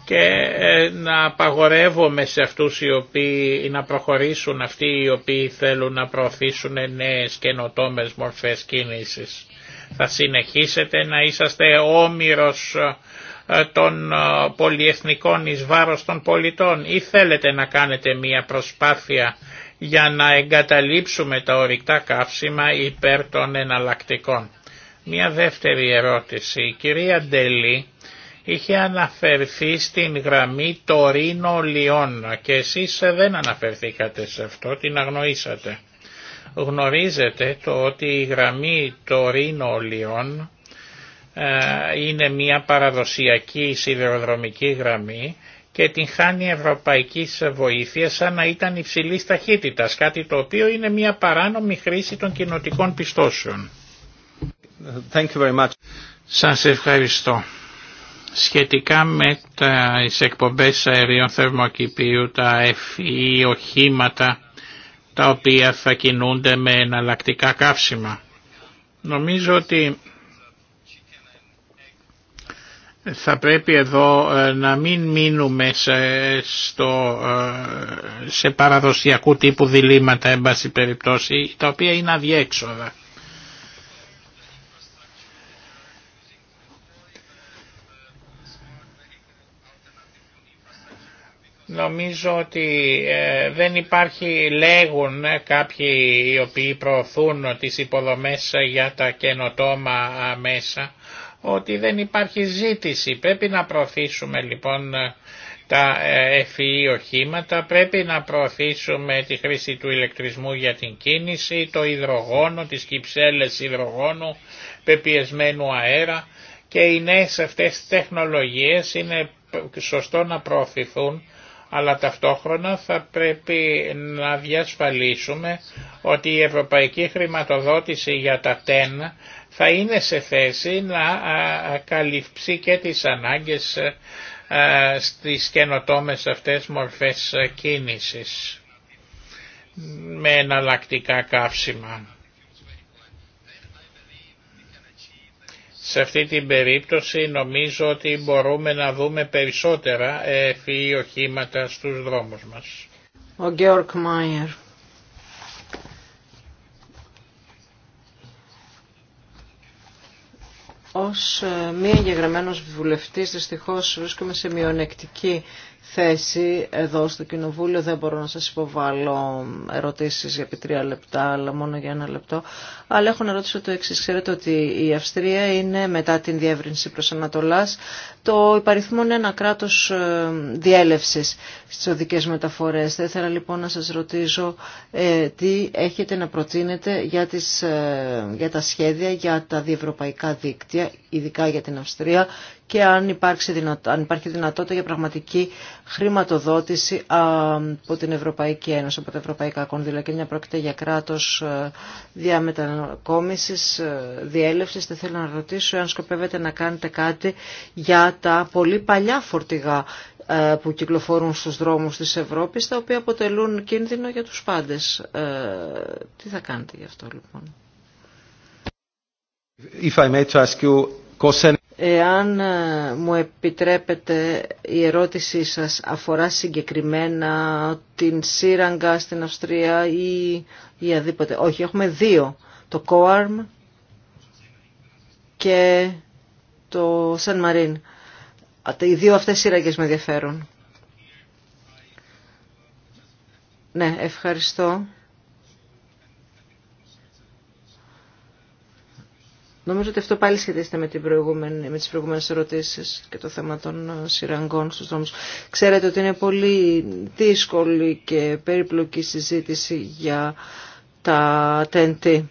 και να απαγορεύουμε σε αυτούς οι οποίοι να προχωρήσουν αυτοί οι οποίοι θέλουν να προωθήσουν νέες καινοτόμες μορφές κίνησης. Θα συνεχίσετε να είσαστε όμοιρος ε, των ε, πολιεθνικών εις βάρος των πολιτών ή θέλετε να κάνετε μία προσπάθεια για να εγκαταλείψουμε τα ορυκτά καύσιμα υπέρ των εναλλακτικών. Μία δεύτερη ερώτηση. Η κυρία Ντελή είχε αναφερθεί στην γραμμή Τωρίνο Λιών και εσείς δεν αναφερθήκατε σε αυτό, την αγνοήσατε. Γνωρίζετε το ότι η γραμμή το Ρήνο ε, είναι μια παραδοσιακή σιδηροδρομική γραμμή και την χάνει Ευρωπαϊκή βοήθεια σαν να ήταν υψηλής ταχύτητας, κάτι το οποίο είναι μια παράνομη χρήση των κοινοτικών πιστώσεων. Thank you very much. Σας ευχαριστώ. Σχετικά με τις εκπομπές αερίων θερμοκηπίου, τα εφή e, οχήματα, τα οποία θα κινούνται με εναλλακτικά καύσιμα. Νομίζω ότι θα πρέπει εδώ ε, να μην μείνουμε σε, στο, ε, σε παραδοσιακού τύπου διλήμματα, εν περιπτώσει, τα οποία είναι αδιέξοδα. Νομίζω ότι ε, δεν υπάρχει, λέγουν ε, κάποιοι οι οποίοι προωθούν τις υποδομές για τα καινοτόμα ε, μέσα, ότι δεν υπάρχει ζήτηση. Πρέπει να προωθήσουμε λοιπόν τα FEE e οχήματα, πρέπει να προωθήσουμε τη χρήση του ηλεκτρισμού για την κίνηση, το υδρογόνο, τις κυψέλες υδρογόνου, πεπιεσμένου αέρα και οι νέες αυτές τεχνολογίες είναι σωστό να προωθηθούν αλλά ταυτόχρονα θα πρέπει να διασφαλίσουμε ότι η ευρωπαϊκή χρηματοδότηση για τα τέν θα είναι σε θέση να καλυψεί και τις ανάγκες στις καινοτόμες αυτές μορφές κίνησης με εναλλακτικά καύσιμα. Σε αυτή την περίπτωση νομίζω ότι μπορούμε να δούμε περισσότερα ευφυή οχήματα στους δρόμους μας. Ο Γκέορκ Μάιερ. Ως ε, μη εγγεγραμμένος βουλευτής δυστυχώς βρίσκομαι σε μειονεκτική θέση εδώ στο Κοινοβούλιο. Δεν μπορώ να σας υποβάλω ερωτήσεις για επί τρία λεπτά, αλλά μόνο για ένα λεπτό. Αλλά έχω να ρωτήσω το εξή. Ξέρετε ότι η Αυστρία είναι μετά την διεύρυνση προς Ανατολάς το είναι ένα κράτος ε, διέλευσης στις οδικές μεταφορές. Θα ήθελα λοιπόν να σας ρωτήσω ε, τι έχετε να προτείνετε για, τις, ε, για τα σχέδια, για τα διευρωπαϊκά δίκτυα, ειδικά για την Αυστρία και αν, αν υπάρχει δυνατότητα για πραγματική χρηματοδότηση από την Ευρωπαϊκή Ένωση, από τα Ευρωπαϊκά κόνδυλα. Και μια πρόκειται για κράτος ε, διαμετακόμισης, ε, διέλευσης. Δεν θέλω να ρωτήσω αν σκοπεύετε να κάνετε κάτι για τα πολύ παλιά φορτηγά ε, που κυκλοφορούν στους δρόμους της Ευρώπης, τα οποία αποτελούν κίνδυνο για τους πάντες. Τι θα κάνετε γι' αυτό λοιπόν. If I may ask you, Εάν ε, μου επιτρέπετε η ερώτησή σας αφορά συγκεκριμένα την σύραγγα στην Αυστρία ή, ή Όχι, έχουμε δύο. Το COARM και το Σαν Μαρίν. Οι δύο αυτές σύραγγες με ενδιαφέρουν. Ναι, ευχαριστώ. Νομίζω ότι αυτό πάλι σχετίζεται με, την με τις προηγούμενες ερωτήσεις και το θέμα των ε, σειραγγών στους δρόμους. Ξέρετε ότι είναι πολύ δύσκολη και περίπλοκη συζήτηση για τα TNT,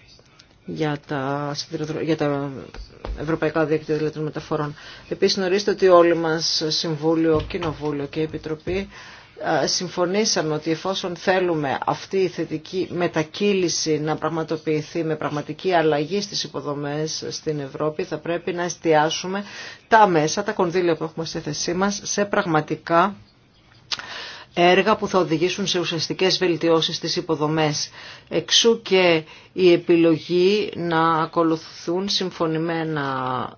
για τα, για τα Ευρωπαϊκά Δίκτυα δηλαδή Μεταφορών. Επίσης γνωρίζετε ότι όλοι μας, Συμβούλιο, Κοινοβούλιο και Επιτροπή, συμφωνήσαμε ότι εφόσον θέλουμε αυτή η θετική μετακύληση να πραγματοποιηθεί με πραγματική αλλαγή στις υποδομές στην Ευρώπη θα πρέπει να εστιάσουμε τα μέσα, τα κονδύλια που έχουμε στη θέσή μας σε πραγματικά έργα που θα οδηγήσουν σε ουσιαστικές βελτιώσεις στις υποδομές. Εξού και η επιλογή να ακολουθούν συμφωνημένα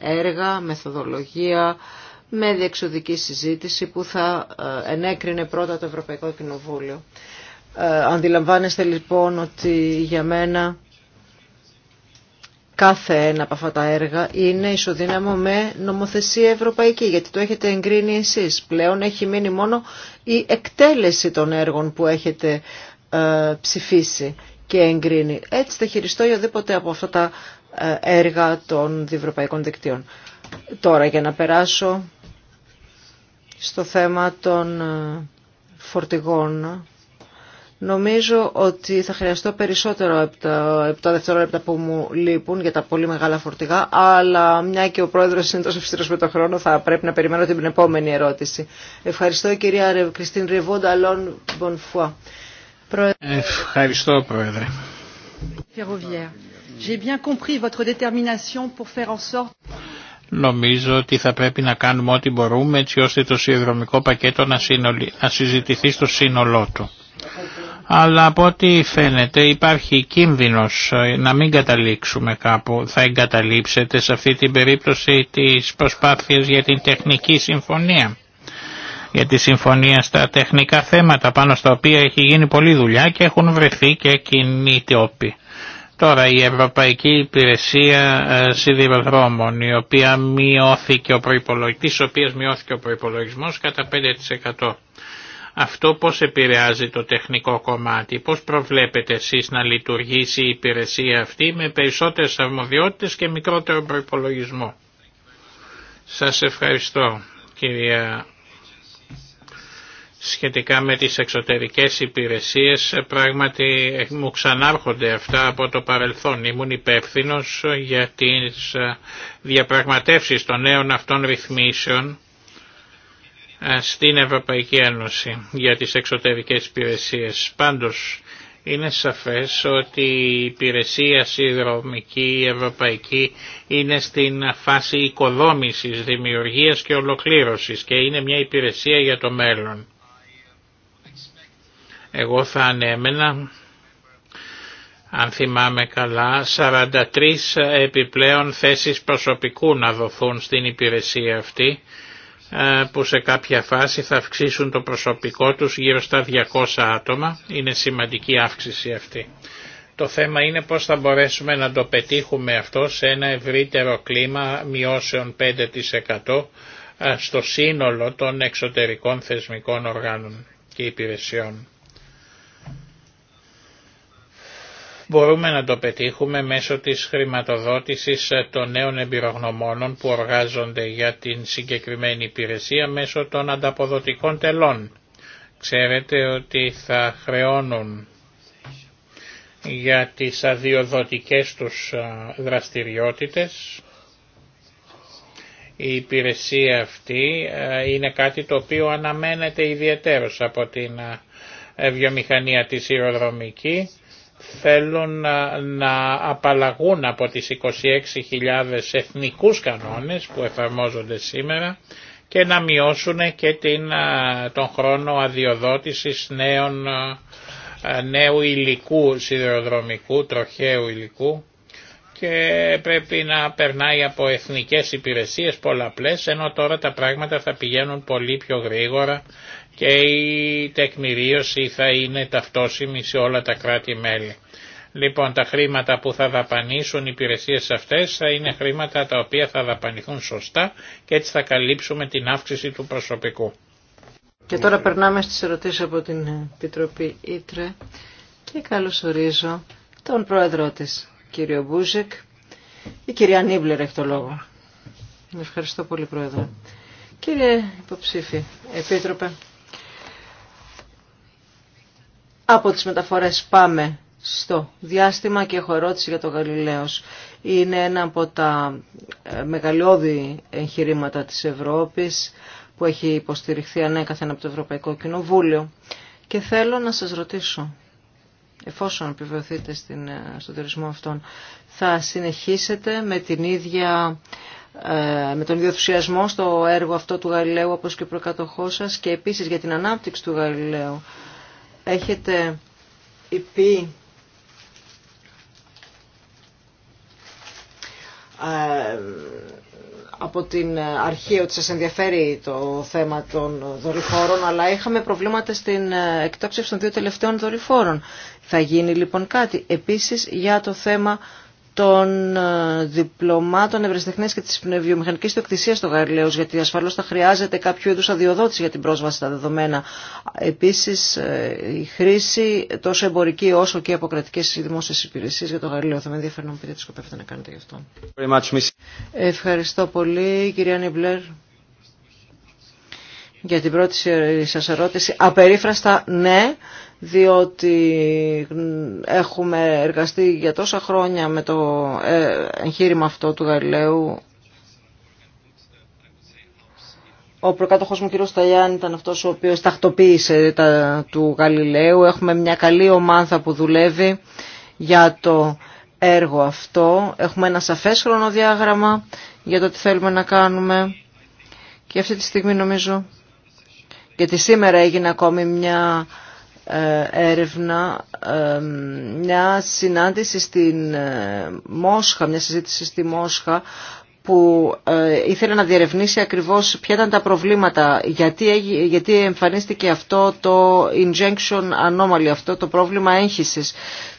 ε, έργα, μεθοδολογία, με διεξοδική συζήτηση που θα ε, ενέκρινε πρώτα το Ευρωπαϊκό Κοινοβούλιο. Ε, αντιλαμβάνεστε λοιπόν ότι για μένα κάθε ένα από αυτά τα έργα είναι ισοδύναμο με νομοθεσία ευρωπαϊκή, γιατί το έχετε εγκρίνει εσείς. Πλέον έχει μείνει μόνο η εκτέλεση των έργων που έχετε ε, ψηφίσει και εγκρίνει. Έτσι θα χειριστώ οδήποτε από αυτά τα έργα των διευρωπαϊκών δικτύων. Τώρα για να περάσω στο θέμα των ε, φορτηγών. Νομίζω ότι θα χρειαστώ περισσότερο από τα δευτερόλεπτα που μου λείπουν για τα πολύ μεγάλα φορτηγά, αλλά μια και ο πρόεδρος είναι τόσο ευστηρός με τον χρόνο, θα πρέπει να περιμένω την επόμενη ερώτηση. Ευχαριστώ κυρία Κριστίν Ρεβόντα Λόν Μπονφουά. Ευχαριστώ πρόεδρε. Νομίζω ότι θα πρέπει να κάνουμε ό,τι μπορούμε έτσι ώστε το σιδηρομικό πακέτο να, να συζητηθεί στο σύνολό του. Αλλά από ό,τι φαίνεται υπάρχει κίνδυνος ε, να μην καταλήξουμε κάπου. Θα εγκαταλείψετε σε αυτή την περίπτωση τις προσπάθειες για την τεχνική συμφωνία. Για τη συμφωνία στα τεχνικά θέματα πάνω στα οποία έχει γίνει πολλή δουλειά και έχουν βρεθεί και κοινή Τώρα η Ευρωπαϊκή Υπηρεσία ε, Σιδηροδρόμων, η οποία μειώθηκε ο προϋπολογισμός, οποίας μειώθηκε ο προϋπολογισμός κατά 5%. Αυτό πώς επηρεάζει το τεχνικό κομμάτι, πώς προβλέπετε εσείς να λειτουργήσει η υπηρεσία αυτή με περισσότερες αρμοδιότητες και μικρότερο προϋπολογισμό. Σας ευχαριστώ κυρία σχετικά με τις εξωτερικές υπηρεσίες πράγματι μου ξανάρχονται αυτά από το παρελθόν. Ήμουν υπεύθυνο για τις ε, διαπραγματεύσεις των νέων αυτών ρυθμίσεων ε, στην Ευρωπαϊκή Ένωση για τις εξωτερικές υπηρεσίες. Πάντως είναι σαφές ότι η υπηρεσία συνδρομική η ευρωπαϊκή είναι στην φάση οικοδόμησης, δημιουργίας και ολοκλήρωσης και είναι μια υπηρεσία για το μέλλον. Εγώ θα ανέμενα, αν θυμάμαι καλά, 43 επιπλέον θέσεις προσωπικού να δοθούν στην υπηρεσία αυτή, ε, που σε κάποια φάση θα αυξήσουν το προσωπικό τους γύρω στα 200 άτομα. Είναι σημαντική αύξηση αυτή. Το θέμα είναι πώς θα μπορέσουμε να το πετύχουμε αυτό σε ένα ευρύτερο κλίμα μειώσεων 5% ε, στο σύνολο των εξωτερικών θεσμικών οργάνων και υπηρεσιών. μπορούμε να το πετύχουμε μέσω της χρηματοδότησης ε, των νέων εμπειρογνωμόνων που οργάζονται για την συγκεκριμένη υπηρεσία μέσω των ανταποδοτικών τελών. Ξέρετε ότι θα χρεώνουν για τις αδειοδοτικές τους ε, δραστηριότητες. Η υπηρεσία αυτή ε, είναι κάτι το οποίο αναμένεται ιδιαίτερος από την βιομηχανία της ηροδρομική θέλουν να, να απαλλαγούν από τις 26.000 εθνικούς κανόνες που εφαρμόζονται σήμερα και να μειώσουν και τον χρόνο αδειοδότησης νέων, νέου υλικού σιδηροδρομικού, τροχαίου υλικού και πρέπει να περνάει από εθνικές υπηρεσίες πολλαπλές ενώ τώρα τα πράγματα θα πηγαίνουν πολύ πιο γρήγορα και η τεκμηρίωση θα είναι ταυτόσιμη σε όλα τα κράτη-μέλη. Λοιπόν, τα χρήματα που θα δαπανίσουν οι υπηρεσίες αυτές θα είναι χρήματα τα οποία θα δαπανηθούν σωστά και έτσι θα καλύψουμε την αύξηση του προσωπικού. Και τώρα περνάμε στις ερωτήσεις από την Επιτροπή Ήτρε και καλωσορίζω τον πρόεδρό της, κύριο Μπούζεκ. Η κυρία Νίμπλερ έχει το λόγο. Ευχαριστώ πολύ, πρόεδρε. Κύριε υποψήφι, επίτροπε, από τις μεταφορές πάμε στο διάστημα και έχω ερώτηση για το Γαλιλαίος. Είναι ένα από τα ε, μεγαλειώδη εγχειρήματα της Ευρώπης που έχει υποστηριχθεί ανέκαθεν από το Ευρωπαϊκό Κοινοβούλιο. Και θέλω να σας ρωτήσω, εφόσον επιβεβαιωθείτε ε, στον τουρισμό αυτόν, θα συνεχίσετε με, την ίδια, ε, με τον ίδιο ενθουσιασμό στο έργο αυτό του Γαλιλαίου όπως και προκατοχό σας και επίσης για την ανάπτυξη του Γαλιλαίου έχετε πει ε, από την αρχή ότι σας ενδιαφέρει το θέμα των δορυφόρων, αλλά είχαμε προβλήματα στην εκτόξευση των δύο τελευταίων δορυφόρων. Θα γίνει λοιπόν κάτι. Επίσης για το θέμα των ε, διπλωμάτων ευρεσιτεχνία και τη του τοκτησία στο Γαλλέο, γιατί ασφαλώ θα χρειάζεται κάποιο είδου αδειοδότηση για την πρόσβαση στα δεδομένα. Επίση, ε, η χρήση τόσο εμπορική όσο και από κρατικέ δημόσιε υπηρεσίε για το Γαριλαίο. Θα με ενδιαφέρει να μου πείτε τι σκοπεύετε να κάνετε γι' αυτό. Ευχαριστώ πολύ, κυρία Νιμπλερ. Για την πρώτη σας ερώτηση, απερίφραστα ναι διότι έχουμε εργαστεί για τόσα χρόνια με το ε, εγχείρημα αυτό του Γαλιλαίου. Ο προκάτοχος μου κ. Σταλιάν ήταν αυτός ο οποίος τακτοποίησε τα του Γαλιλαίου. Έχουμε μια καλή ομάδα που δουλεύει για το έργο αυτό. Έχουμε ένα σαφές χρονοδιάγραμμα για το τι θέλουμε να κάνουμε. Και αυτή τη στιγμή νομίζω, γιατί σήμερα έγινε ακόμη μια ε, έρευνα ε, μια συνάντηση στην ε, Μόσχα, μια συζήτηση στη Μόσχα που ήθελε να διερευνήσει ακριβώς ποια ήταν τα προβλήματα, γιατί, γιατί εμφανίστηκε αυτό το injection anomaly, αυτό το πρόβλημα έγχυσης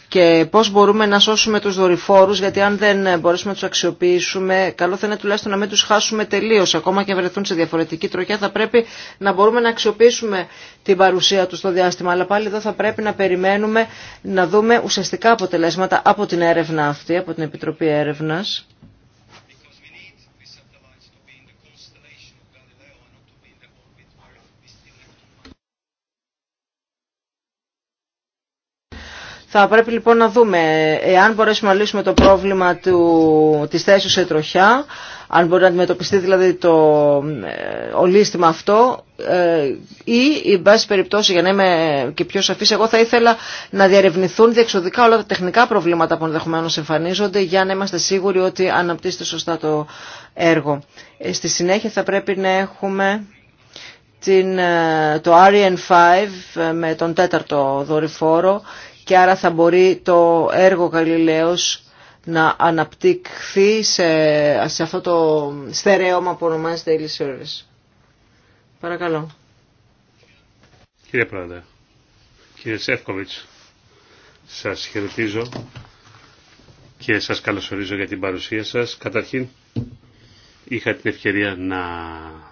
και πώς μπορούμε να σώσουμε τους δορυφόρους, γιατί αν δεν μπορέσουμε να τους αξιοποιήσουμε, καλό θα είναι τουλάχιστον να μην τους χάσουμε τελείως, ακόμα και βρεθούν σε διαφορετική τροχιά, θα πρέπει να μπορούμε να αξιοποιήσουμε την παρουσία τους στο διάστημα, αλλά πάλι εδώ θα πρέπει να περιμένουμε να δούμε ουσιαστικά αποτελέσματα από την έρευνα αυτή, από την Επιτροπή Έρευνας. Θα πρέπει λοιπόν να δούμε εάν μπορέσουμε να λύσουμε το πρόβλημα του, της θέσης σε τροχιά, αν μπορεί να αντιμετωπιστεί δηλαδή το ε, ολίσθημα αυτό ε, ή, εν πάση περιπτώσει, για να είμαι και πιο σαφής, εγώ θα ήθελα να διαρευνηθούν διεξοδικά όλα τα τεχνικά προβλήματα που ενδεχομένω εμφανίζονται για να είμαστε σίγουροι ότι αναπτύσσεται σωστά το έργο. Ε, στη συνέχεια θα πρέπει να έχουμε την, το REN5 με τον τέταρτο δορυφόρο και άρα θα μπορεί το έργο Γαλιλαίος να αναπτύχθει σε, σε αυτό το στερέωμα που ονομάζεται Daily Service. Παρακαλώ. Κύριε Πρόεδρε, κύριε Σεύκοβιτς, σας χαιρετίζω και σας καλωσορίζω για την παρουσία σας. Καταρχήν, είχα την ευκαιρία να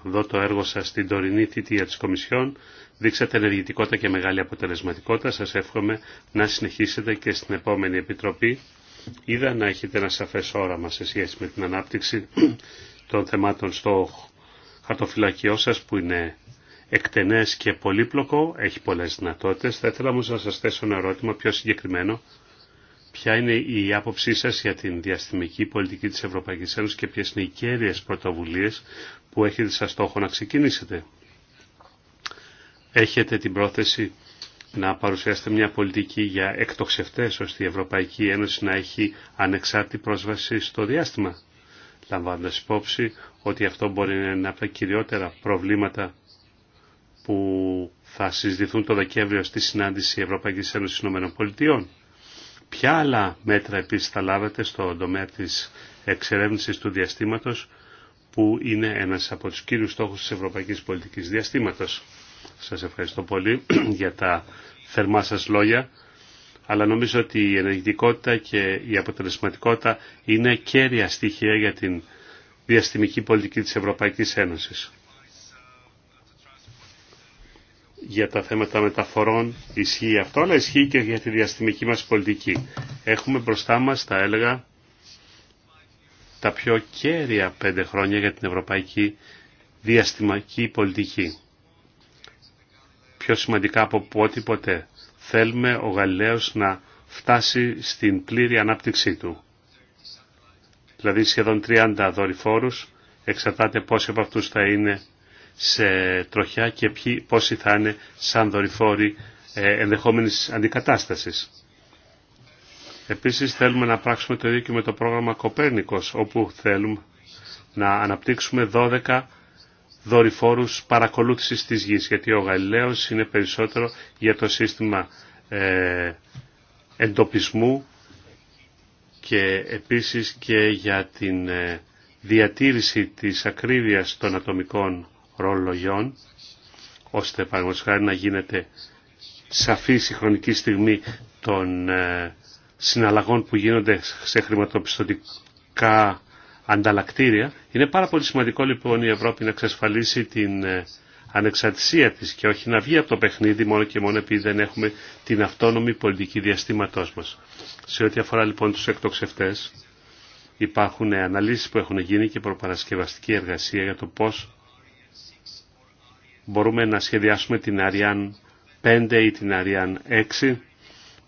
δω το έργο σας στην τωρινή θητεία της Κομισιόν Δείξατε ενεργητικότητα και μεγάλη αποτελεσματικότητα. Σας εύχομαι να συνεχίσετε και στην επόμενη Επιτροπή. Είδα να έχετε ένα σαφές όραμα σε σχέση με την ανάπτυξη των θεμάτων στο χαρτοφυλακείό σας που είναι εκτενές και πολύπλοκο, έχει πολλές δυνατότητες. Θα ήθελα όμως να σας θέσω ένα ερώτημα πιο συγκεκριμένο. Ποια είναι η άποψή σας για την διαστημική πολιτική της Ευρωπαϊκής Ένωσης και ποιες είναι οι κέρδιες πρωτοβουλίες που έχετε σαν στόχο να ξεκινήσετε έχετε την πρόθεση να παρουσιάσετε μια πολιτική για εκτοξευτές ώστε η Ευρωπαϊκή Ένωση να έχει ανεξάρτητη πρόσβαση στο διάστημα λαμβάνοντας υπόψη ότι αυτό μπορεί να είναι από τα κυριότερα προβλήματα που θα συζητηθούν το Δεκέμβριο στη συνάντηση Ευρωπαϊκής Ένωσης Πολιτειών. Ποια άλλα μέτρα επίσης θα λάβετε στον τομέα της εξερεύνησης του διαστήματος που είναι ένας από τους κύριους στόχους της Ευρωπαϊκής Πολιτικής Διαστήματος. Σας ευχαριστώ πολύ [CLEARS THROAT] για τα θερμά σας λόγια, αλλά νομίζω ότι η ενεργητικότητα και η αποτελεσματικότητα είναι κέρια στοιχεία για την διαστημική πολιτική της Ευρωπαϊκής Ένωσης. Για τα θέματα μεταφορών ισχύει αυτό, αλλά ισχύει και για τη διαστημική μας πολιτική. Έχουμε μπροστά μας, τα έλεγα, τα πιο κέρια πέντε χρόνια για την ευρωπαϊκή διαστημική πολιτική πιο σημαντικά από ό,τι ποτέ. Θέλουμε ο Γαλιλαίος να φτάσει στην πλήρη ανάπτυξή του. Δηλαδή σχεδόν 30 δορυφόρους, εξαρτάται πόσοι από αυτούς θα είναι σε τροχιά και ποιοι, πόσοι θα είναι σαν δορυφόροι ε, ενδεχόμενης αντικατάστασης. Επίσης θέλουμε να πράξουμε το ίδιο και με το πρόγραμμα Κοπέρνικος, όπου θέλουμε να αναπτύξουμε 12 δορυφόρους παρακολούθησης της γης, γιατί ο Γαλιλαίος είναι περισσότερο για το σύστημα ε, εντοπισμού και επίσης και για την ε, διατήρηση της ακρίβειας των ατομικών ρολογιών, ώστε παραγωγικά να γίνεται σαφής η χρονική στιγμή των ε, συναλλαγών που γίνονται σε χρηματοπιστωτικά ανταλλακτήρια. Είναι πάρα πολύ σημαντικό λοιπόν η Ευρώπη να εξασφαλίσει την ε, ανεξαρτησία της και όχι να βγει από το παιχνίδι μόνο και μόνο επειδή δεν έχουμε την αυτόνομη πολιτική διαστήματός μας. Σε ό,τι αφορά λοιπόν τους εκτοξευτές υπάρχουν ε, αναλύσεις που έχουν γίνει και προπαρασκευαστική εργασία για το πώς μπορούμε να σχεδιάσουμε την Αριάν 5 ή την Αριάν 6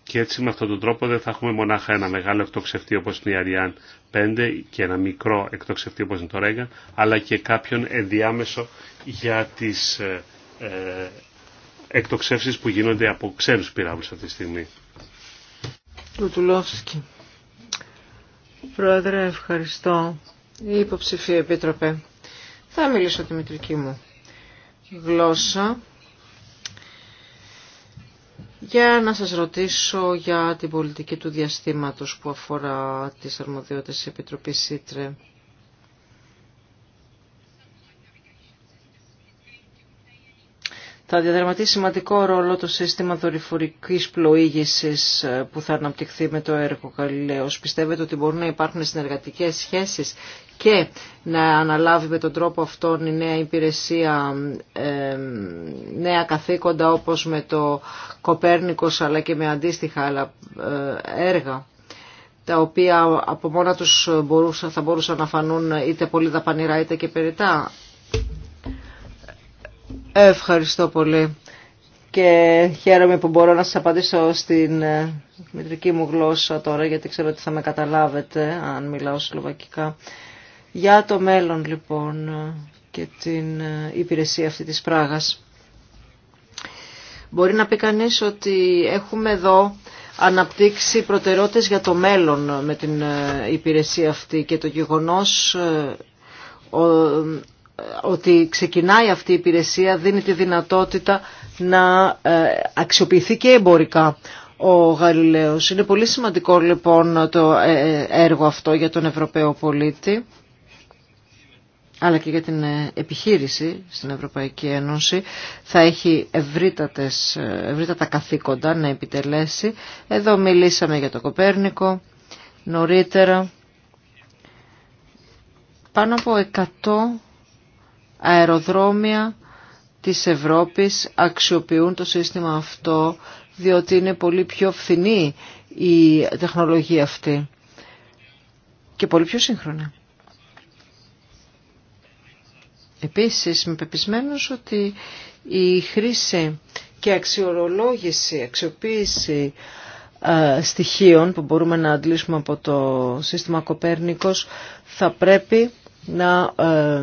και έτσι με αυτόν τον τρόπο δεν θα έχουμε μονάχα ένα μεγάλο εκτοξευτή όπως είναι η Αριάν 5 και ένα μικρό εκτοξευτή όπως είναι το Ρέγκαν, αλλά και κάποιον ενδιάμεσο για τις ε, ε, εκτοξεύσεις που γίνονται από ξένους πυράβλους αυτή τη στιγμή. Λουτουλόφσκι. Πρόεδρε, ευχαριστώ. Η υποψηφία επίτροπε. Θα μιλήσω τη μητρική μου γλώσσα για να σας ρωτήσω για την πολιτική του διαστήματος που αφορά τις αρμοδιότητες της Επιτροπής ΣΥΤΡΕ. θα διαδραματίσει σημαντικό ρόλο το σύστημα δορυφορικής πλοήγησης ε, που θα αναπτυχθεί με το έργο Γαλιλαίος. Πιστεύετε ότι μπορούν να υπάρχουν συνεργατικές σχέσεις και να αναλάβει με τον τρόπο αυτόν η νέα υπηρεσία ε, νέα καθήκοντα όπως με το Κοπέρνικος αλλά και με αντίστοιχα άλλα ε, έργα τα οποία από μόνα τους θα μπορούσαν να φανούν είτε πολύ δαπανηρά είτε και περιτά. Ευχαριστώ πολύ και χαίρομαι που μπορώ να σας απαντήσω στην ε, μητρική μου γλώσσα τώρα γιατί ξέρω ότι θα με καταλάβετε αν μιλάω σλοβακικά. Για το μέλλον λοιπόν και την ε, υπηρεσία αυτή της πράγας. Μπορεί να πει κανείς ότι έχουμε εδώ αναπτύξει προτεραιότητες για το μέλλον με την ε, υπηρεσία αυτή και το γεγονός ότι ξεκινάει αυτή η υπηρεσία δίνει τη δυνατότητα να ε, αξιοποιηθεί και εμπορικά ο Γαλιλαίος. Είναι πολύ σημαντικό λοιπόν το ε, ε, έργο αυτό για τον Ευρωπαίο πολίτη αλλά και για την επιχείρηση στην Ευρωπαϊκή Ένωση θα έχει ευρύτατα καθήκοντα να επιτελέσει. Εδώ μιλήσαμε για το Κοπέρνικο νωρίτερα. Πάνω από 100 αεροδρόμια της Ευρώπης αξιοποιούν το σύστημα αυτό διότι είναι πολύ πιο φθηνή η τεχνολογία αυτή και πολύ πιο σύγχρονη. Επίσης είμαι πεπισμένος ότι η χρήση και αξιολόγηση, αξιοποίηση στοιχείων που μπορούμε να αντλήσουμε από το σύστημα Κοπέρνικος θα πρέπει να ε,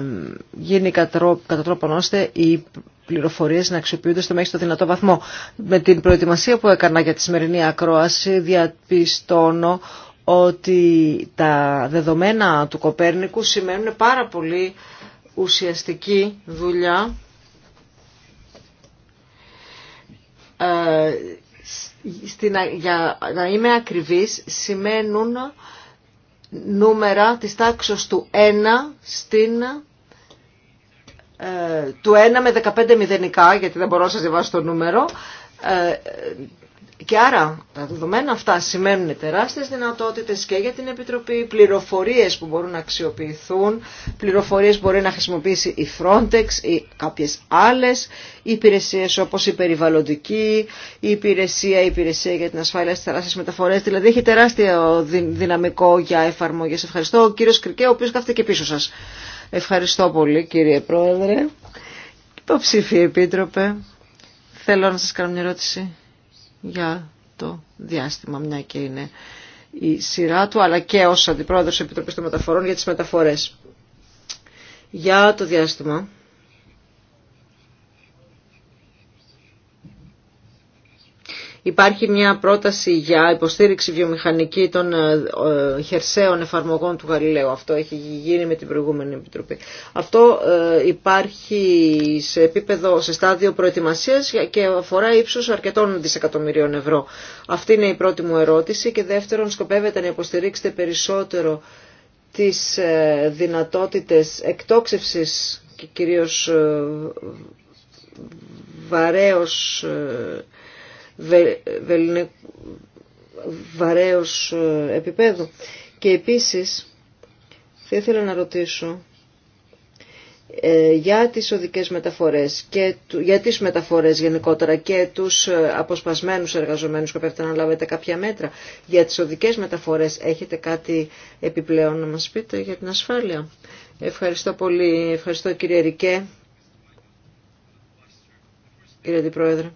γίνει κατά τρόπον ώστε οι πληροφορίε να αξιοποιούνται στο μέγιστο δυνατό βαθμό. Με την προετοιμασία που έκανα για τη σημερινή ακρόαση, διαπιστώνω ότι τα δεδομένα του Κοπέρνικου σημαίνουν πάρα πολύ ουσιαστική δουλειά ε, στην, για να είμαι ακριβής σημαίνουν νούμερα της τάξης του 1 στην ε, του 1 με 15 μηδενικά, γιατί δεν μπορώ να σας διαβάσω το νούμερο, ε, και άρα τα δεδομένα αυτά σημαίνουν τεράστιες δυνατότητες και για την Επιτροπή, πληροφορίες που μπορούν να αξιοποιηθούν, πληροφορίες μπορεί να χρησιμοποιήσει η Frontex ή κάποιες άλλες υπηρεσίες όπως η περιβαλλοντική, η υπηρεσία, η υπηρεσία για την ασφάλεια στις τεράστιες μεταφορές. Δηλαδή έχει τεράστιο δυναμικό για εφαρμογές. Ευχαριστώ ο κύριος Κρικέ, ο οποίος κάθεται και πίσω σας. Ευχαριστώ πολύ κύριε Πρόεδρε. Υποψήφιοι Επίτροπε, θέλω να σας κάνω μια ερώτηση για το διάστημα, μια και είναι η σειρά του, αλλά και ως Αντιπρόεδρος Επιτροπής των Μεταφορών για τις μεταφορές. Για το διάστημα Υπάρχει μια πρόταση για υποστήριξη βιομηχανική των χερσαίων εφαρμογών του Γαλιλαίου. Αυτό έχει γίνει με την προηγούμενη Επιτροπή. Αυτό υπάρχει σε επίπεδο, σε στάδιο προετοιμασίας και αφορά ύψους αρκετών δισεκατομμυρίων ευρώ. Αυτή είναι η πρώτη μου ερώτηση και δεύτερον σκοπεύετε να υποστηρίξετε περισσότερο τις δυνατότητες εκτόξευσης και κυρίως βαρέως βε, βαρέως ε, επίπεδου. Και επίσης θα ήθελα να ρωτήσω ε, για τις οδικές μεταφορές και για τις μεταφορές γενικότερα και τους ε, αποσπασμένους εργαζομένους που να λάβετε κάποια μέτρα. Για τις οδικές μεταφορές έχετε κάτι επιπλέον να μας πείτε για την ασφάλεια. Ευχαριστώ πολύ. Ευχαριστώ κύριε Ρικέ. Κύριε Αντιπρόεδρε.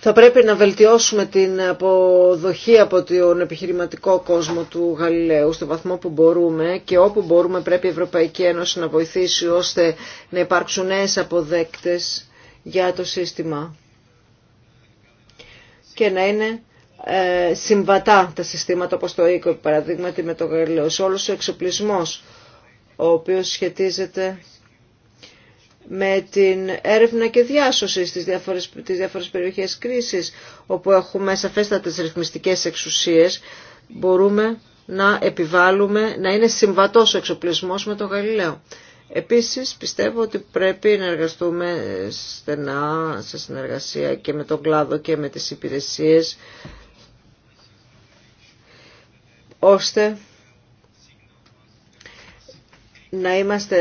Θα πρέπει να βελτιώσουμε την αποδοχή από τον επιχειρηματικό κόσμο του Γαλιλαίου στο βαθμό που μπορούμε και όπου μπορούμε πρέπει η Ευρωπαϊκή Ένωση να βοηθήσει ώστε να υπάρξουν νέες αποδέκτες για το σύστημα και να είναι ε, συμβατά τα συστήματα όπως το οίκο παραδείγματι με το Γαλιλαίο. Σε όλος ο εξοπλισμός ο οποίος σχετίζεται με την έρευνα και διάσωση στις διάφορες, τις διάφορες περιοχές κρίσης, όπου έχουμε σαφέστατες ρυθμιστικές εξουσίες, μπορούμε να επιβάλλουμε, να είναι συμβατός ο εξοπλισμός με το Γαλιλαίο. Επίσης πιστεύω ότι πρέπει να εργαστούμε στενά σε συνεργασία και με τον κλάδο και με τις υπηρεσίες ώστε να είμαστε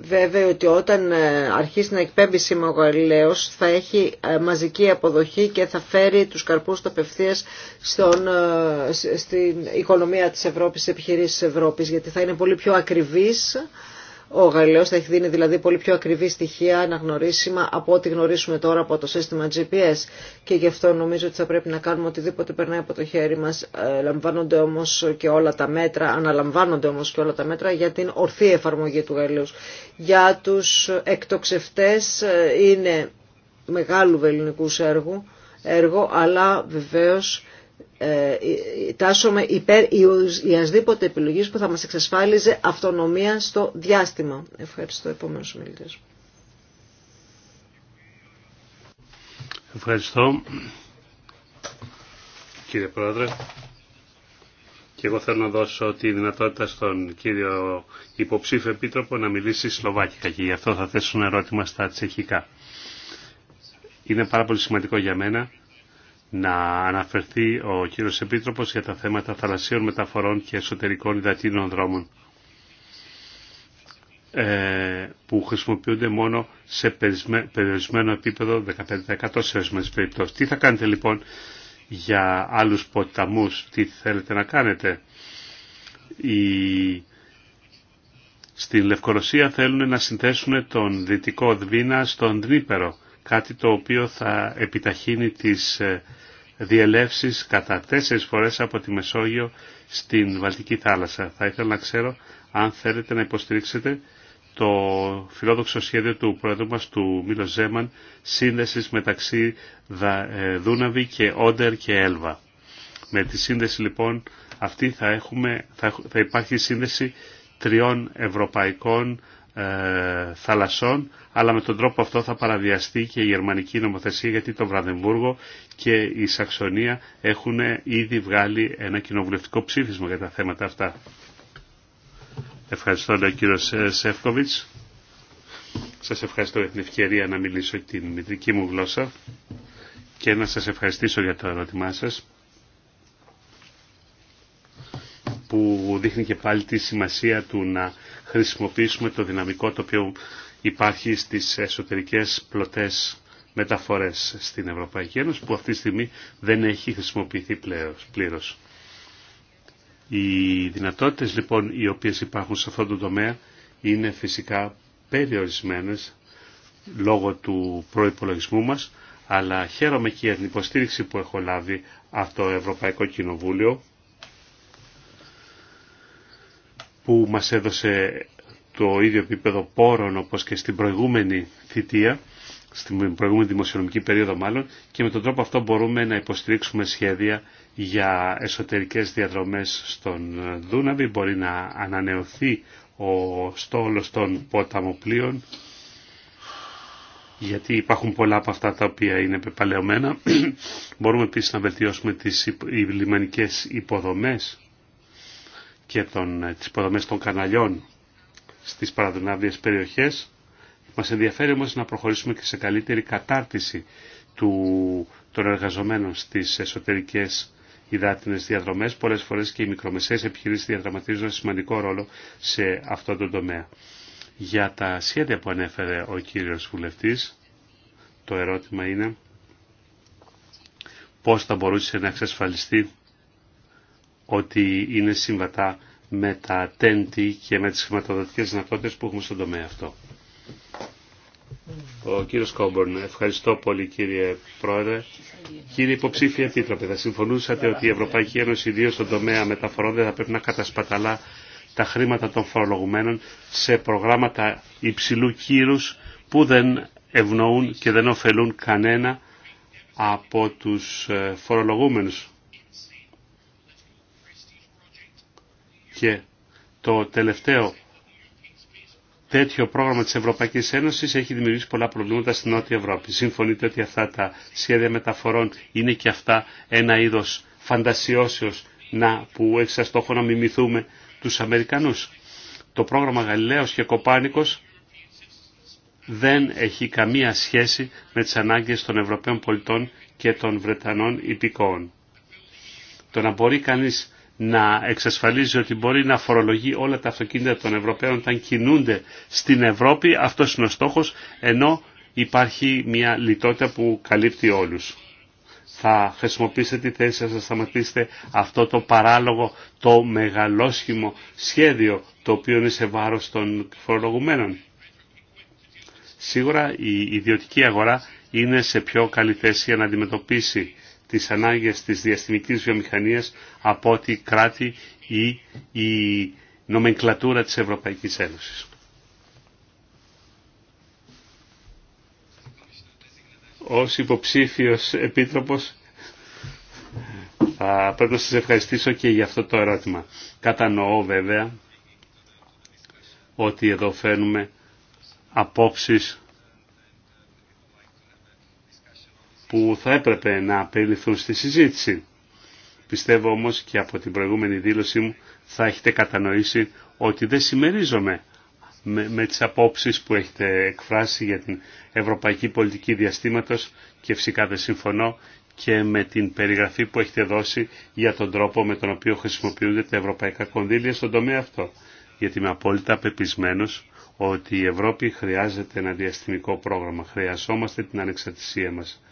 βέβαιοι ότι όταν ε, αρχίσει να εκπέμπει σήμα ο Γαλιλαίος θα έχει ε, μαζική αποδοχή και θα φέρει τους καρπούς του απευθείας στον, ε, στην οικονομία της Ευρώπης, επιχειρήσεις της Ευρώπης, γιατί θα είναι πολύ πιο ακριβής ο Γαλιλαίος θα έχει δίνει δηλαδή πολύ πιο ακριβή στοιχεία αναγνωρίσιμα από ό,τι γνωρίσουμε τώρα από το σύστημα GPS και γι' αυτό νομίζω ότι θα πρέπει να κάνουμε οτιδήποτε περνάει από το χέρι μας. Ε, λαμβάνονται όμως και όλα τα μέτρα, αναλαμβάνονται όμως και όλα τα μέτρα για την ορθή εφαρμογή του Γαλλιού. Για τους εκτοξευτές ε, είναι μεγάλου βεληνικού έργου, έργο, αλλά βεβαίως ε, τάσσομαι υπέρ ιασδήποτε επιλογής που θα μας εξασφάλιζε αυτονομία στο διάστημα. Ευχαριστώ, επόμενος μιλητής. Ευχαριστώ, κύριε Πρόεδρε. Και εγώ θέλω να δώσω τη δυνατότητα στον κύριο υποψήφιο επίτροπο να μιλήσει σλοβάκικα και γι' αυτό θα θέσω ένα ερώτημα στα τσεχικά. Είναι πάρα πολύ σημαντικό για μένα να αναφερθεί ο κύριος Επίτροπος για τα θέματα θαλασσίων μεταφορών και εσωτερικών υδατίνων δρόμων ε, που χρησιμοποιούνται μόνο σε περιορισμένο επίπεδο 15% σε ορισμένε περιπτώσει. Τι θα κάνετε λοιπόν για άλλους ποταμούς, τι θέλετε να κάνετε. Στην Λευκορωσία θέλουν να συνθέσουν τον δυτικό Δβίνα στον Δνήπερο, κάτι το οποίο θα επιταχύνει τις ε, διελεύσεις κατά τέσσερις φορές από τη Μεσόγειο στην Βαλτική θάλασσα. Θα ήθελα να ξέρω αν θέλετε να υποστηρίξετε το φιλόδοξο σχέδιο του πρόεδρου μας, του Μίλο Ζέμαν, σύνδεσης μεταξύ ε, Δούναβη και Όντερ και Έλβα. Με τη σύνδεση λοιπόν αυτή θα, έχουμε, θα υπάρχει σύνδεση τριών ευρωπαϊκών ε, θαλασσών, αλλά με τον τρόπο αυτό θα παραβιαστεί και η γερμανική νομοθεσία γιατί το Βραδεμβούργο και η Σαξονία έχουν ήδη βγάλει ένα κοινοβουλευτικό ψήφισμα για τα θέματα αυτά. Ευχαριστώ, λέει ο κύριο ε, Σεύκοβιτς. Σας ευχαριστώ για την ευκαιρία να μιλήσω την μητρική μου γλώσσα και να σας ευχαριστήσω για το ερώτημά σας που δείχνει και πάλι τη σημασία του να χρησιμοποιήσουμε το δυναμικό το οποίο υπάρχει στις εσωτερικές πλωτές μεταφορές στην Ευρωπαϊκή Ένωση που αυτή τη στιγμή δεν έχει χρησιμοποιηθεί πλήρως. Οι δυνατότητες λοιπόν οι οποίες υπάρχουν σε αυτό το τομέα είναι φυσικά περιορισμένες λόγω του προϋπολογισμού μας αλλά χαίρομαι και για την υποστήριξη που έχω λάβει από το Ευρωπαϊκό Κοινοβούλιο που μας έδωσε το ίδιο επίπεδο πόρων όπως και στην προηγούμενη θητεία, στην προηγούμενη δημοσιονομική περίοδο μάλλον, και με τον τρόπο αυτό μπορούμε να υποστηρίξουμε σχέδια για εσωτερικές διαδρομές στον Δούναβη, μπορεί να ανανεωθεί ο στόλος των ποταμοπλοίων, γιατί υπάρχουν πολλά από αυτά τα οποία είναι πεπαλαιωμένα. [CLEARS THROAT] μπορούμε επίσης να βελτιώσουμε τις λιμανικές υποδομές και των, ε, τις υποδομές των καναλιών στις παραδυνάβιες περιοχές. Μας ενδιαφέρει όμως να προχωρήσουμε και σε καλύτερη κατάρτιση του, των εργαζομένων στις εσωτερικές υδάτινες διαδρομές. Πολλές φορές και οι μικρομεσαίες επιχειρήσεις διαδραματίζουν ένα σημαντικό ρόλο σε αυτό το τομέα. Για τα σχέδια που ανέφερε ο κύριος βουλευτής, το ερώτημα είναι πώς θα μπορούσε να εξασφαλιστεί ότι είναι συμβατά με τα τέντη και με τις χρηματοδοτικές δυνατότητες που έχουμε στον τομέα αυτό. Ο κύριος Κόμπορν, ευχαριστώ πολύ κύριε Πρόεδρε. Κύριε υποψήφια επίτροπε, θα συμφωνούσατε ότι η Ευρωπαϊκή Ένωση, ιδίω στον τομέα μεταφορών, δεν θα πρέπει να κατασπαταλά τα χρήματα των φορολογουμένων σε προγράμματα υψηλού κύρους που δεν ευνοούν και δεν ωφελούν κανένα από τους ε, φορολογούμενους. και το τελευταίο τέτοιο πρόγραμμα της Ευρωπαϊκής Ένωσης έχει δημιουργήσει πολλά προβλήματα στην Νότια Ευρώπη. Συμφωνείτε ότι αυτά τα σχέδια μεταφορών είναι και αυτά ένα είδος φαντασιώσεως να, που έχει σαν στόχο να μιμηθούμε τους Αμερικανούς. Το πρόγραμμα Γαλιλαίος και Κοπάνικος δεν έχει καμία σχέση με τις ανάγκες των Ευρωπαίων πολιτών και των Βρετανών υπηκόων. Το να μπορεί κανείς να εξασφαλίζει ότι μπορεί να φορολογεί όλα τα αυτοκίνητα των Ευρωπαίων όταν κινούνται στην Ευρώπη. Αυτός είναι ο στόχος, ενώ υπάρχει μια λιτότητα που καλύπτει όλους. Θα χρησιμοποιήσετε τη θέση σας να σταματήσετε αυτό το παράλογο, το μεγαλόσχημο σχέδιο το οποίο είναι σε βάρος των φορολογουμένων. Σίγουρα η ιδιωτική αγορά είναι σε πιο καλή θέση για να αντιμετωπίσει τις ανάγκες της διαστημικής βιομηχανίας από ό,τι κράτη ή η νομενκλατούρα της Ευρωπαϊκής Ένωσης. Ως υποψήφιος επίτροπος θα πρέπει να σας ευχαριστήσω και για αυτό το ερώτημα. Κατανοώ βέβαια ότι εδώ φαίνουμε απόψεις που θα έπρεπε να περιληφθούν στη συζήτηση. Πιστεύω όμως και από την προηγούμενη δήλωσή μου θα έχετε κατανοήσει ότι δεν συμμερίζομαι με, με τις απόψεις που έχετε εκφράσει για την ευρωπαϊκή πολιτική διαστήματος και φυσικά δεν συμφωνώ και με την περιγραφή που έχετε δώσει για τον τρόπο με τον οποίο χρησιμοποιούνται τα ευρωπαϊκά κονδύλια στον τομέα αυτό. Γιατί είμαι απόλυτα πεπισμένος ότι η Ευρώπη χρειάζεται ένα διαστημικό πρόγραμμα. Χρειαζόμαστε την ανεξαρτησία μας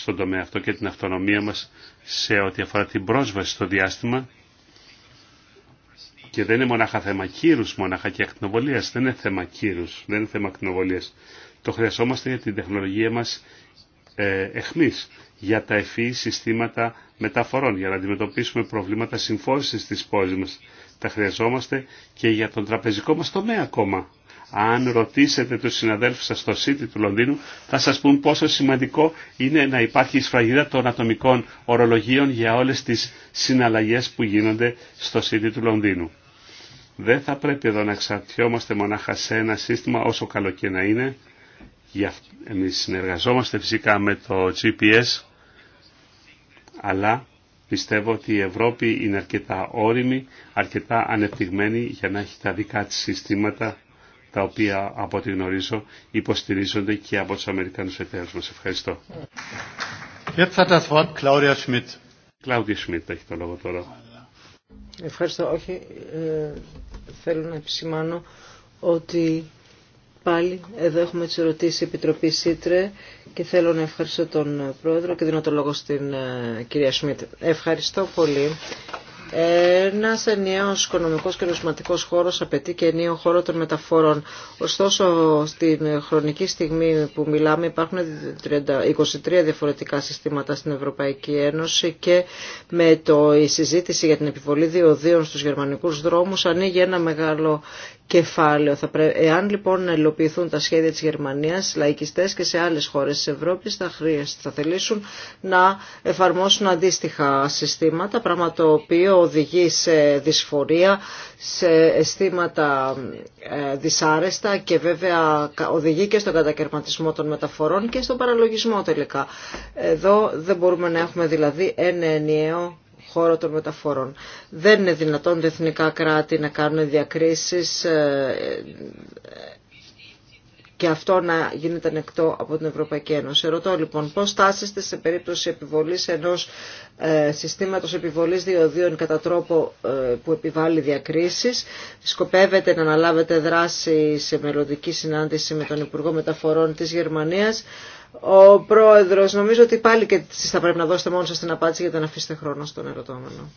στον τομέα αυτό και την αυτονομία μας σε ό,τι αφορά την πρόσβαση στο διάστημα και δεν είναι μονάχα θέμα κύρους, μονάχα και ακτινοβολίας. Δεν είναι θέμα κύρους, δεν είναι θέμα ακτινοβολίας. Το χρειαζόμαστε για την τεχνολογία μας ε, εχμής, για τα ευφύ συστήματα μεταφορών, για να αντιμετωπίσουμε προβλήματα συμφόρησης της πόλης μας. Τα χρειαζόμαστε και για τον τραπεζικό μας τομέα ακόμα. Αν ρωτήσετε τους συναδέλφους σας στο City του Λονδίνου, θα σας πούν πόσο σημαντικό είναι να υπάρχει η σφραγίδα των ατομικών ορολογίων για όλες τις συναλλαγές που γίνονται στο City του Λονδίνου. Δεν θα πρέπει εδώ να εξαρτιόμαστε μονάχα σε ένα σύστημα όσο καλό και να είναι. Εμείς συνεργαζόμαστε φυσικά με το GPS, αλλά πιστεύω ότι η Ευρώπη είναι αρκετά όρημη, αρκετά ανεπτυγμένη για να έχει τα δικά της συστήματα τα οποία από ό,τι γνωρίζω υποστηρίζονται και από τους Αμερικανούς εταίρους μας. Ευχαριστώ. Jetzt hat das Wort έχει το λόγο τώρα. Ευχαριστώ. Όχι, ε, θέλω να επισημάνω ότι πάλι εδώ έχουμε τις ερωτήσεις Επιτροπή Σίτρε και θέλω να ευχαριστώ τον Πρόεδρο και δίνω το λόγο στην ε, κυρία Σμιτ. Ευχαριστώ πολύ ένα ενιαίο οικονομικό και νοσηματικό χώρο απαιτεί και ενιαίο χώρο των μεταφορών. Ωστόσο, στην χρονική στιγμή που μιλάμε, υπάρχουν 23 διαφορετικά συστήματα στην Ευρωπαϊκή Ένωση και με το, η συζήτηση για την επιβολή διοδίων στου γερμανικού δρόμου ανοίγει ένα μεγάλο κεφάλαιο. Θα Εάν λοιπόν ελοποιηθούν τα σχέδια της Γερμανίας, λαϊκιστές και σε άλλες χώρες της Ευρώπης θα, χρειαστεί, θα θελήσουν να εφαρμόσουν αντίστοιχα συστήματα, πράγμα το οποίο οδηγεί σε δυσφορία, σε αισθήματα ε, δυσάρεστα και βέβαια οδηγεί και στον κατακαιρματισμό των μεταφορών και στον παραλογισμό τελικά. Εδώ δεν μπορούμε να έχουμε δηλαδή ένα ενιαίο χώρο των μεταφορών. Δεν είναι δυνατόν τα εθνικά κράτη να κάνουν διακρίσεις ε, και αυτό να γίνεται ανεκτό από την Ευρωπαϊκή Ένωση. Ρωτώ λοιπόν πώς στάσεστε σε περίπτωση επιβολής ενός ε, συστήματος επιβολής διοδίων κατά τρόπο ε, που επιβάλλει διακρίσεις. Σκοπεύετε να αναλάβετε δράση σε μελλοντική συνάντηση με τον Υπουργό Μεταφορών της Γερμανίας. Ο πρόεδρος, νομίζω ότι πάλι και εσεί θα πρέπει να δώσετε μόνο σα την απάντηση για να αφήσετε χρόνο στον ερωτόμενο.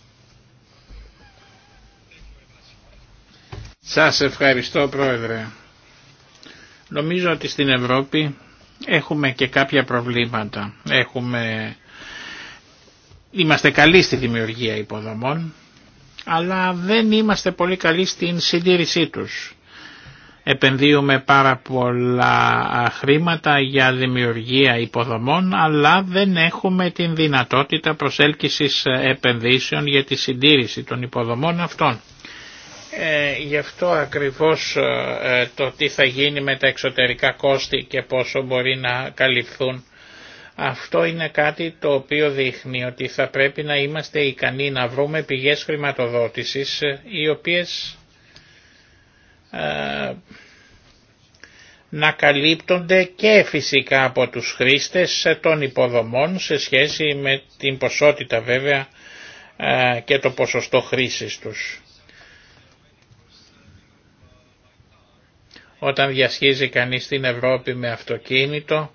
Σας ευχαριστώ πρόεδρε. Νομίζω ότι στην Ευρώπη έχουμε και κάποια προβλήματα. Έχουμε... Είμαστε καλοί στη δημιουργία υποδομών, αλλά δεν είμαστε πολύ καλοί στην συντήρησή τους επενδύουμε πάρα πολλά χρήματα για δημιουργία υποδομών αλλά δεν έχουμε την δυνατότητα προσέλκυσης ε, επενδύσεων για τη συντήρηση των υποδομών αυτών. Ε, γι' αυτό ακριβώς ε, ε, το τι θα γίνει με τα εξωτερικά κόστη και πόσο μπορεί να καλυφθούν αυτό είναι κάτι το οποίο δείχνει ότι θα πρέπει να είμαστε ικανοί να βρούμε πηγές χρηματοδότησης οι οποίες ε, να καλύπτονται και φυσικά από τους χρήστες των υποδομών σε σχέση με την ποσότητα βέβαια ε, και το ποσοστό χρήσης τους. Όταν διασχίζει κανείς την Ευρώπη με αυτοκίνητο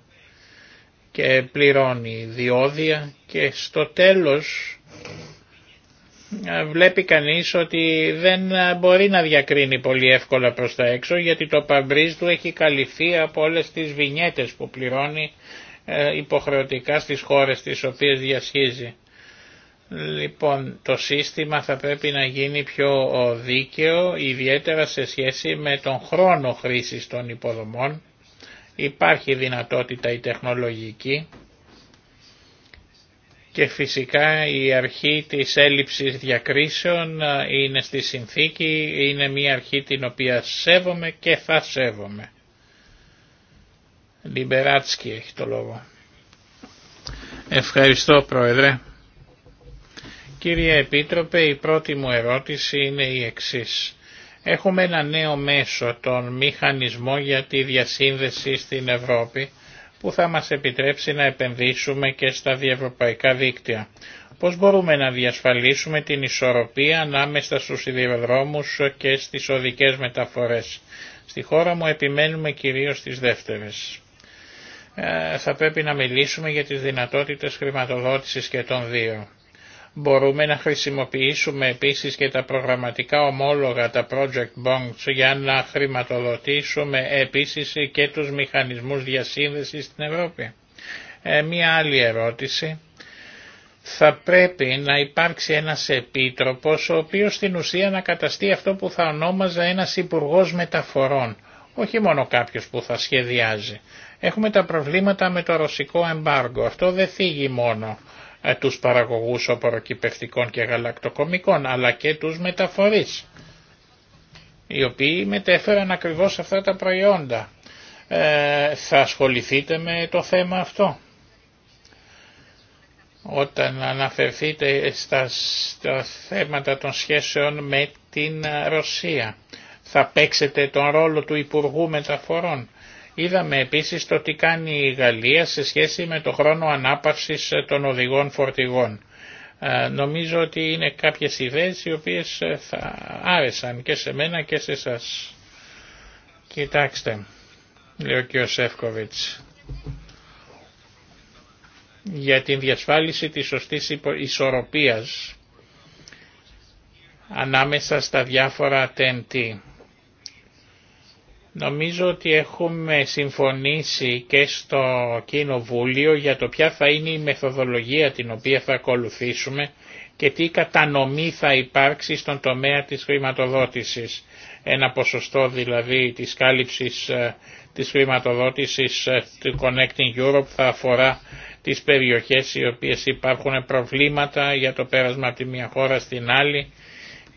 και πληρώνει διόδια και στο τέλος βλέπει κανείς ότι δεν μπορεί να διακρίνει πολύ εύκολα προς τα έξω γιατί το παμπρίζ του έχει καλυφθεί από όλες τις βινιέτες που πληρώνει ε, υποχρεωτικά στις χώρες τις οποίες διασχίζει. Λοιπόν, το σύστημα θα πρέπει να γίνει πιο δίκαιο, ιδιαίτερα σε σχέση με τον χρόνο χρήσης των υποδομών. Υπάρχει δυνατότητα η τεχνολογική και φυσικά η αρχή της έλλειψης διακρίσεων ε, είναι στη συνθήκη, είναι μια αρχή την οποία σέβομαι και θα σέβομαι. Λιμπεράτσκι έχει το λόγο. Ευχαριστώ Πρόεδρε. Κύριε Επίτροπε, η πρώτη μου ερώτηση είναι η εξής. Έχουμε ένα νέο μέσο, τον μηχανισμό για τη διασύνδεση στην Ευρώπη, που θα μας επιτρέψει να επενδύσουμε και στα διευρωπαϊκά δίκτυα. Πώς μπορούμε να διασφαλίσουμε την ισορροπία ανάμεσα στους σιδηροδρόμους και στις οδικές μεταφορές. Στη χώρα μου επιμένουμε κυρίως στις δεύτερες. Ε, θα πρέπει να μιλήσουμε για τις δυνατότητες χρηματοδότησης και των δύο. Μπορούμε να χρησιμοποιήσουμε επίσης και τα προγραμματικά ομόλογα, τα project bonds, για να χρηματοδοτήσουμε επίσης και τους μηχανισμούς διασύνδεσης στην Ευρώπη. Ε, μία άλλη ερώτηση. Θα πρέπει να υπάρξει ένας επίτροπος ο οποίος στην ουσία να καταστεί αυτό που θα ονόμαζα ένας υπουργός μεταφορών, όχι μόνο κάποιος που θα σχεδιάζει. Έχουμε τα προβλήματα με το ρωσικό εμπάργκο, αυτό δεν θίγει μόνο ε, τους παραγωγούς οποροκυπευτικών και γαλακτοκομικών αλλά και τους μεταφορείς οι οποίοι μετέφεραν ακριβώς αυτά τα προϊόντα. Ε, θα ασχοληθείτε με το θέμα αυτό. Όταν αναφερθείτε στα, στα θέματα των σχέσεων με την Ρωσία θα παίξετε τον ρόλο του Υπουργού Μεταφορών Είδαμε επίσης το τι κάνει η Γαλλία σε σχέση με το χρόνο ανάπαυσης ε, των οδηγών φορτηγών. Ε, νομίζω ότι είναι κάποιες ιδέες οι οποίες ε, θα άρεσαν και σε μένα και σε εσάς. Κοιτάξτε, λέει ο κ. Σεύκοβιτς, για την διασφάλιση της σωστής ισορροπίας ανάμεσα στα διάφορα TNT. Νομίζω ότι έχουμε συμφωνήσει και στο Κοινοβούλιο για το ποια θα είναι η μεθοδολογία την οποία θα ακολουθήσουμε και τι κατανομή θα υπάρξει στον τομέα της χρηματοδότησης. Ένα ποσοστό δηλαδή της κάλυψης ε, της χρηματοδότησης ε, του Connecting Europe θα αφορά τις περιοχές οι οποίες υπάρχουν προβλήματα για το πέρασμα από τη μια χώρα στην άλλη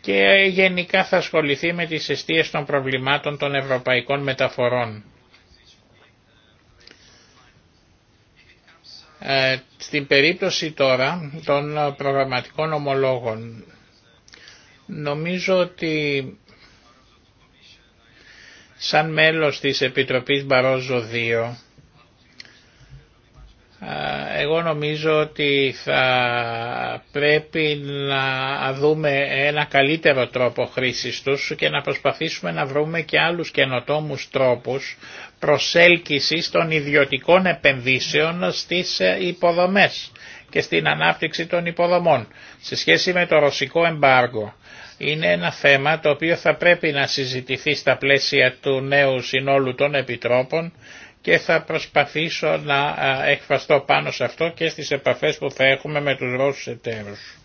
και γενικά θα ασχοληθεί με τις αιστείες των προβλημάτων των ευρωπαϊκών μεταφορών. Ε, στην περίπτωση τώρα των προγραμματικών ομολόγων, νομίζω ότι σαν μέλος της Επιτροπής Μπαρόζο 2, εγώ νομίζω ότι θα πρέπει να δούμε ένα καλύτερο τρόπο χρήσης τους και να προσπαθήσουμε να βρούμε και άλλους καινοτόμου τρόπους προσέλκυσης των ιδιωτικών επενδύσεων στις ε, υποδομές και στην ανάπτυξη των υποδομών. Σε σχέση με το ρωσικό εμπάργο είναι ένα θέμα το οποίο θα πρέπει να συζητηθεί στα πλαίσια του νέου συνόλου των επιτρόπων και θα προσπαθήσω να εκφραστώ πάνω σε αυτό και στις επαφές που θα έχουμε με τους Ρώσους εταίρους.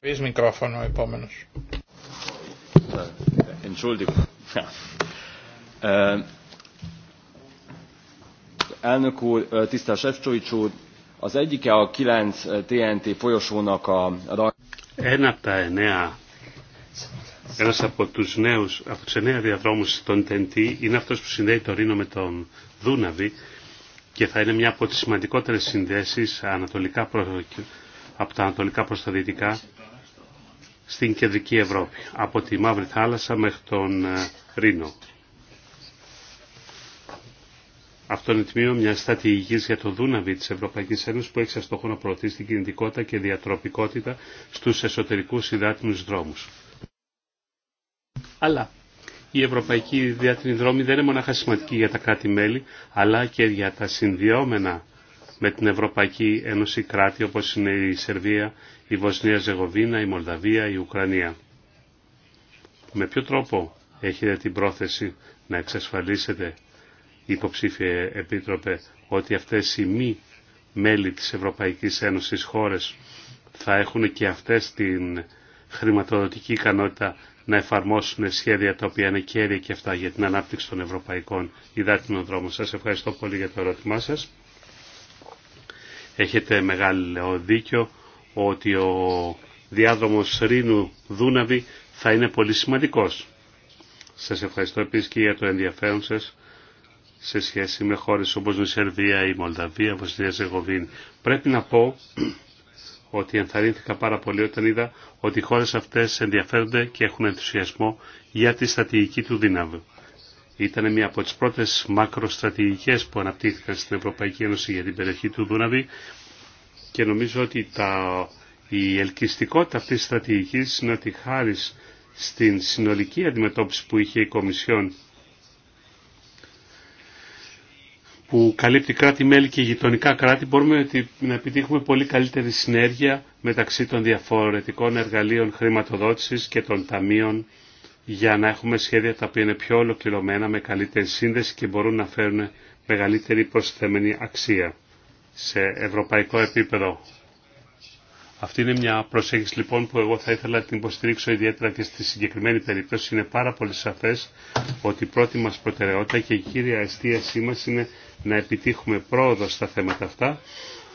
Πεις επόμενος. Äh, Az a 9 eh, TNT Ένα από εννέα, ένας από τους νέους, από τους εννέα διαδρόμους των TNT είναι αυτός που συνδέει το Ρήνο με τον Δούναβη και θα είναι μια από τις σημαντικότερες συνδέσεις ανατολικά από τα ανατολικά προς τα δυτικά στην κεντρική Ευρώπη, από τη Μαύρη Θάλασσα μέχρι τον ε, Ρήνο. Αυτό είναι τμήμα μια στρατηγική για το Δούναβι τη Ευρωπαϊκή Ένωση που έχει σαν στόχο να προωθήσει την κινητικότητα και διατροπικότητα στου εσωτερικού υδάτινου δρόμου. Αλλά η ευρωπαϊκή διάτινη δρόμη δεν είναι μονάχα σημαντική για τα κράτη-μέλη, αλλά και για τα συνδυόμενα με την Ευρωπαϊκή Ένωση κράτη όπως είναι η Σερβία, η Βοσνία Ζεγοβίνα, η Μολδαβία, η Ουκρανία. Με ποιο τρόπο έχετε την πρόθεση να εξασφαλίσετε υποψήφια επίτροπε ότι αυτές οι μη μέλη της Ευρωπαϊκής Ένωσης χώρες θα έχουν και αυτές την χρηματοδοτική ικανότητα να εφαρμόσουν σχέδια τα οποία είναι κέρια και αυτά για την ανάπτυξη των ευρωπαϊκών υδάτινων δρόμων. Σας ευχαριστώ πολύ για το ερώτημά σας. Έχετε μεγάλο δίκιο ότι ο διάδρομος Ρήνου Δούναβη θα είναι πολύ σημαντικός. Σας ευχαριστώ επίσης και για το ενδιαφέρον σας σε σχέση με χώρες όπως η Σερβία, η Μολδαβία, η Βοσνία Ζεγοβίνη. Πρέπει να πω [CLEARS THROAT] ότι ενθαρρύνθηκα πάρα πολύ όταν είδα ότι οι χώρες αυτές ενδιαφέρονται και έχουν ενθουσιασμό για τη στρατηγική του δύναμη. Ήταν μία από τις πρώτες μακροστρατηγικές που αναπτύχθηκαν στην Ευρωπαϊκή Ένωση για την περιοχή του Δούναβη και νομίζω ότι τα, η ελκυστικότητα αυτής της στρατηγικής είναι ότι χάρη στην συνολική αντιμετώπιση που είχε η Κομισιόν που καλύπτει κράτη-μέλη και γειτονικά κράτη μπορούμε να επιτύχουμε πολύ καλύτερη συνέργεια μεταξύ των διαφορετικών εργαλείων χρηματοδότησης και των ταμείων για να έχουμε σχέδια τα οποία είναι πιο ολοκληρωμένα με καλύτερη σύνδεση και μπορούν να φέρουν μεγαλύτερη προσθέμενη αξία σε ευρωπαϊκό επίπεδο. Αυτή είναι μια προσέγγιση λοιπόν που εγώ θα ήθελα να την υποστηρίξω ιδιαίτερα και στη συγκεκριμένη περίπτωση. Είναι πάρα πολύ σαφές ότι η πρώτη μας προτεραιότητα και η κύρια εστίασή μας είναι να επιτύχουμε πρόοδο στα θέματα αυτά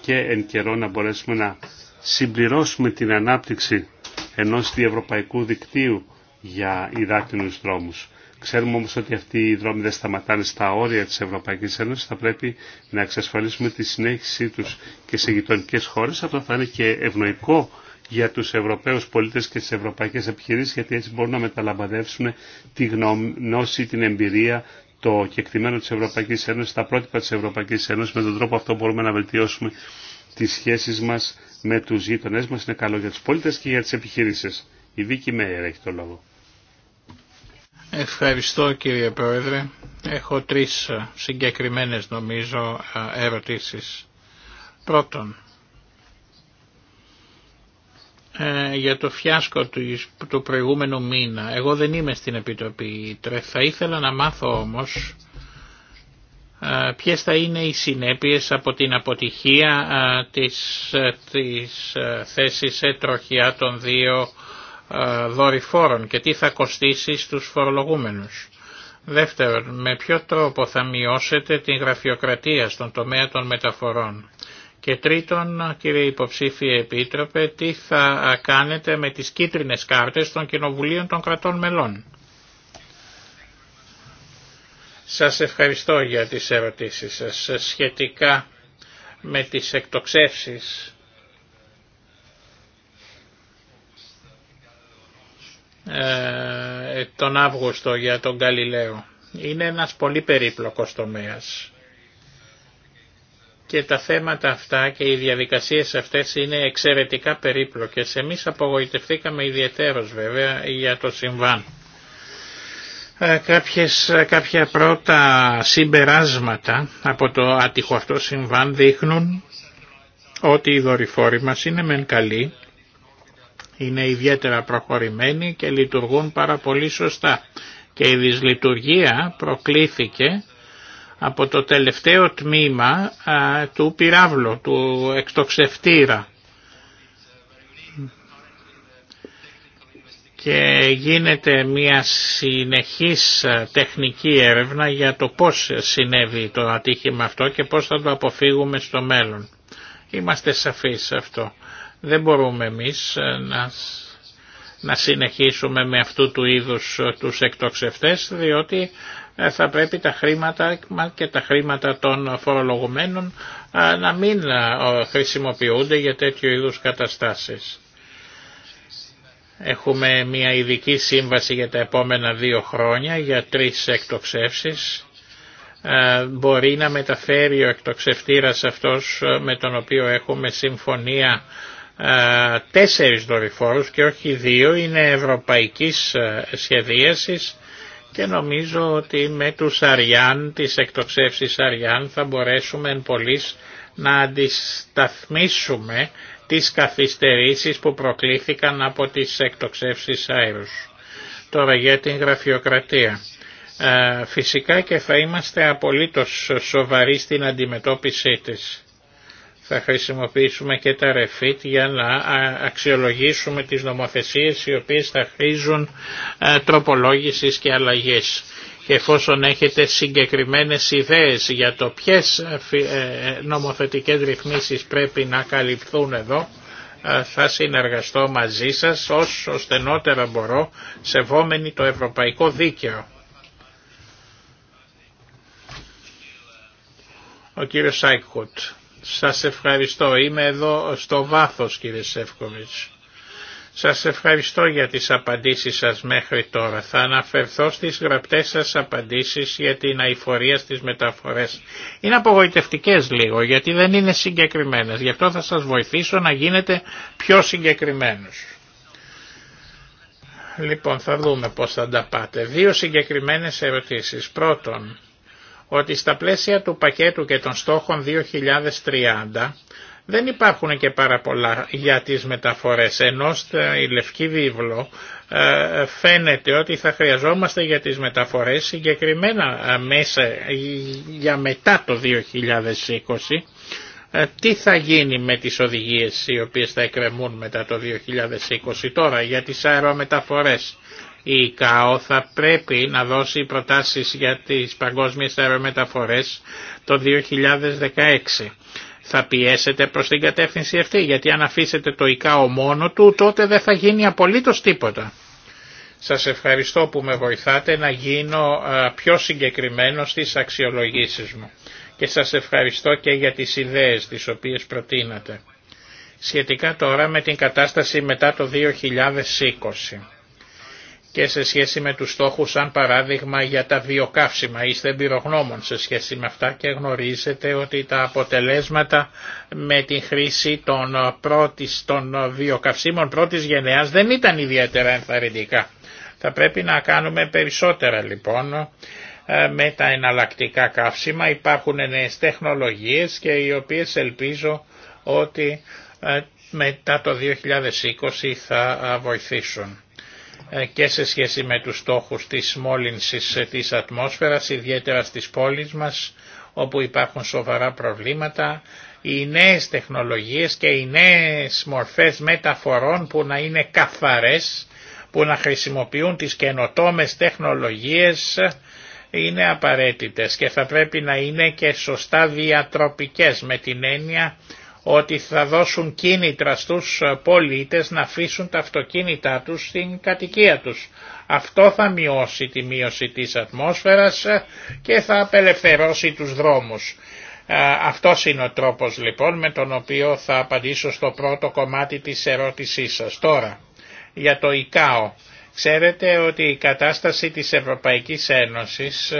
και εν καιρό να μπορέσουμε να συμπληρώσουμε την ανάπτυξη ενός διευρωπαϊκού δικτύου για υδάτινους δρόμους. Ξέρουμε όμως ότι αυτοί οι δρόμοι δεν σταματάνε στα όρια της Ευρωπαϊκής Ένωσης. Θα πρέπει να εξασφαλίσουμε τη συνέχιση τους και σε γειτονικέ χώρες. Αυτό θα είναι και ευνοϊκό για τους Ευρωπαίους πολίτες και τις ευρωπαϊκές επιχειρήσεις γιατί έτσι μπορούν να μεταλαμπαδεύσουν τη γνώση, την εμπειρία, το κεκτημένο της Ευρωπαϊκής Ένωσης, τα πρότυπα της Ευρωπαϊκής Ένωσης. Με τον τρόπο αυτό μπορούμε να βελτιώσουμε τις σχέσεις μας με τους γείτονές μας. Είναι καλό για τους πολίτες και για τις επιχειρήσεις. Η Βίκη Μέιερ έχει το λόγο. Ευχαριστώ κύριε Πρόεδρε. Έχω τρεις συγκεκριμένες νομίζω ερωτήσεις. Πρώτον, ε, για το φιάσκο του, προηγούμενου μήνα. Εγώ δεν είμαι στην Επιτροπή Θα ήθελα να μάθω όμως ε, ποιες θα είναι οι συνέπειες από την αποτυχία ε, της, της θέσης τροχιά των δύο ε, δορυφόρων και τι θα κοστίσει στους φορολογούμενους. Δεύτερον, με ποιο τρόπο θα μειώσετε την γραφειοκρατία στον τομέα των μεταφορών. Και τρίτον, κύριε υποψήφιε επίτροπε, τι θα κάνετε με τις κίτρινες κάρτες των κοινοβουλίων των κρατών μελών. Σας ευχαριστώ για τις ερωτήσεις σας σχετικά με τις εκτοξεύσεις Ε, τον Αύγουστο για τον Γαλιλαίο. Είναι ένας πολύ περίπλοκος τομέας. Και τα θέματα αυτά και οι διαδικασίες αυτές είναι εξαιρετικά περίπλοκες. Εμείς απογοητευθήκαμε ιδιαίτερος βέβαια για το συμβάν. Ε, κάποιες, κάποια πρώτα συμπεράσματα από το άτυχο αυτό συμβάν δείχνουν ότι οι δορυφόροι μας είναι μεν καλοί, είναι ιδιαίτερα προχωρημένοι και λειτουργούν πάρα πολύ σωστά. Και η δυσλειτουργία προκλήθηκε από το τελευταίο τμήμα του πυράβλου, του εκτοξευτήρα. Και γίνεται μια συνεχής τεχνική έρευνα για το πώς συνέβη το ατύχημα αυτό και πώς θα το αποφύγουμε στο μέλλον. Είμαστε σαφείς σε αυτό. Δεν μπορούμε εμείς ε, να, να συνεχίσουμε με αυτού του είδους ε, τους εκτοξευτές διότι ε, θα πρέπει τα χρήματα και τα χρήματα των φορολογουμένων να μην χρησιμοποιούνται για τέτοιου είδους καταστάσεις. Έχουμε μια ειδική σύμβαση για τα επόμενα δύο χρόνια για τρεις εκτοξεύσεις. Μπορεί να μεταφέρει ο εκτοξευτήρας αυτός με τον οποίο έχουμε συμφωνία ε, τέσσερις δορυφόρους και όχι δύο είναι ευρωπαϊκής ε, σχεδίασης και νομίζω ότι με τους Αριάν, τις εκτοξεύσεις Αριάν θα μπορέσουμε εν πολλής να αντισταθμίσουμε τις καθυστερήσεις που προκλήθηκαν από τις εκτοξεύσεις Άιρους. Τώρα για την γραφειοκρατία. Ε, φυσικά και θα είμαστε απολύτως σοβαροί στην αντιμετώπιση της. Θα χρησιμοποιήσουμε και τα REFIT για να αξιολογήσουμε τις νομοθεσίες οι οποίες θα χρήζουν τροπολόγησης και αλλαγές. Και εφόσον έχετε συγκεκριμένες ιδέες για το ποιες ε, ε, νομοθετικές ρυθμίσεις πρέπει να καλυφθούν εδώ, θα συνεργαστώ μαζί σας όσο στενότερα μπορώ, σεβόμενοι το ευρωπαϊκό δίκαιο. Ο σας ευχαριστώ. Είμαι εδώ στο βάθος κύριε Σεύκοβιτς. Σας ευχαριστώ για τις απαντήσεις σας μέχρι τώρα. Θα αναφερθώ στις γραπτές σας απαντήσεις για την αηφορία στις μεταφορές. Είναι απογοητευτικές λίγο γιατί δεν είναι συγκεκριμένες. Γι' αυτό θα σας βοηθήσω να γίνετε πιο συγκεκριμένους. Λοιπόν θα δούμε πώς θα τα πάτε. Δύο συγκεκριμένες ερωτήσεις. Πρώτον, ότι στα πλαίσια του πακέτου και των στόχων 2030 δεν υπάρχουν και πάρα πολλά για τις μεταφορές, ενώ η Λευκή Βίβλο ε, φαίνεται ότι θα χρειαζόμαστε για τις μεταφορές συγκεκριμένα ε, μέσα για μετά το 2020, ε, τι θα γίνει με τις οδηγίες οι οποίες θα εκρεμούν μετά το 2020 τώρα για τις αερομεταφορές. Η ΙΚΑΟ θα πρέπει να δώσει προτάσεις για τις παγκόσμιες αερομεταφορές το 2016. Θα πιέσετε προς την κατεύθυνση αυτή, γιατί αν αφήσετε το ΙΚΑΟ μόνο του, τότε δεν θα γίνει απολύτως τίποτα. Σας ευχαριστώ που με βοηθάτε να γίνω πιο συγκεκριμένο στις αξιολογήσεις μου. Και σας ευχαριστώ και για τις ιδέες τις οποίες προτείνατε. Σχετικά τώρα με την κατάσταση μετά το 2020 και σε σχέση με τους στόχους σαν παράδειγμα για τα βιοκαύσιμα. Είστε εμπειρογνώμων σε σχέση με αυτά και γνωρίζετε ότι τα αποτελέσματα με τη χρήση των, ε, πρώτης, των ε, βιοκαυσίμων πρώτης γενεάς δεν ήταν ιδιαίτερα ενθαρρυντικά. Θα πρέπει να κάνουμε περισσότερα λοιπόν ε, με τα εναλλακτικά καύσιμα. Υπάρχουν νέες τεχνολογίες και οι οποίες ελπίζω ότι μετά το 2020 θα βοηθήσουν. Ε, και σε σχέση με τους στόχους της μόλυνσης ε, της ατμόσφαιρας, ιδιαίτερα στις πόλεις μας όπου υπάρχουν σοβαρά προβλήματα, οι νέες τεχνολογίες και οι νέες μορφές μεταφορών που να είναι καθαρές, που να χρησιμοποιούν τις καινοτόμες τεχνολογίες είναι απαραίτητες και θα πρέπει να είναι και σωστά διατροπικές με την έννοια ότι θα δώσουν κίνητρα στους ε, πολίτες να αφήσουν τα αυτοκίνητά τους στην κατοικία τους. Αυτό θα μειώσει τη μείωση της ατμόσφαιρας ε, και θα απελευθερώσει τους δρόμους. Ε, αυτός είναι ο τρόπος λοιπόν με τον οποίο θα απαντήσω στο πρώτο κομμάτι της ερώτησής σας. Τώρα, για το ΙΚΑΟ. Ξέρετε ότι η κατάσταση της Ευρωπαϊκής Ένωσης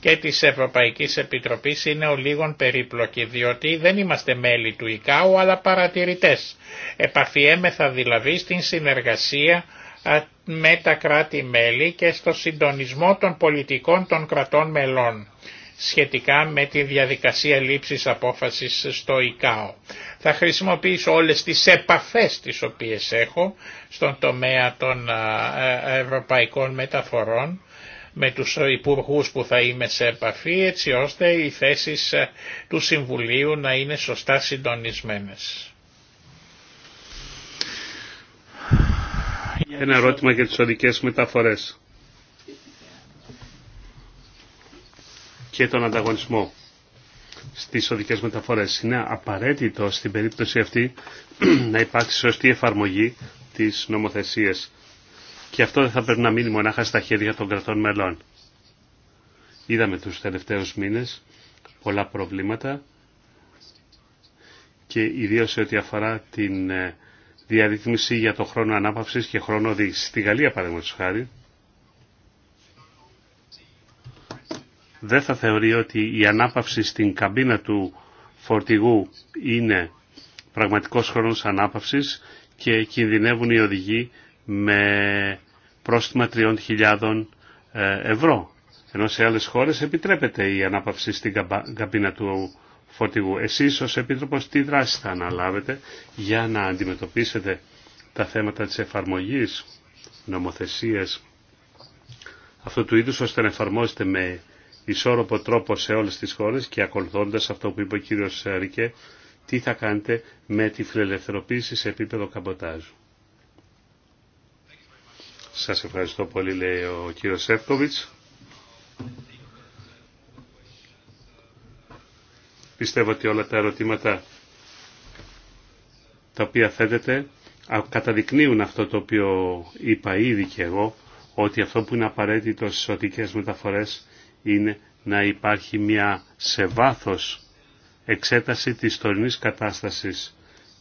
και της Ευρωπαϊκής Επιτροπής είναι ο λίγων περίπλοκη, διότι δεν είμαστε μέλη του ΙΚΑΟ αλλά παρατηρητές. Επαφιέμεθα δηλαδή στην συνεργασία με τα κράτη-μέλη και στο συντονισμό των πολιτικών των κρατών μελών σχετικά με τη διαδικασία λήψης απόφασης στο ΙΚΑΟ. Θα χρησιμοποιήσω όλες τις επαφές τις οποίες έχω στον τομέα των ευρωπαϊκών μεταφορών με τους υπουργούς που θα είμαι σε επαφή έτσι ώστε οι θέσεις ε, του Συμβουλίου να είναι σωστά συντονισμένες. Ένα ερώτημα για τις οδικές μεταφορές και τον ανταγωνισμό στις οδικές μεταφορές. Είναι απαραίτητο στην περίπτωση αυτή [CLEARS THROAT] να υπάρξει σωστή εφαρμογή της νομοθεσίας και αυτό δεν θα πρέπει να μείνει μονάχα στα χέρια των κρατών μελών. Είδαμε τους τελευταίους μήνες πολλά προβλήματα και ιδίως σε ό,τι αφορά την ε, διαρρύθμιση για το χρόνο ανάπαυσης και χρόνο οδήγησης. Στη Γαλλία, παραδείγματος χάρη, δεν θα θεωρεί ότι η ανάπαυση στην καμπίνα του φορτηγού είναι πραγματικός χρόνος ανάπαυσης και κινδυνεύουν οι οδηγοί με πρόστιμα 3.000 ε, ευρώ. Ενώ σε άλλες χώρες επιτρέπεται η ανάπαυση στην καμπίνα του φωτιού. Εσείς ως Επίτροπος τι δράση θα αναλάβετε για να αντιμετωπίσετε τα θέματα της εφαρμογής νομοθεσίας αυτού του είδους ώστε να εφαρμόσετε με ισόρροπο τρόπο σε όλες τις χώρες και ακολουθώντας αυτό που είπε ο κύριος Ρικέ, τι θα κάνετε με τη φιλελευθερωποίηση σε επίπεδο καμποτάζου. Σας ευχαριστώ πολύ, λέει ο κύριος Σεύκοβιτς. Πιστεύω ότι όλα τα ερωτήματα τα οποία θέτεται καταδεικνύουν αυτό το οποίο είπα ήδη και εγώ, ότι αυτό που είναι απαραίτητο στις οδικές μεταφορές είναι να υπάρχει μια σε βάθος εξέταση της τωρινής κατάστασης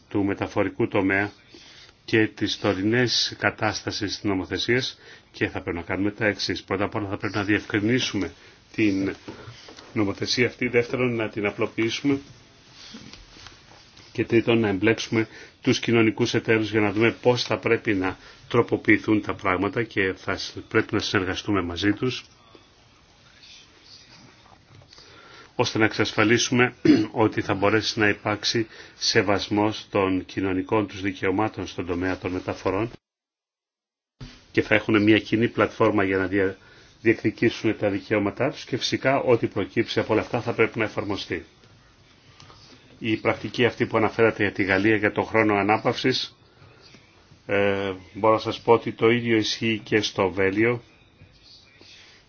του μεταφορικού τομέα και τις τωρινές κατάστασεις της νομοθεσίας και θα πρέπει να κάνουμε τα εξή. Πρώτα απ' όλα θα πρέπει να διευκρινίσουμε την νομοθεσία αυτή, δεύτερον να την απλοποιήσουμε και τρίτον να εμπλέξουμε τους κοινωνικούς εταίρους για να δούμε πώς θα πρέπει να τροποποιηθούν τα πράγματα και θα πρέπει να συνεργαστούμε μαζί τους ώστε να εξασφαλίσουμε [CLEARS THROAT] ότι θα μπορέσει να υπάρξει σεβασμός των κοινωνικών τους δικαιωμάτων στον τομέα των μεταφορών και θα έχουν μια κοινή πλατφόρμα για να διεκδικήσουν τα δικαιώματά τους και φυσικά ό,τι προκύψει από όλα αυτά θα πρέπει να εφαρμοστεί. Η πρακτική αυτή που αναφέρατε για τη Γαλλία για τον χρόνο ανάπαυσης ε, μπορώ να σας πω ότι το ίδιο ισχύει και στο Βέλιο.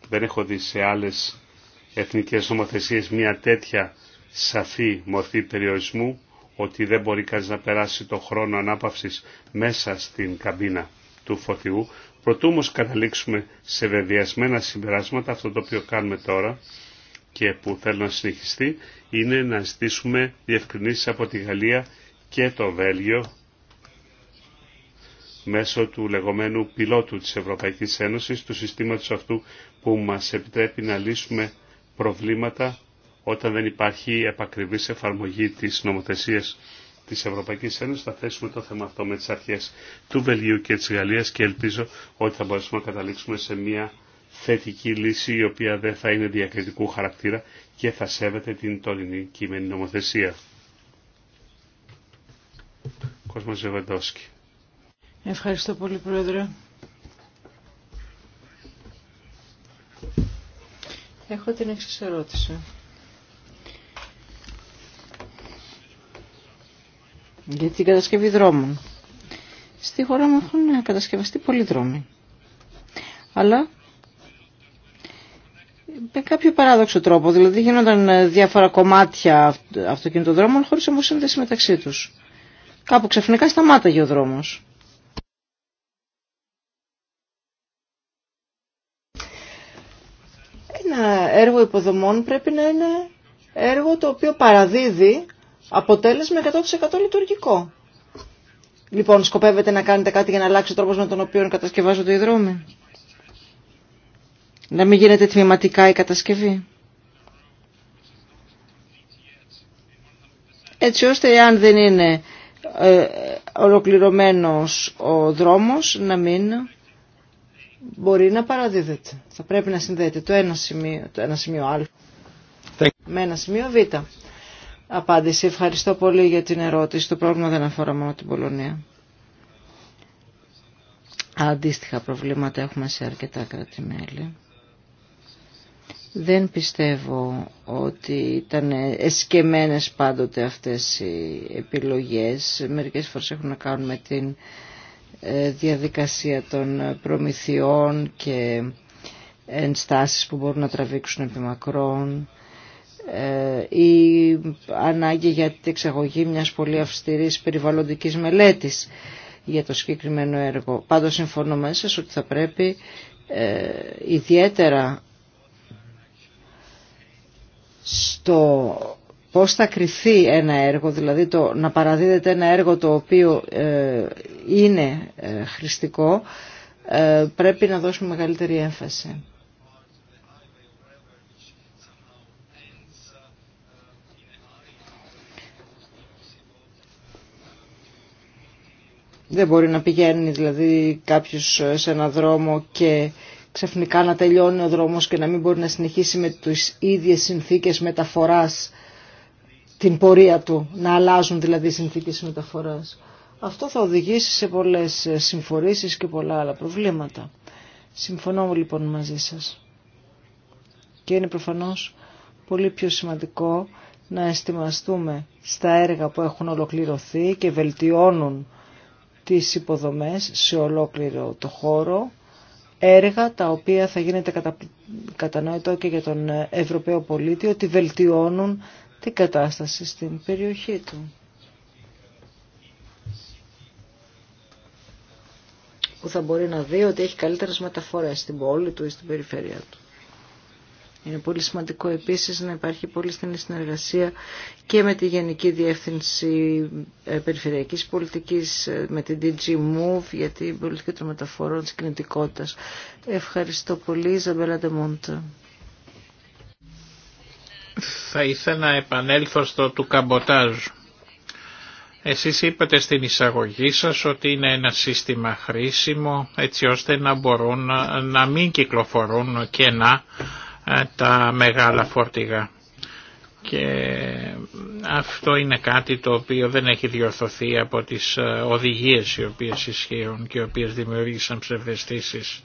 Δεν έχω δει σε άλλες εθνικές νομοθεσίες μια τέτοια σαφή μορφή περιορισμού ότι δεν μπορεί κανείς να περάσει το χρόνο ανάπαυσης μέσα στην καμπίνα του φωτιού. Προτού όμως καταλήξουμε σε βεβαιασμένα συμπεράσματα, αυτό το οποίο κάνουμε τώρα και που θέλω να συνεχιστεί, είναι να ζητήσουμε διευκρινήσεις από τη Γαλλία και το Βέλγιο μέσω του λεγόμενου πιλότου της Ευρωπαϊκής Ένωσης, του συστήματος αυτού που μας επιτρέπει να λύσουμε προβλήματα όταν δεν υπάρχει επακριβής εφαρμογή της νομοθεσίας της Ευρωπαϊκής Ένωσης. Θα θέσουμε το θέμα αυτό με τις αρχές του Βελγίου και της Γαλλίας και ελπίζω ότι θα μπορέσουμε να καταλήξουμε σε μια θετική λύση η οποία δεν θα είναι διακριτικού χαρακτήρα και θα σέβεται την τωρινή κείμενη νομοθεσία. Ευχαριστώ πολύ Πρόεδρε. Έχω την εξή ερώτηση. Για την κατασκευή δρόμων. Στη χώρα μου έχουν κατασκευαστεί πολλοί δρόμοι. Αλλά με κάποιο παράδοξο τρόπο, δηλαδή γίνονταν διάφορα κομμάτια αυτοκινητοδρόμων χωρίς όμως σύνδεση μεταξύ τους. Κάπου ξαφνικά σταμάταγε ο δρόμος. έργο υποδομών πρέπει να είναι έργο το οποίο παραδίδει αποτέλεσμα 100% λειτουργικό. Λοιπόν, σκοπεύετε να κάνετε κάτι για να αλλάξει ο τρόπος με τον οποίο κατασκευάζονται οι δρόμοι. Να μην γίνεται τμηματικά η κατασκευή. Έτσι ώστε αν δεν είναι ε, ολοκληρωμένος ο δρόμος να μην μπορεί να παραδίδεται. Θα πρέπει να συνδέεται το ένα σημείο, το Α με ένα σημείο Β. Απάντηση. Ευχαριστώ πολύ για την ερώτηση. Το πρόβλημα δεν αφορά μόνο την Πολωνία. Αντίστοιχα προβλήματα έχουμε σε αρκετά κράτη-μέλη. Δεν πιστεύω ότι ήταν εσκεμμένες πάντοτε αυτές οι επιλογές. Μερικές φορές έχουν να κάνουν με την ε, διαδικασία των προμηθειών και ενστάσεις που μπορούν να τραβήξουν επί μακρόν, ε, η ανάγκη για την εξαγωγή μιας πολύ αυστηρής περιβαλλοντικής μελέτης για το συγκεκριμένο έργο. Πάντως συμφωνώ μέσα σας ότι θα πρέπει ε, ιδιαίτερα στο πώς θα κριθεί ένα έργο, δηλαδή το να παραδίδεται ένα έργο το οποίο ε, είναι ε, χρηστικό, ε, πρέπει να δώσουμε μεγαλύτερη έμφαση. Δεν μπορεί να πηγαίνει δηλαδή κάποιος σε ένα δρόμο και ξαφνικά να τελειώνει ο δρόμος και να μην μπορεί να συνεχίσει με τις ίδιες συνθήκες μεταφοράς την πορεία του, να αλλάζουν δηλαδή οι συνθήκες μεταφοράς. Αυτό θα οδηγήσει σε πολλές ε, συμφορήσεις και πολλά άλλα προβλήματα. Συμφωνώ λοιπόν μαζί σας. Και είναι προφανώς πολύ πιο σημαντικό να εστιμαστούμε στα έργα που έχουν ολοκληρωθεί και βελτιώνουν τις υποδομές σε ολόκληρο το χώρο, έργα τα οποία θα γίνεται κατανοητό και για τον ε, Ευρωπαίο πολίτη ότι βελτιώνουν την κατάσταση στην περιοχή του. Που θα μπορεί να δει ότι έχει καλύτερες μεταφορές στην πόλη του ή στην περιφέρεια του. Είναι πολύ σημαντικό επίσης να υπάρχει πολύ στενή συνεργασία και με τη Γενική Διεύθυνση ε, Περιφερειακής Πολιτικής, ε, με την DG Move για την πολιτική των μεταφορών της κινητικότητας. Ευχαριστώ πολύ, Ιζαμπέλα Ντεμόντα. Θα ήθελα να επανέλθω στο του καμποτάζ. Εσείς είπατε στην εισαγωγή σας ότι είναι ένα σύστημα χρήσιμο έτσι ώστε να μπορούν να μην κυκλοφορούν κενά ε, τα μεγάλα φορτηγά. Και αυτό είναι κάτι το οποίο δεν έχει διορθωθεί από τις ε, οδηγίες οι οποίες ισχύουν και οι οποίες δημιουργήσαν ψευδεστήσεις.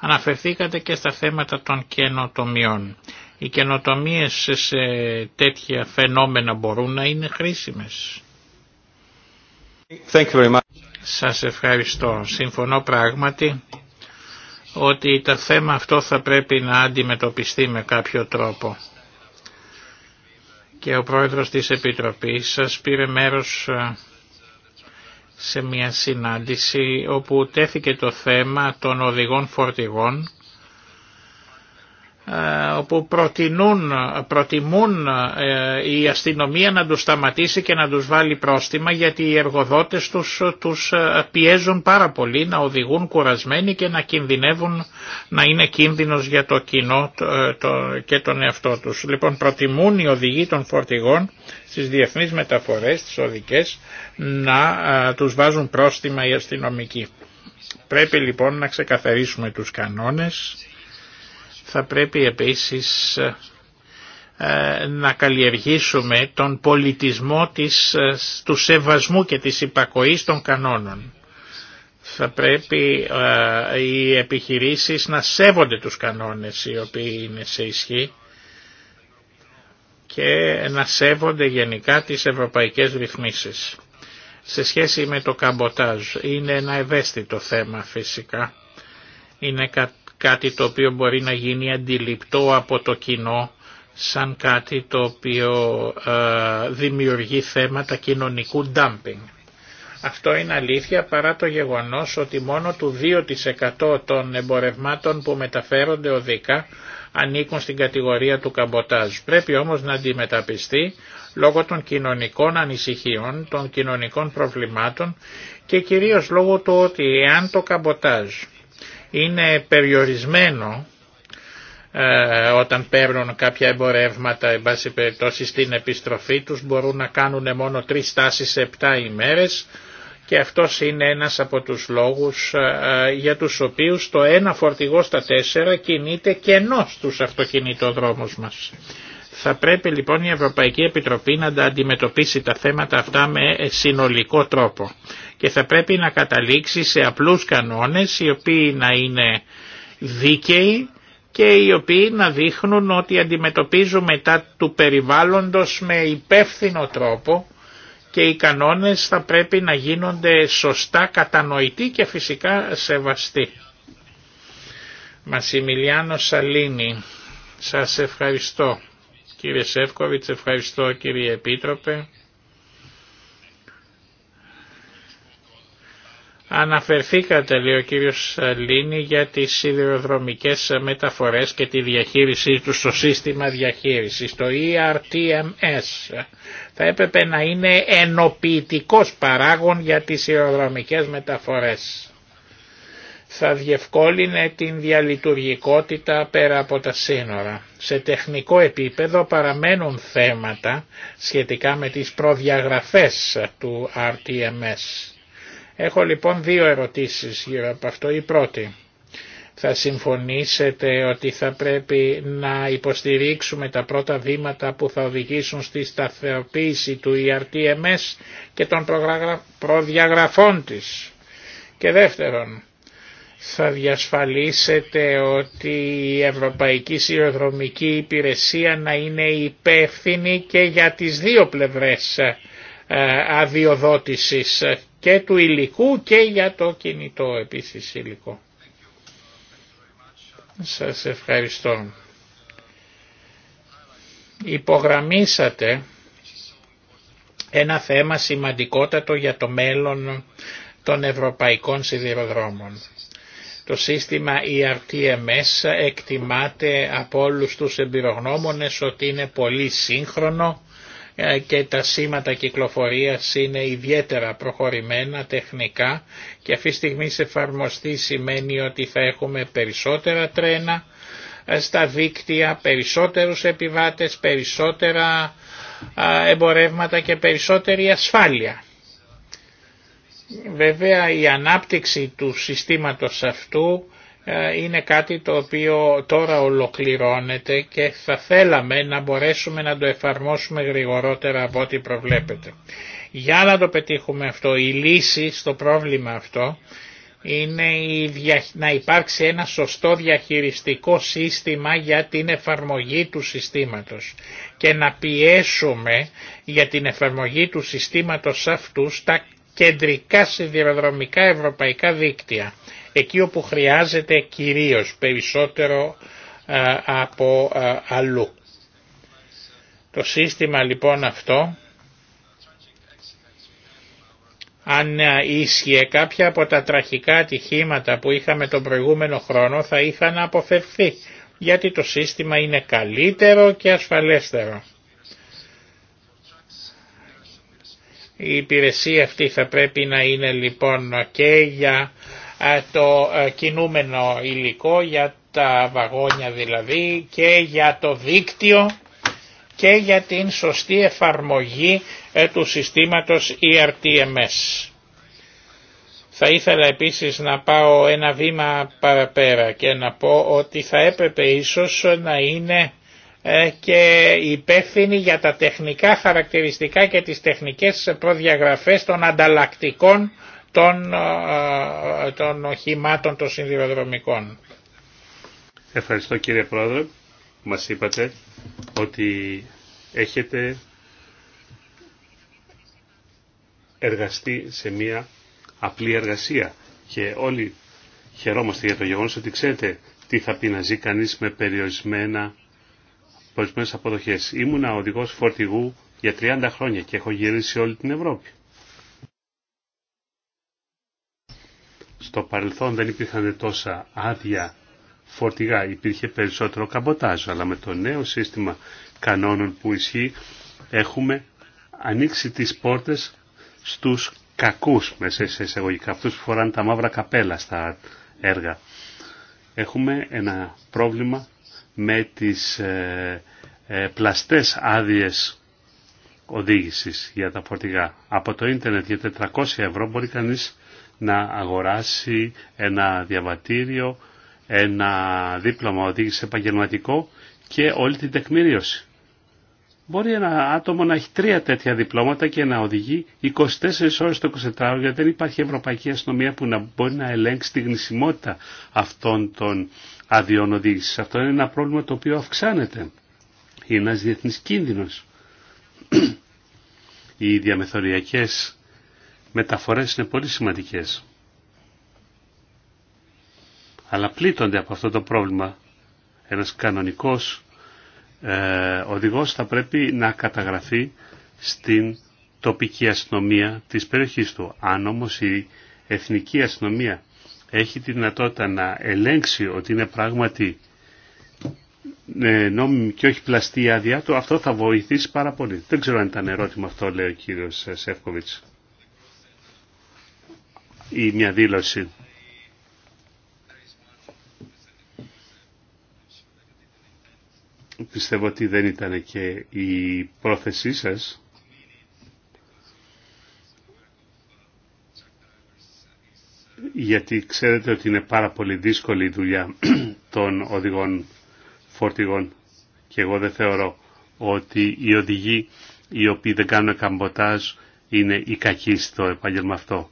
Αναφερθήκατε και στα θέματα των καινοτομιών οι καινοτομίες σε τέτοια φαινόμενα μπορούν να είναι χρήσιμες. Thank Σας ευχαριστώ. Συμφωνώ πράγματι ότι το θέμα αυτό θα πρέπει να αντιμετωπιστεί με κάποιο τρόπο. Και ο πρόεδρος της Επιτροπής σας πήρε μέρος ε, σε μια συνάντηση όπου τέθηκε το θέμα των οδηγών φορτηγών ε, όπου προτιμούν, ε, η αστυνομία να τους σταματήσει και να τους βάλει πρόστιμα γιατί οι εργοδότες τους, τους ε, πιέζουν πάρα πολύ να οδηγούν κουρασμένοι και να κινδυνεύουν να είναι κίνδυνος για το κοινό και τον εαυτό τους. Λοιπόν προτιμούν οι οδηγοί των φορτηγών στις διεθνείς μεταφορές, τις οδικές, να τους βάζουν πρόστιμα οι αστυνομικοί. Πρέπει λοιπόν να ξεκαθαρίσουμε τους κανόνες θα πρέπει επίσης ε, ε, να καλλιεργήσουμε τον πολιτισμό της, ε, του σεβασμού και της υπακοής των κανόνων. Θα πρέπει οι επιχειρήσεις να σέβονται τους κανόνες οι οποίοι είναι σε ισχύ και να σέβονται γενικά τις ευρωπαϊκές ρυθμίσεις. Σε σχέση με το καμποτάζ είναι ένα ευαίσθητο θέμα φυσικά. Είναι κάτι κάτι το οποίο μπορεί να γίνει αντιληπτό από το κοινό σαν κάτι το οποίο ε, δημιουργεί θέματα κοινωνικού ντάμπινγκ. Αυτό είναι αλήθεια παρά το γεγονός ότι μόνο του 2% των εμπορευμάτων που μεταφέρονται οδικά ανήκουν στην κατηγορία του καμποτάζ. Πρέπει όμως να αντιμεταπιστεί λόγω των κοινωνικών ανησυχιών, των κοινωνικών προβλημάτων και κυρίως λόγω του ότι εάν το καμποτάζ είναι περιορισμένο ε, όταν παίρνουν κάποια εμπορεύματα εν πάση περιπτώσει στην επιστροφή τους μπορούν να κάνουν μόνο τρεις τάσεις σε επτά ημέρες και αυτός είναι ένας από τους λόγους ε, ε, για τους οποίους το ένα φορτηγό στα τέσσερα κινείται κενό στους αυτοκινητοδρόμους μας. Θα πρέπει λοιπόν η Ευρωπαϊκή Επιτροπή να τα αντιμετωπίσει τα θέματα αυτά με συνολικό τρόπο και θα πρέπει να καταλήξει σε απλούς κανόνες οι οποίοι να είναι δίκαιοι και οι οποίοι να δείχνουν ότι αντιμετωπίζουμε τα του περιβάλλοντος με υπεύθυνο τρόπο και οι κανόνες θα πρέπει να γίνονται σωστά κατανοητοί και φυσικά σεβαστοί. Μασιμιλιάνο Σαλίνη, σας ευχαριστώ. Κύριε Σεύκοβιτς, ευχαριστώ κύριε Επίτροπε. Αναφερθήκατε, λέει ο κύριος Λίνη, για τις σιδηροδρομικές μεταφορές και τη διαχείρισή του στο σύστημα διαχείρισης, το ERTMS. Θα έπρεπε να είναι ενοποιητικός παράγων για τις σιδηροδρομικές μεταφορές θα διευκόλυνε την διαλειτουργικότητα πέρα από τα σύνορα. Σε τεχνικό επίπεδο παραμένουν θέματα σχετικά με τις προδιαγραφές του RTMS. Έχω λοιπόν δύο ερωτήσεις γύρω από αυτό. Η πρώτη, θα συμφωνήσετε ότι θα πρέπει να υποστηρίξουμε τα πρώτα βήματα που θα οδηγήσουν στη σταθεροποίηση του ERTMS και των προδιαγραφών της. Και δεύτερον, θα διασφαλίσετε ότι η Ευρωπαϊκή Σιδηροδρομική Υπηρεσία να είναι υπεύθυνη και για τις δύο πλευρές ε, αδειοδότησης και του υλικού και για το κινητό επίσης υλικό. Σας ευχαριστώ. Υπογραμμίσατε ένα θέμα σημαντικότατο για το μέλλον των ευρωπαϊκών σιδηροδρόμων το σύστημα ERTMS εκτιμάται από όλους τους εμπειρογνώμονες ότι είναι πολύ σύγχρονο ε, και τα σήματα κυκλοφορίας είναι ιδιαίτερα προχωρημένα τεχνικά και αυτή τη στιγμή σε εφαρμοστεί σημαίνει ότι θα έχουμε περισσότερα τρένα ε, στα δίκτυα, περισσότερους επιβάτες, περισσότερα ε, εμπορεύματα και περισσότερη ασφάλεια. Βέβαια η ανάπτυξη του συστήματος αυτού ε, είναι κάτι το οποίο τώρα ολοκληρώνεται και θα θέλαμε να μπορέσουμε να το εφαρμόσουμε γρηγορότερα από ό,τι προβλέπεται. Για να το πετύχουμε αυτό, η λύση στο πρόβλημα αυτό είναι να υπάρξει ένα σωστό διαχειριστικό σύστημα για την εφαρμογή του συστήματος και να πιέσουμε για την εφαρμογή του συστήματος αυτού στα κεντρικά σιδηροδρομικά ευρωπαϊκά δίκτυα, εκεί όπου χρειάζεται κυρίως περισσότερο ε, από ε, αλλού. Το σύστημα λοιπόν αυτό, αν ε, ίσχυε κάποια από τα τραχικά ατυχήματα που είχαμε τον προηγούμενο χρόνο θα είχαν αποφευθεί, γιατί το σύστημα είναι καλύτερο και ασφαλέστερο. Η υπηρεσία αυτή θα πρέπει να είναι λοιπόν και για το κινούμενο υλικό, για τα βαγόνια δηλαδή και για το δίκτυο και για την σωστή εφαρμογή ε, του συστήματος ERTMS. Θα ήθελα επίσης να πάω ένα βήμα παραπέρα και να πω ότι θα έπρεπε ίσως να είναι ε, και υπεύθυνη για τα τεχνικά χαρακτηριστικά και τις τεχνικές προδιαγραφές των ανταλλακτικών των, ε, ε, των οχημάτων των συνδυοδρομικών. Ευχαριστώ κύριε Πρόεδρε. Μας είπατε ότι έχετε εργαστεί σε μια απλή εργασία και όλοι χαιρόμαστε για το γεγονός ότι ξέρετε τι θα πει να ζει κανείς με περιορισμένα ορισμένες αποδοχές. Ήμουνα οδηγός φορτηγού για 30 χρόνια και έχω γυρίσει όλη την Ευρώπη. Στο παρελθόν δεν υπήρχαν τόσα άδεια φορτηγά, υπήρχε περισσότερο καμποτάζ, αλλά με το νέο σύστημα κανόνων που ισχύει έχουμε ανοίξει τις πόρτες στους κακούς μέσα σε εισαγωγικά, αυτούς που φοράνε τα μαύρα καπέλα στα έργα. Έχουμε ένα πρόβλημα με τις ε, ε, πλαστές άδειες οδήγησης για τα φορτηγά. Από το ίντερνετ για 400 ευρώ μπορεί κανείς να αγοράσει ένα διαβατήριο, ένα δίπλωμα οδήγηση επαγγελματικό και όλη την τεκμηρίωση. Μπορεί ένα άτομο να έχει τρία τέτοια διπλώματα και να οδηγεί 24 ώρες το 24 γιατί δεν υπάρχει Ευρωπαϊκή Αστυνομία που να μπορεί να ελέγξει τη γνησιμότητα αυτών των αδειών οδήγηση. Αυτό είναι ένα πρόβλημα το οποίο αυξάνεται. Είναι ένας διεθνής κίνδυνος. Οι διαμεθοριακές μεταφορές είναι πολύ σημαντικές. Αλλά πλήττονται από αυτό το πρόβλημα. Ένας κανονικός ε, οδηγός θα πρέπει να καταγραφεί στην τοπική αστυνομία της περιοχής του. Αν όμως η εθνική αστυνομία έχει τη δυνατότητα να ελέγξει ότι είναι πράγματι ε, νόμιμη και όχι πλαστή η άδειά του, αυτό θα βοηθήσει πάρα πολύ. Δεν ξέρω αν ήταν ερώτημα αυτό, λέει ο κύριος Σεύκοβιτς. Ή μια δήλωση. Πιστεύω ότι δεν ήταν και η πρόθεσή σας γιατί ξέρετε ότι είναι πάρα πολύ δύσκολη η δουλειά [CLEARS THROAT] των οδηγών φορτηγών και εγώ δεν θεωρώ ότι οι οδηγοί οι οποίοι δεν κάνουν καμποτάζ είναι οι κακοί στο επάγγελμα αυτό.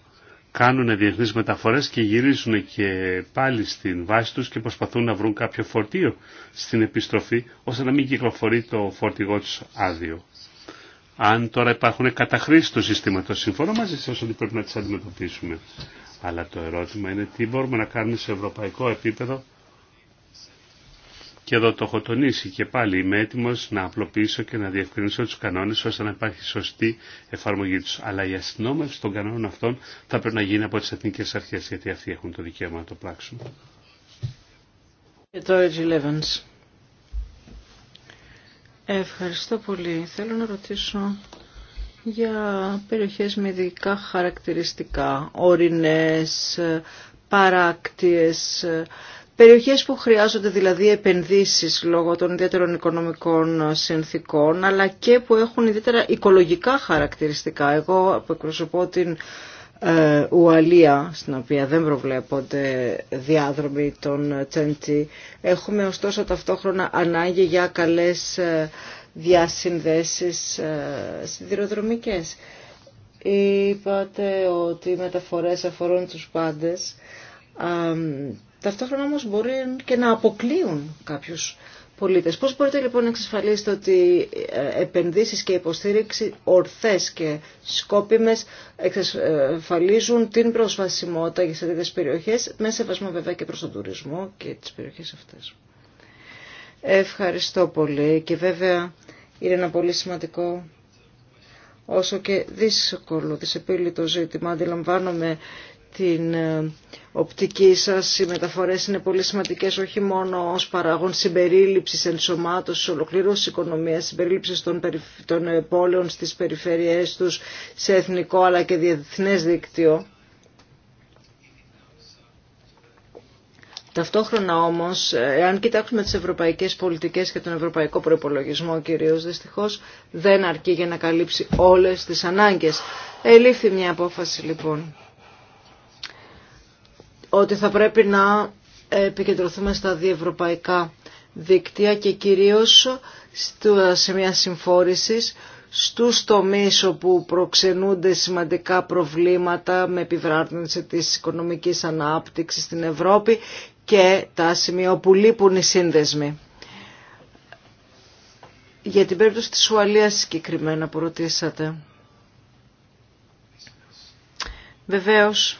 Κάνουν διεθνεί μεταφορές και γυρίζουν και πάλι στην βάση τους και προσπαθούν να βρουν κάποιο φορτίο στην επιστροφή ώστε να μην κυκλοφορεί το φορτηγό τους άδειο. Αν τώρα υπάρχουν καταχρήσεις του συστήματος, συμφωνώ μαζί σας ότι πρέπει να τις αντιμετωπίσουμε. Αλλά το ερώτημα είναι τι μπορούμε να κάνουμε σε ευρωπαϊκό επίπεδο και εδώ το έχω τονίσει και πάλι είμαι έτοιμο να απλοποιήσω και να διευκρινίσω του κανόνε ώστε να υπάρχει σωστή εφαρμογή του. Αλλά η αστυνόμευση των κανόνων αυτών θα πρέπει να γίνει από τι εθνικέ αρχέ γιατί αυτοί έχουν το δικαίωμα να το πράξουν. Ευχαριστώ πολύ. Θέλω να ρωτήσω για περιοχές με ειδικά χαρακτηριστικά, ορεινές, παράκτιες, περιοχές που χρειάζονται δηλαδή επενδύσεις λόγω των ιδιαίτερων οικονομικών συνθήκων, αλλά και που έχουν ιδιαίτερα οικολογικά χαρακτηριστικά. Εγώ εκπροσωπώ την ε, Ουαλία, στην οποία δεν προβλέπονται διάδρομοι των Τσέντσι. Έχουμε ωστόσο ταυτόχρονα ανάγκη για καλές ε, διασυνδέσεις ε, σιδηροδρομικές. Είπατε ότι οι μεταφορές αφορούν τους πάντες. Ταυτόχρονα όμως μπορεί και να αποκλείουν κάποιους πολίτες. Πώς μπορείτε λοιπόν να εξασφαλίσετε ότι ε, επενδύσεις και υποστήριξη ορθές και σκόπιμες εξασφαλίζουν την προσβασιμότητα για τις περιοχές με σεβασμό βέβαια και προς τον τουρισμό και τις περιοχές αυτές. Ευχαριστώ πολύ και βέβαια είναι ένα πολύ σημαντικό όσο και δύσκολο, δυσεπίλητο ζήτημα. Αντιλαμβάνομαι την ε, οπτική σας. Οι μεταφορές είναι πολύ σημαντικές όχι μόνο ως παράγον συμπερίληψης, ενσωμάτωσης, ολοκλήρωσης οικονομίας, συμπερίληψης των, των ε, πόλεων στις περιφερειές τους σε εθνικό αλλά και διεθνές δίκτυο. Ταυτόχρονα όμως, εάν κοιτάξουμε τις ευρωπαϊκές πολιτικές και τον ευρωπαϊκό προϋπολογισμό κυρίως δυστυχώς, δεν αρκεί για να καλύψει όλες τις ανάγκες. Ελήφθη μια απόφαση λοιπόν ότι θα πρέπει να επικεντρωθούμε στα διευρωπαϊκά δίκτυα και κυρίως σε μια συμφόρηση στους τομείς όπου προξενούνται σημαντικά προβλήματα με επιβράδυνση της οικονομικής ανάπτυξης στην Ευρώπη και τα σημεία όπου λείπουν οι σύνδεσμοι. Για την περίπτωση της Ουαλίας συγκεκριμένα που ρωτήσατε. Βεβαίως,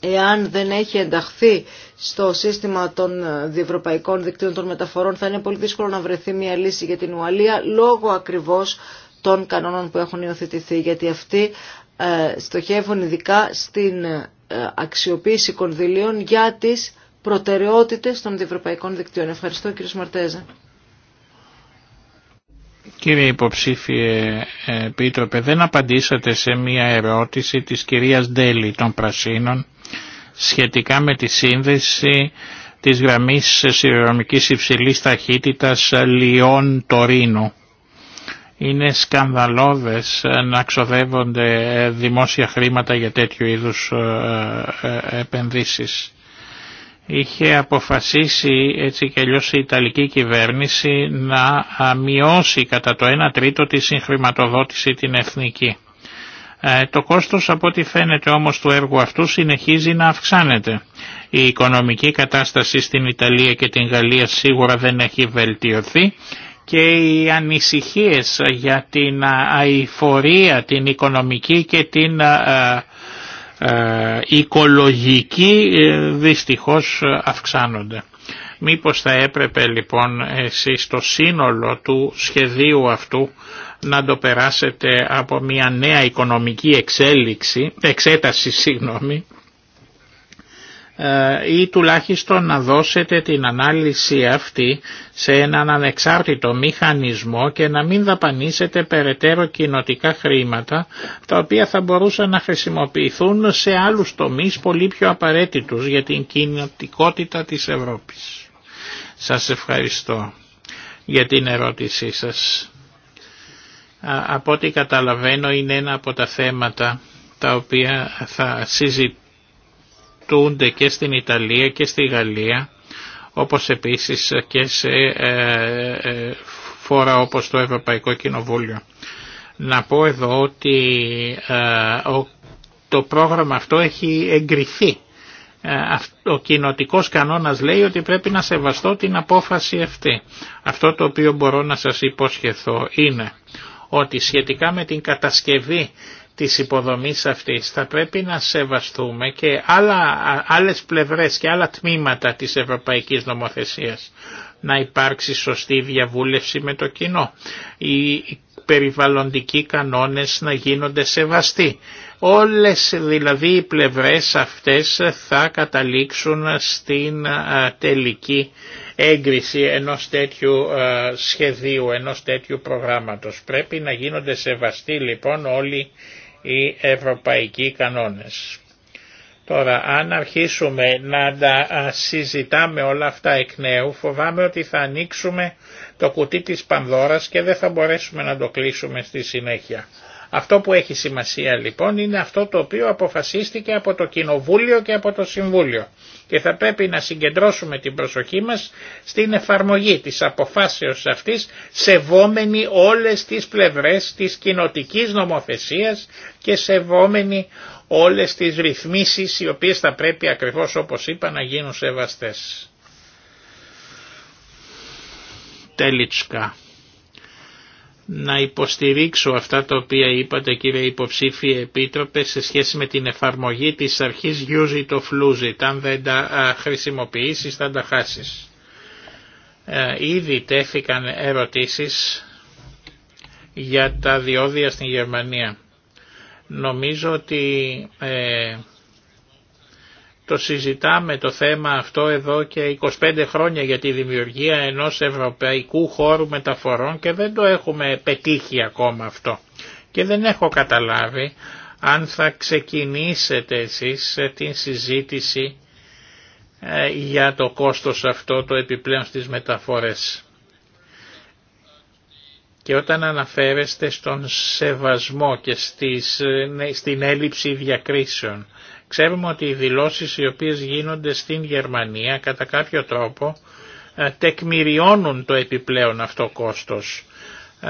εάν δεν έχει ενταχθεί στο σύστημα των διευρωπαϊκών δικτύων των μεταφορών θα είναι πολύ δύσκολο να βρεθεί μια λύση για την Ουαλία λόγω ακριβώς των κανόνων που έχουν υιοθετηθεί, γιατί αυτοί ε, στοχεύουν ειδικά στην ε, αξιοποίηση κονδυλίων για τις προτεραιότητες των διευρωπαϊκών δικτύων. Ευχαριστώ κύριε Σμαρτέζα. Κύριε υποψήφιε ε, πίτροπε, δεν απαντήσατε σε μία ερώτηση της κυρίας Ντέλη των Πρασίνων σχετικά με τη σύνδεση της γραμμής σιδηροδρομικής υψηλής ταχύτητας Λιών-Τωρίνου. Είναι σκανδαλώδες ε, να ξοδεύονται ε, δημόσια χρήματα για τέτοιου είδους ε, επενδύσεις. Είχε αποφασίσει έτσι και αλλιώς η Ιταλική κυβέρνηση να μειώσει κατά το 1 τρίτο τη συγχρηματοδότηση την εθνική. Το κόστος από ό,τι φαίνεται όμως του έργου αυτού συνεχίζει να αυξάνεται. Η οικονομική κατάσταση στην Ιταλία και την Γαλλία σίγουρα δεν έχει βελτιωθεί και οι ανησυχίες για την αηφορία, την οικονομική και την ε, ε, οικολογική ε, δυστυχώς αυξάνονται. Μήπως θα έπρεπε λοιπόν εσείς το σύνολο του σχεδίου αυτού να το περάσετε από μια νέα οικονομική εξέλιξη, εξέταση συγγνώμη, ε, ή τουλάχιστον να δώσετε την ανάλυση αυτή σε έναν ανεξάρτητο μηχανισμό και να μην δαπανίσετε περαιτέρω κοινοτικά χρήματα τα οποία θα μπορούσαν να χρησιμοποιηθούν σε άλλους τομείς πολύ πιο απαραίτητους για την κοινοτικότητα της Ευρώπης. Σας ευχαριστώ για την ερώτησή σας. Από ό,τι καταλαβαίνω είναι ένα από τα θέματα τα οποία θα συζητήσουμε και στην Ιταλία και στη Γαλλία όπως επίσης και σε ε, ε, φόρα όπως το Ευρωπαϊκό Κοινοβούλιο. Να πω εδώ ότι ε, το πρόγραμμα αυτό έχει εγκριθεί. Ο κοινοτικός κανόνας λέει ότι πρέπει να σεβαστώ την απόφαση αυτή. Αυτό το οποίο μπορώ να σας υποσχεθώ είναι ότι σχετικά με την κατασκευή της υποδομής αυτής θα πρέπει να σεβαστούμε και άλλα, άλλες πλευρές και άλλα τμήματα της ευρωπαϊκής νομοθεσίας. Να υπάρξει σωστή διαβούλευση με το κοινό. Οι περιβαλλοντικοί κανόνες να γίνονται σεβαστοί. Όλες δηλαδή οι πλευρές αυτές θα καταλήξουν στην τελική έγκριση ενός τέτοιου σχεδίου, ενός τέτοιου προγράμματος. Πρέπει να γίνονται σεβαστοί λοιπόν όλοι οι ευρωπαϊκοί κανόνες. Τώρα, αν αρχίσουμε να τα συζητάμε όλα αυτά εκ νέου, φοβάμαι ότι θα ανοίξουμε το κουτί της πανδώρας και δεν θα μπορέσουμε να το κλείσουμε στη συνέχεια. Αυτό που έχει σημασία λοιπόν είναι αυτό το οποίο αποφασίστηκε από το Κοινοβούλιο και από το Συμβούλιο και θα πρέπει να συγκεντρώσουμε την προσοχή μας στην εφαρμογή της αποφάσεως αυτής σεβόμενη όλες τις πλευρές της κοινοτικής νομοθεσίας και σεβόμενη όλες τις ρυθμίσεις οι οποίες θα πρέπει ακριβώς όπως είπα να γίνουν σεβαστές. Τελίτσκα να υποστηρίξω αυτά τα οποία είπατε κύριε υποψήφιε επίτροπε σε σχέση με την εφαρμογή της αρχής use it or lose it. Αν δεν τα χρησιμοποιήσεις θα τα χάσεις. Ε, ήδη τέθηκαν ερωτήσεις για τα διόδια στην Γερμανία. Νομίζω ότι ε, το συζητάμε το θέμα αυτό εδώ και 25 χρόνια για τη δημιουργία ενός ευρωπαϊκού χώρου μεταφορών και δεν το έχουμε πετύχει ακόμα αυτό. Και δεν έχω καταλάβει αν θα ξεκινήσετε εσείς την συζήτηση ε, για το κόστος αυτό το επιπλέον στις μεταφορές. Και όταν αναφέρεστε στον σεβασμό και ε, στην έλλειψη διακρίσεων, Ξέρουμε ότι οι δηλώσεις οι οποίες γίνονται στην Γερμανία κατά κάποιο τρόπο ε, τεκμηριώνουν το επιπλέον αυτό κόστος. Ε,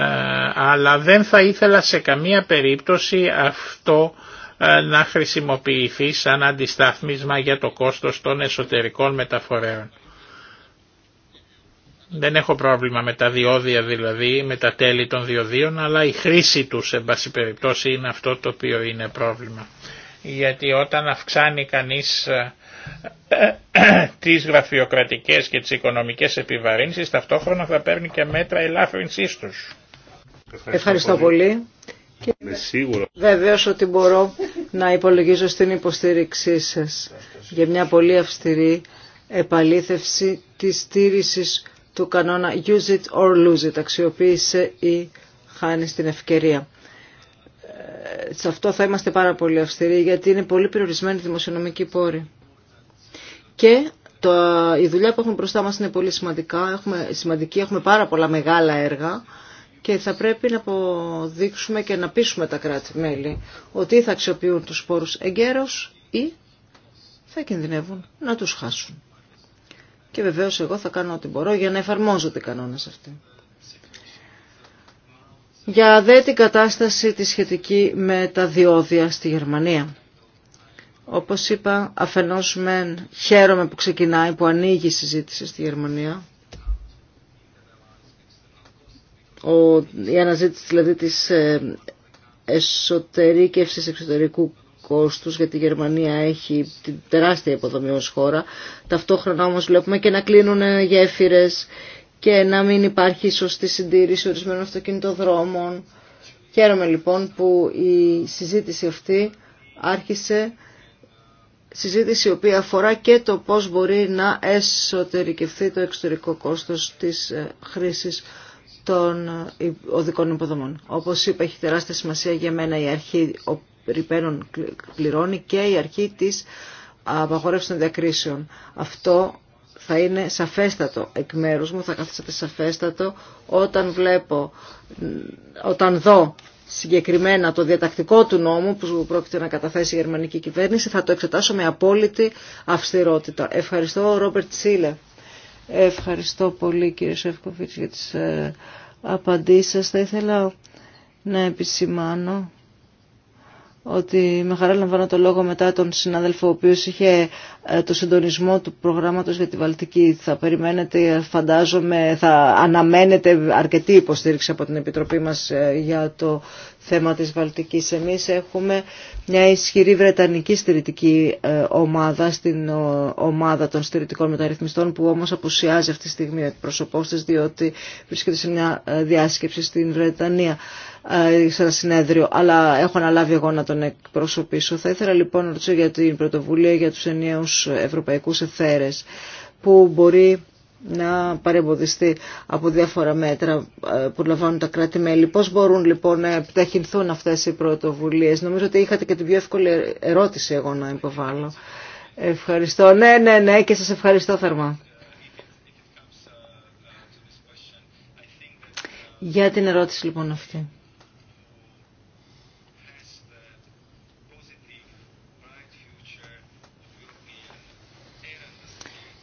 αλλά δεν θα ήθελα σε καμία περίπτωση αυτό ε, να χρησιμοποιηθεί σαν αντιστάθμισμα για το κόστος των εσωτερικών μεταφορέων. Δεν έχω πρόβλημα με τα διόδια δηλαδή, με τα τέλη των διοδίων, αλλά η χρήση τους, σε πάση περιπτώσει, είναι αυτό το οποίο είναι πρόβλημα γιατί όταν αυξάνει κανείς ε, ε, τις γραφειοκρατικές και τις οικονομικές επιβαρύνσεις ταυτόχρονα θα παίρνει και μέτρα ελάφρυνσής τους. Ευχαριστώ, Ευχαριστώ πολύ. Και σίγουρο. ότι μπορώ να υπολογίζω στην υποστήριξή σας για μια πολύ αυστηρή επαλήθευση της στήρησης του κανόνα use it or lose it, αξιοποίησε ή χάνει την ευκαιρία σε αυτό θα είμαστε πάρα πολύ αυστηροί γιατί είναι πολύ περιορισμένοι οι δημοσιονομικοί πόροι. Και το, η δουλειά που έχουμε μπροστά μας είναι πολύ σημαντικά, έχουμε, σημαντική, έχουμε πάρα πολλά μεγάλα έργα και θα πρέπει να αποδείξουμε και να πείσουμε τα κράτη-μέλη ότι θα αξιοποιούν τους πόρους εγκαίρως ή θα κινδυνεύουν να τους χάσουν. Και βεβαίως εγώ θα κάνω ό,τι μπορώ για να εφαρμόζονται οι κανόνες αυτοί για δε την κατάσταση τη σχετική με τα διόδια στη Γερμανία. Όπως είπα, αφενός μεν χαίρομαι που ξεκινάει, που ανοίγει η συζήτηση στη Γερμανία. Ο, η αναζήτηση δηλαδή της ε, εσωτερήκευσης εξωτερικού κόστους, γιατί η Γερμανία έχει την τεράστια υποδομή ως χώρα. Ταυτόχρονα όμως βλέπουμε και να κλείνουν γέφυρες και να μην υπάρχει σωστή συντήρηση ορισμένων αυτοκινητοδρόμων. Χαίρομαι λοιπόν που η συζήτηση αυτή άρχισε συζήτηση η οποία αφορά και το πώς μπορεί να εσωτερικευθεί το εξωτερικό κόστος της ε, χρήσης των ε, οδικών υποδομών. Όπως είπα, έχει τεράστια σημασία για μένα η αρχή ο πληρώνει και η αρχή της απαγορεύσεων διακρίσεων. Αυτό θα είναι σαφέστατο εκ μέρους μου, θα καθίσατε σαφέστατο όταν βλέπω, όταν δω συγκεκριμένα το διατακτικό του νόμου που πρόκειται να καταθέσει η γερμανική κυβέρνηση, θα το εξετάσω με απόλυτη αυστηρότητα. Ευχαριστώ, Ρόμπερτ Σίλε. Ευχαριστώ πολύ, κύριε Σεύκοβιτς, για τις ε, απαντήσεις σας. Θα ήθελα να επισημάνω ότι με χαρά λαμβάνω το λόγο μετά τον συνάδελφο ο οποίος είχε ε, το συντονισμό του προγράμματος για τη Βαλτική. Θα περιμένετε, φαντάζομαι, θα αναμένετε αρκετή υποστήριξη από την Επιτροπή μας ε, για το θέμα της Βαλτικής. Εμείς έχουμε μια ισχυρή βρετανική στηρητική ε, ομάδα στην ε, ομάδα των στηρητικών μεταρρυθμιστών που όμως απουσιάζει αυτή τη στιγμή εκπροσωπός της διότι βρίσκεται σε μια ε, διάσκεψη στην Βρετανία σε ένα συνέδριο, αλλά έχω αναλάβει εγώ να τον εκπροσωπήσω. Θα ήθελα λοιπόν να ρωτήσω για την πρωτοβουλία για τους ενιαίους ευρωπαϊκούς εθέρες που μπορεί να παρεμποδιστεί από διάφορα μέτρα ε, που λαμβάνουν τα κράτη-μέλη. Πώς μπορούν λοιπόν να επιταχυνθούν αυτές οι πρωτοβουλίες. Νομίζω ότι είχατε και την πιο εύκολη ερώτηση εγώ να υποβάλω. Ευχαριστώ. Ναι, ναι, ναι και σας ευχαριστώ θερμά. Για την ερώτηση λοιπόν αυτή.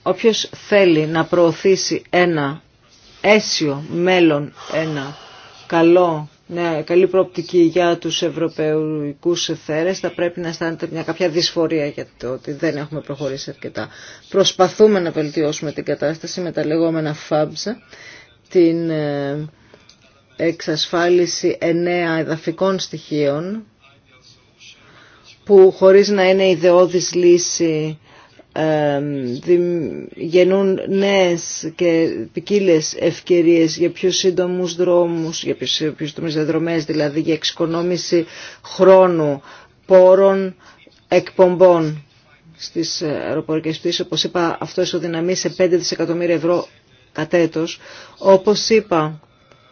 όποιος θέλει να προωθήσει ένα αίσιο μέλλον, ένα καλό, μια καλή προοπτική για τους ευρωπαϊκούς εθέρες, θα πρέπει να αισθάνεται μια κάποια δυσφορία για το ότι δεν έχουμε προχωρήσει αρκετά. Προσπαθούμε να βελτιώσουμε την κατάσταση με τα λεγόμενα FABS, την ε, εξασφάλιση εννέα εδαφικών στοιχείων, που χωρίς να είναι ιδεώδης λύση γεννούν νέες και ποικίλε ευκαιρίες για πιο σύντομους δρόμους, για πιο, σύντομες δηλαδή για εξοικονόμηση χρόνου, πόρων, εκπομπών στις αεροπορικές πτήσεις. Όπως είπα, αυτό ισοδυναμεί σε 5 δισεκατομμύρια ευρώ κατέτος. Όπως είπα,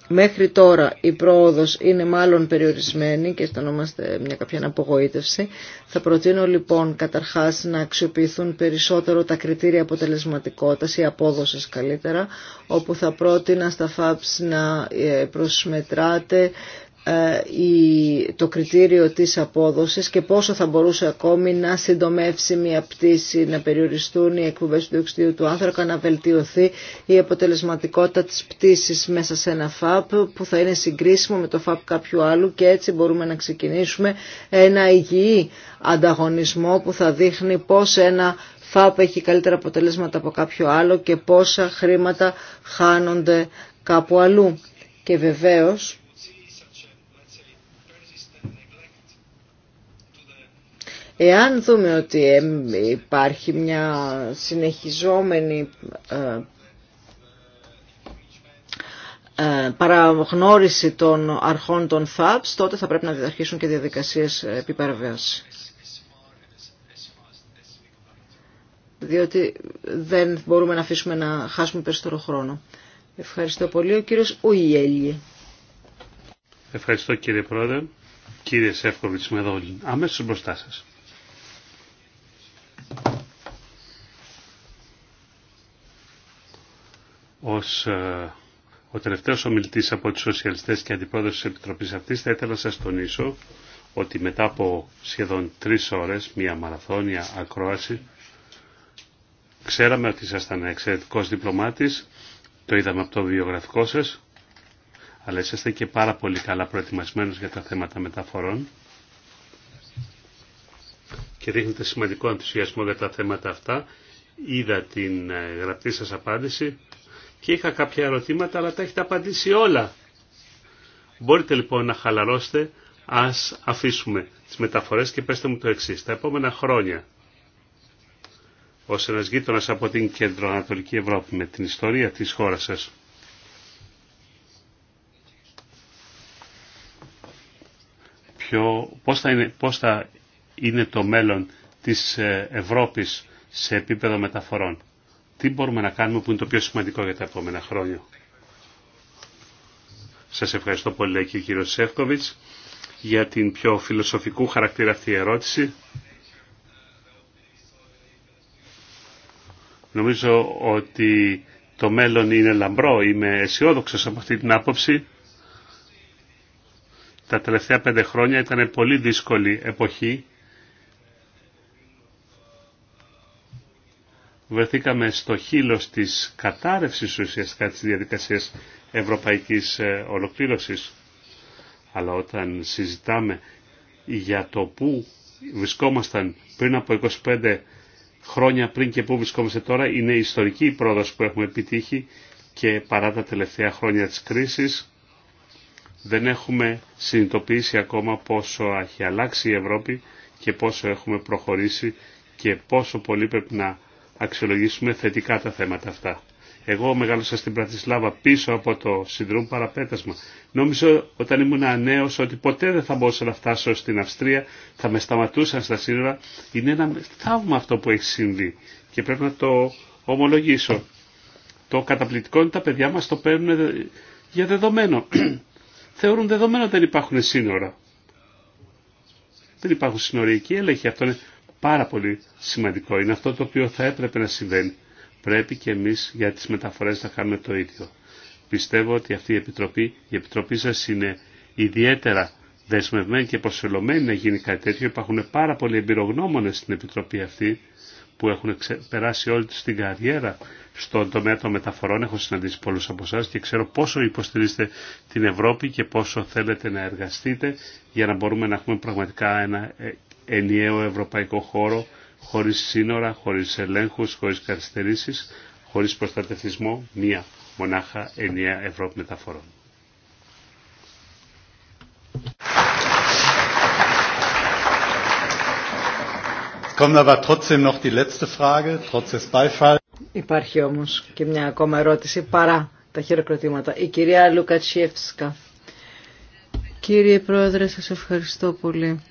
Μέχρι τώρα η πρόοδος είναι μάλλον περιορισμένη και αισθανόμαστε μια κάποια απογοήτευση. Θα προτείνω λοιπόν καταρχάς να αξιοποιηθούν περισσότερο τα κριτήρια αποτελεσματικότητας ή απόδοσης καλύτερα, όπου θα πρότεινα στα FAPS να ε, προσμετράτε ε, το κριτήριο της απόδοσης και πόσο θα μπορούσε ακόμη να συντομεύσει μια πτήση, να περιοριστούν οι εκπομπές του διοξιδίου του άνθρακα, να βελτιωθεί η αποτελεσματικότητα της πτήσης μέσα σε ένα ΦΑΠ που θα είναι συγκρίσιμο με το ΦΑΠ κάποιου άλλου και έτσι μπορούμε να ξεκινήσουμε ένα υγιή ανταγωνισμό που θα δείχνει πώς ένα ΦΑΠ έχει καλύτερα αποτελέσματα από κάποιο άλλο και πόσα χρήματα χάνονται κάπου αλλού. Και βεβαίως Εάν δούμε ότι ε, υπάρχει μια συνεχιζόμενη ε, ε, παραγνώριση των αρχών των ΦΑΠΣ, τότε θα πρέπει να διαρχίσουν και διαδικασίες επιπαραβέας. Διότι δεν μπορούμε να αφήσουμε να χάσουμε περισσότερο χρόνο. Ευχαριστώ πολύ. Ο κύριος Ουιέλη. Ευχαριστώ κύριε Πρόεδρε. Κύριε Σεύκοβιτς, είμαι εδώ αμέσως μπροστά σας. Ως ε, ο τελευταίος ομιλητής από τους σοσιαλιστές και αντιπρόεδρος της Επιτροπής αυτής θα ήθελα να σας τονίσω ότι μετά από σχεδόν τρεις ώρες, μια μαραθώνια ακρόαση, ξέραμε ότι ήσασταν εξαιρετικός διπλωμάτης, το είδαμε από το βιογραφικό σας, αλλά είσαστε και πάρα πολύ καλά προετοιμασμένος για τα θέματα μεταφορών και δείχνετε σημαντικό ενθουσιασμό για τα θέματα αυτά. Είδα την ε, γραπτή σας απάντηση και είχα κάποια ερωτήματα αλλά τα έχετε απαντήσει όλα. Μπορείτε λοιπόν να χαλαρώσετε, ας αφήσουμε τις μεταφορές και πέστε μου το εξή Τα επόμενα χρόνια ως ένας γείτονας από την κεντροανατολική Ευρώπη με την ιστορία της χώρας σας. πώς, θα είναι, πώς είναι το μέλλον της ε, Ευρώπης σε επίπεδο μεταφορών. Τι μπορούμε να κάνουμε που είναι το πιο σημαντικό για τα επόμενα χρόνια. Σας ευχαριστώ πολύ και για την πιο φιλοσοφικού χαρακτήρα αυτή η ερώτηση. Νομίζω ότι το μέλλον είναι λαμπρό, είμαι αισιόδοξο από αυτή την άποψη. Τα τελευταία πέντε χρόνια ήταν πολύ δύσκολη εποχή βρεθήκαμε στο χείλος της κατάρρευσης ουσιαστικά της διαδικασίας ευρωπαϊκής ε, ολοκλήρωσης. Αλλά όταν συζητάμε για το πού βρισκόμασταν πριν από 25 χρόνια πριν και πού βρισκόμαστε τώρα, είναι η ιστορική η πρόοδος που έχουμε επιτύχει και παρά τα τελευταία χρόνια της κρίσης δεν έχουμε συνειδητοποιήσει ακόμα πόσο έχει αλλάξει η Ευρώπη και πόσο έχουμε προχωρήσει και πόσο πολύ πρέπει να αξιολογήσουμε θετικά τα θέματα αυτά. Εγώ μεγάλωσα στην Πρατισλάβα πίσω από το συνδρόμου παραπέτασμα. Νόμιζα όταν ήμουν νέο ότι ποτέ δεν θα μπορούσα να φτάσω στην Αυστρία, θα με σταματούσαν στα σύνορα. Είναι ένα θαύμα αυτό που έχει συμβεί και πρέπει να το ομολογήσω. Το καταπληκτικό είναι τα παιδιά μας το παίρνουν για δεδομένο. [CLEARS THROAT] Θεωρούν δεδομένο ότι δεν υπάρχουν σύνορα. Δεν υπάρχουν συνοριακοί έλεγχοι. Αυτό είναι πάρα πολύ σημαντικό. Είναι αυτό το οποίο θα έπρεπε να συμβαίνει. Πρέπει και εμείς για τις μεταφορές να κάνουμε το ίδιο. Πιστεύω ότι αυτή η Επιτροπή, η Επιτροπή σας είναι ιδιαίτερα δεσμευμένη και προσφελωμένη να γίνει κάτι τέτοιο. Υπάρχουν πάρα πολλοί εμπειρογνώμονες στην Επιτροπή αυτή που έχουν περάσει όλη τους την καριέρα στον τομέα των μεταφορών. Έχω συναντήσει πολλούς από εσά και ξέρω πόσο υποστηρίζετε την Ευρώπη και πόσο θέλετε να εργαστείτε για να μπορούμε να έχουμε πραγματικά ένα ε, ενιαίο ευρωπαϊκό χώρο, χωρίς σύνορα, χωρίς ελέγχους, χωρίς καθυστερήσεις, χωρίς προστατευτισμό, μία μονάχα ενιαία Ευρώπη μεταφορών. Υπάρχει όμω και μια ακόμα ερώτηση παρά τα χειροκροτήματα. Η κυρία Λουκατσιεύσκα. Κύριε Πρόεδρε, σας ευχαριστώ πολύ.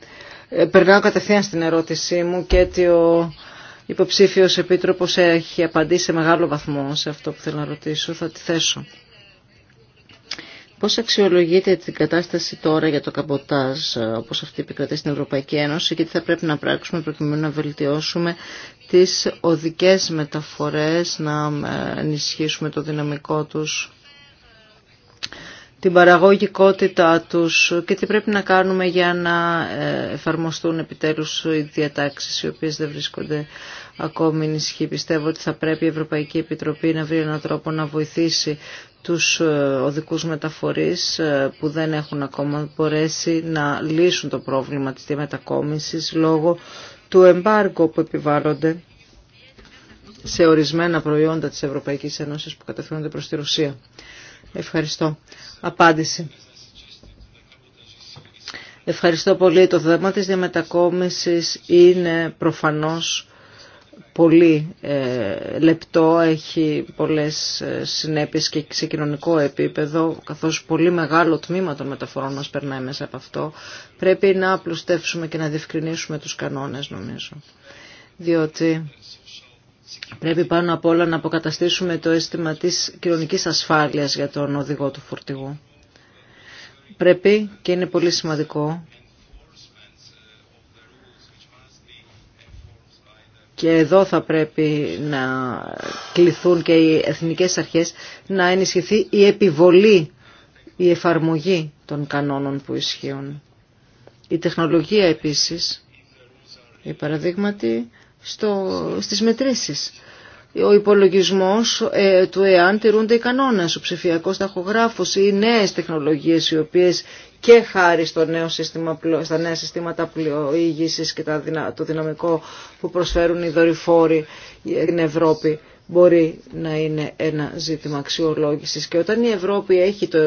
Ε, περνάω κατευθείαν στην ερώτησή μου και ότι ο υποψήφιος επίτροπος έχει απαντήσει σε μεγάλο βαθμό σε αυτό που θέλω να ρωτήσω. Θα τη θέσω. Πώς αξιολογείται την κατάσταση τώρα για το καμποτάζ ε, όπως αυτή επικρατεί στην Ευρωπαϊκή Ένωση και τι θα πρέπει να πράξουμε προκειμένου να βελτιώσουμε τις οδικές μεταφορές, να ε, ενισχύσουμε το δυναμικό τους την παραγωγικότητά τους και τι πρέπει να κάνουμε για να ε, εφαρμοστούν επιτέλους οι διατάξεις οι οποίες δεν βρίσκονται ακόμη ενισχύ. Πιστεύω ότι θα πρέπει η Ευρωπαϊκή Επιτροπή να βρει έναν τρόπο να βοηθήσει τους ε, οδικούς μεταφορείς ε, που δεν έχουν ακόμα μπορέσει να λύσουν το πρόβλημα της διαμετακόμισης λόγω του εμπάργου που επιβάλλονται σε ορισμένα προϊόντα της Ευρωπαϊκής Ένωσης που κατευθύνονται προς τη Ρωσία. Ευχαριστώ. Απάντηση. Ευχαριστώ πολύ. Το θέμα της διαμετακόμισης είναι προφανώς πολύ ε, λεπτό, έχει πολλές ε, συνέπειες και σε κοινωνικό επίπεδο, καθώς πολύ μεγάλο τμήμα των μεταφορών μας περνάει μέσα από αυτό. Πρέπει να απλουστεύσουμε και να διευκρινίσουμε τους κανόνες, νομίζω. Διότι Πρέπει πάνω απ' όλα να αποκαταστήσουμε το αίσθημα της κοινωνικής ασφάλειας για τον οδηγό του φορτηγού. Πρέπει και είναι πολύ σημαντικό και εδώ θα πρέπει να κληθούν και οι εθνικές αρχές να ενισχυθεί η επιβολή, η εφαρμογή των κανόνων που ισχύουν. Η τεχνολογία επίσης, η παραδείγματι, στο, στις μετρήσεις. Ο υπολογισμός ε, του εάν τηρούνται οι κανόνες, ο ψηφιακός ταχογράφος, οι νέες τεχνολογίες οι οποίες και χάρη στο νέο σύστημα, στα νέα συστήματα πλοήγησης και το δυναμικό που προσφέρουν οι δορυφόροι ε, στην Ευρώπη μπορεί να είναι ένα ζήτημα αξιολόγηση. Και όταν η Ευρώπη έχει το,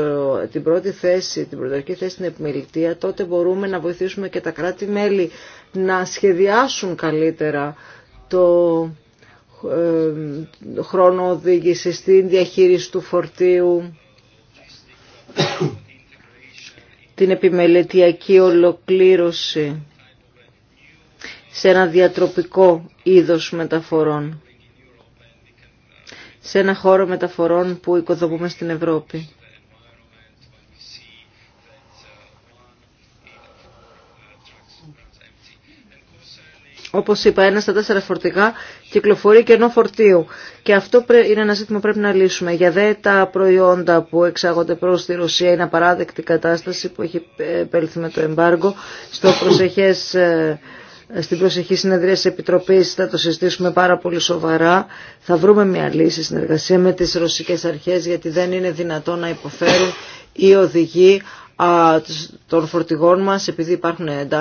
την πρώτη θέση, την πρωτορική θέση στην επιμελητία, τότε μπορούμε να βοηθήσουμε και τα κράτη-μέλη να σχεδιάσουν καλύτερα το ε, χρόνο οδήγηση την διαχείριση του φορτίου, την επιμελητιακή ολοκλήρωση σε ένα διατροπικό είδος μεταφορών σε ένα χώρο μεταφορών που οικοδομούμε στην Ευρώπη. Όπως είπα, ένα στα τέσσερα φορτηγά κυκλοφορεί κενό φορτίου. Και αυτό είναι ένα ζήτημα που πρέπει να λύσουμε. Για δε τα προϊόντα που εξάγονται προς τη Ρωσία είναι απαράδεκτη κατάσταση που έχει επέλθει με το εμπάργκο. Στο προσεχές ε, στην προσεχή συνεδρία της Επιτροπής θα το συζητήσουμε πάρα πολύ σοβαρά. Θα βρούμε μια λύση συνεργασία με τις ρωσικές αρχές γιατί δεν είναι δυνατόν να υποφέρουν οι οδηγοί των φορτηγών μας επειδή υπάρχουν εντάξει.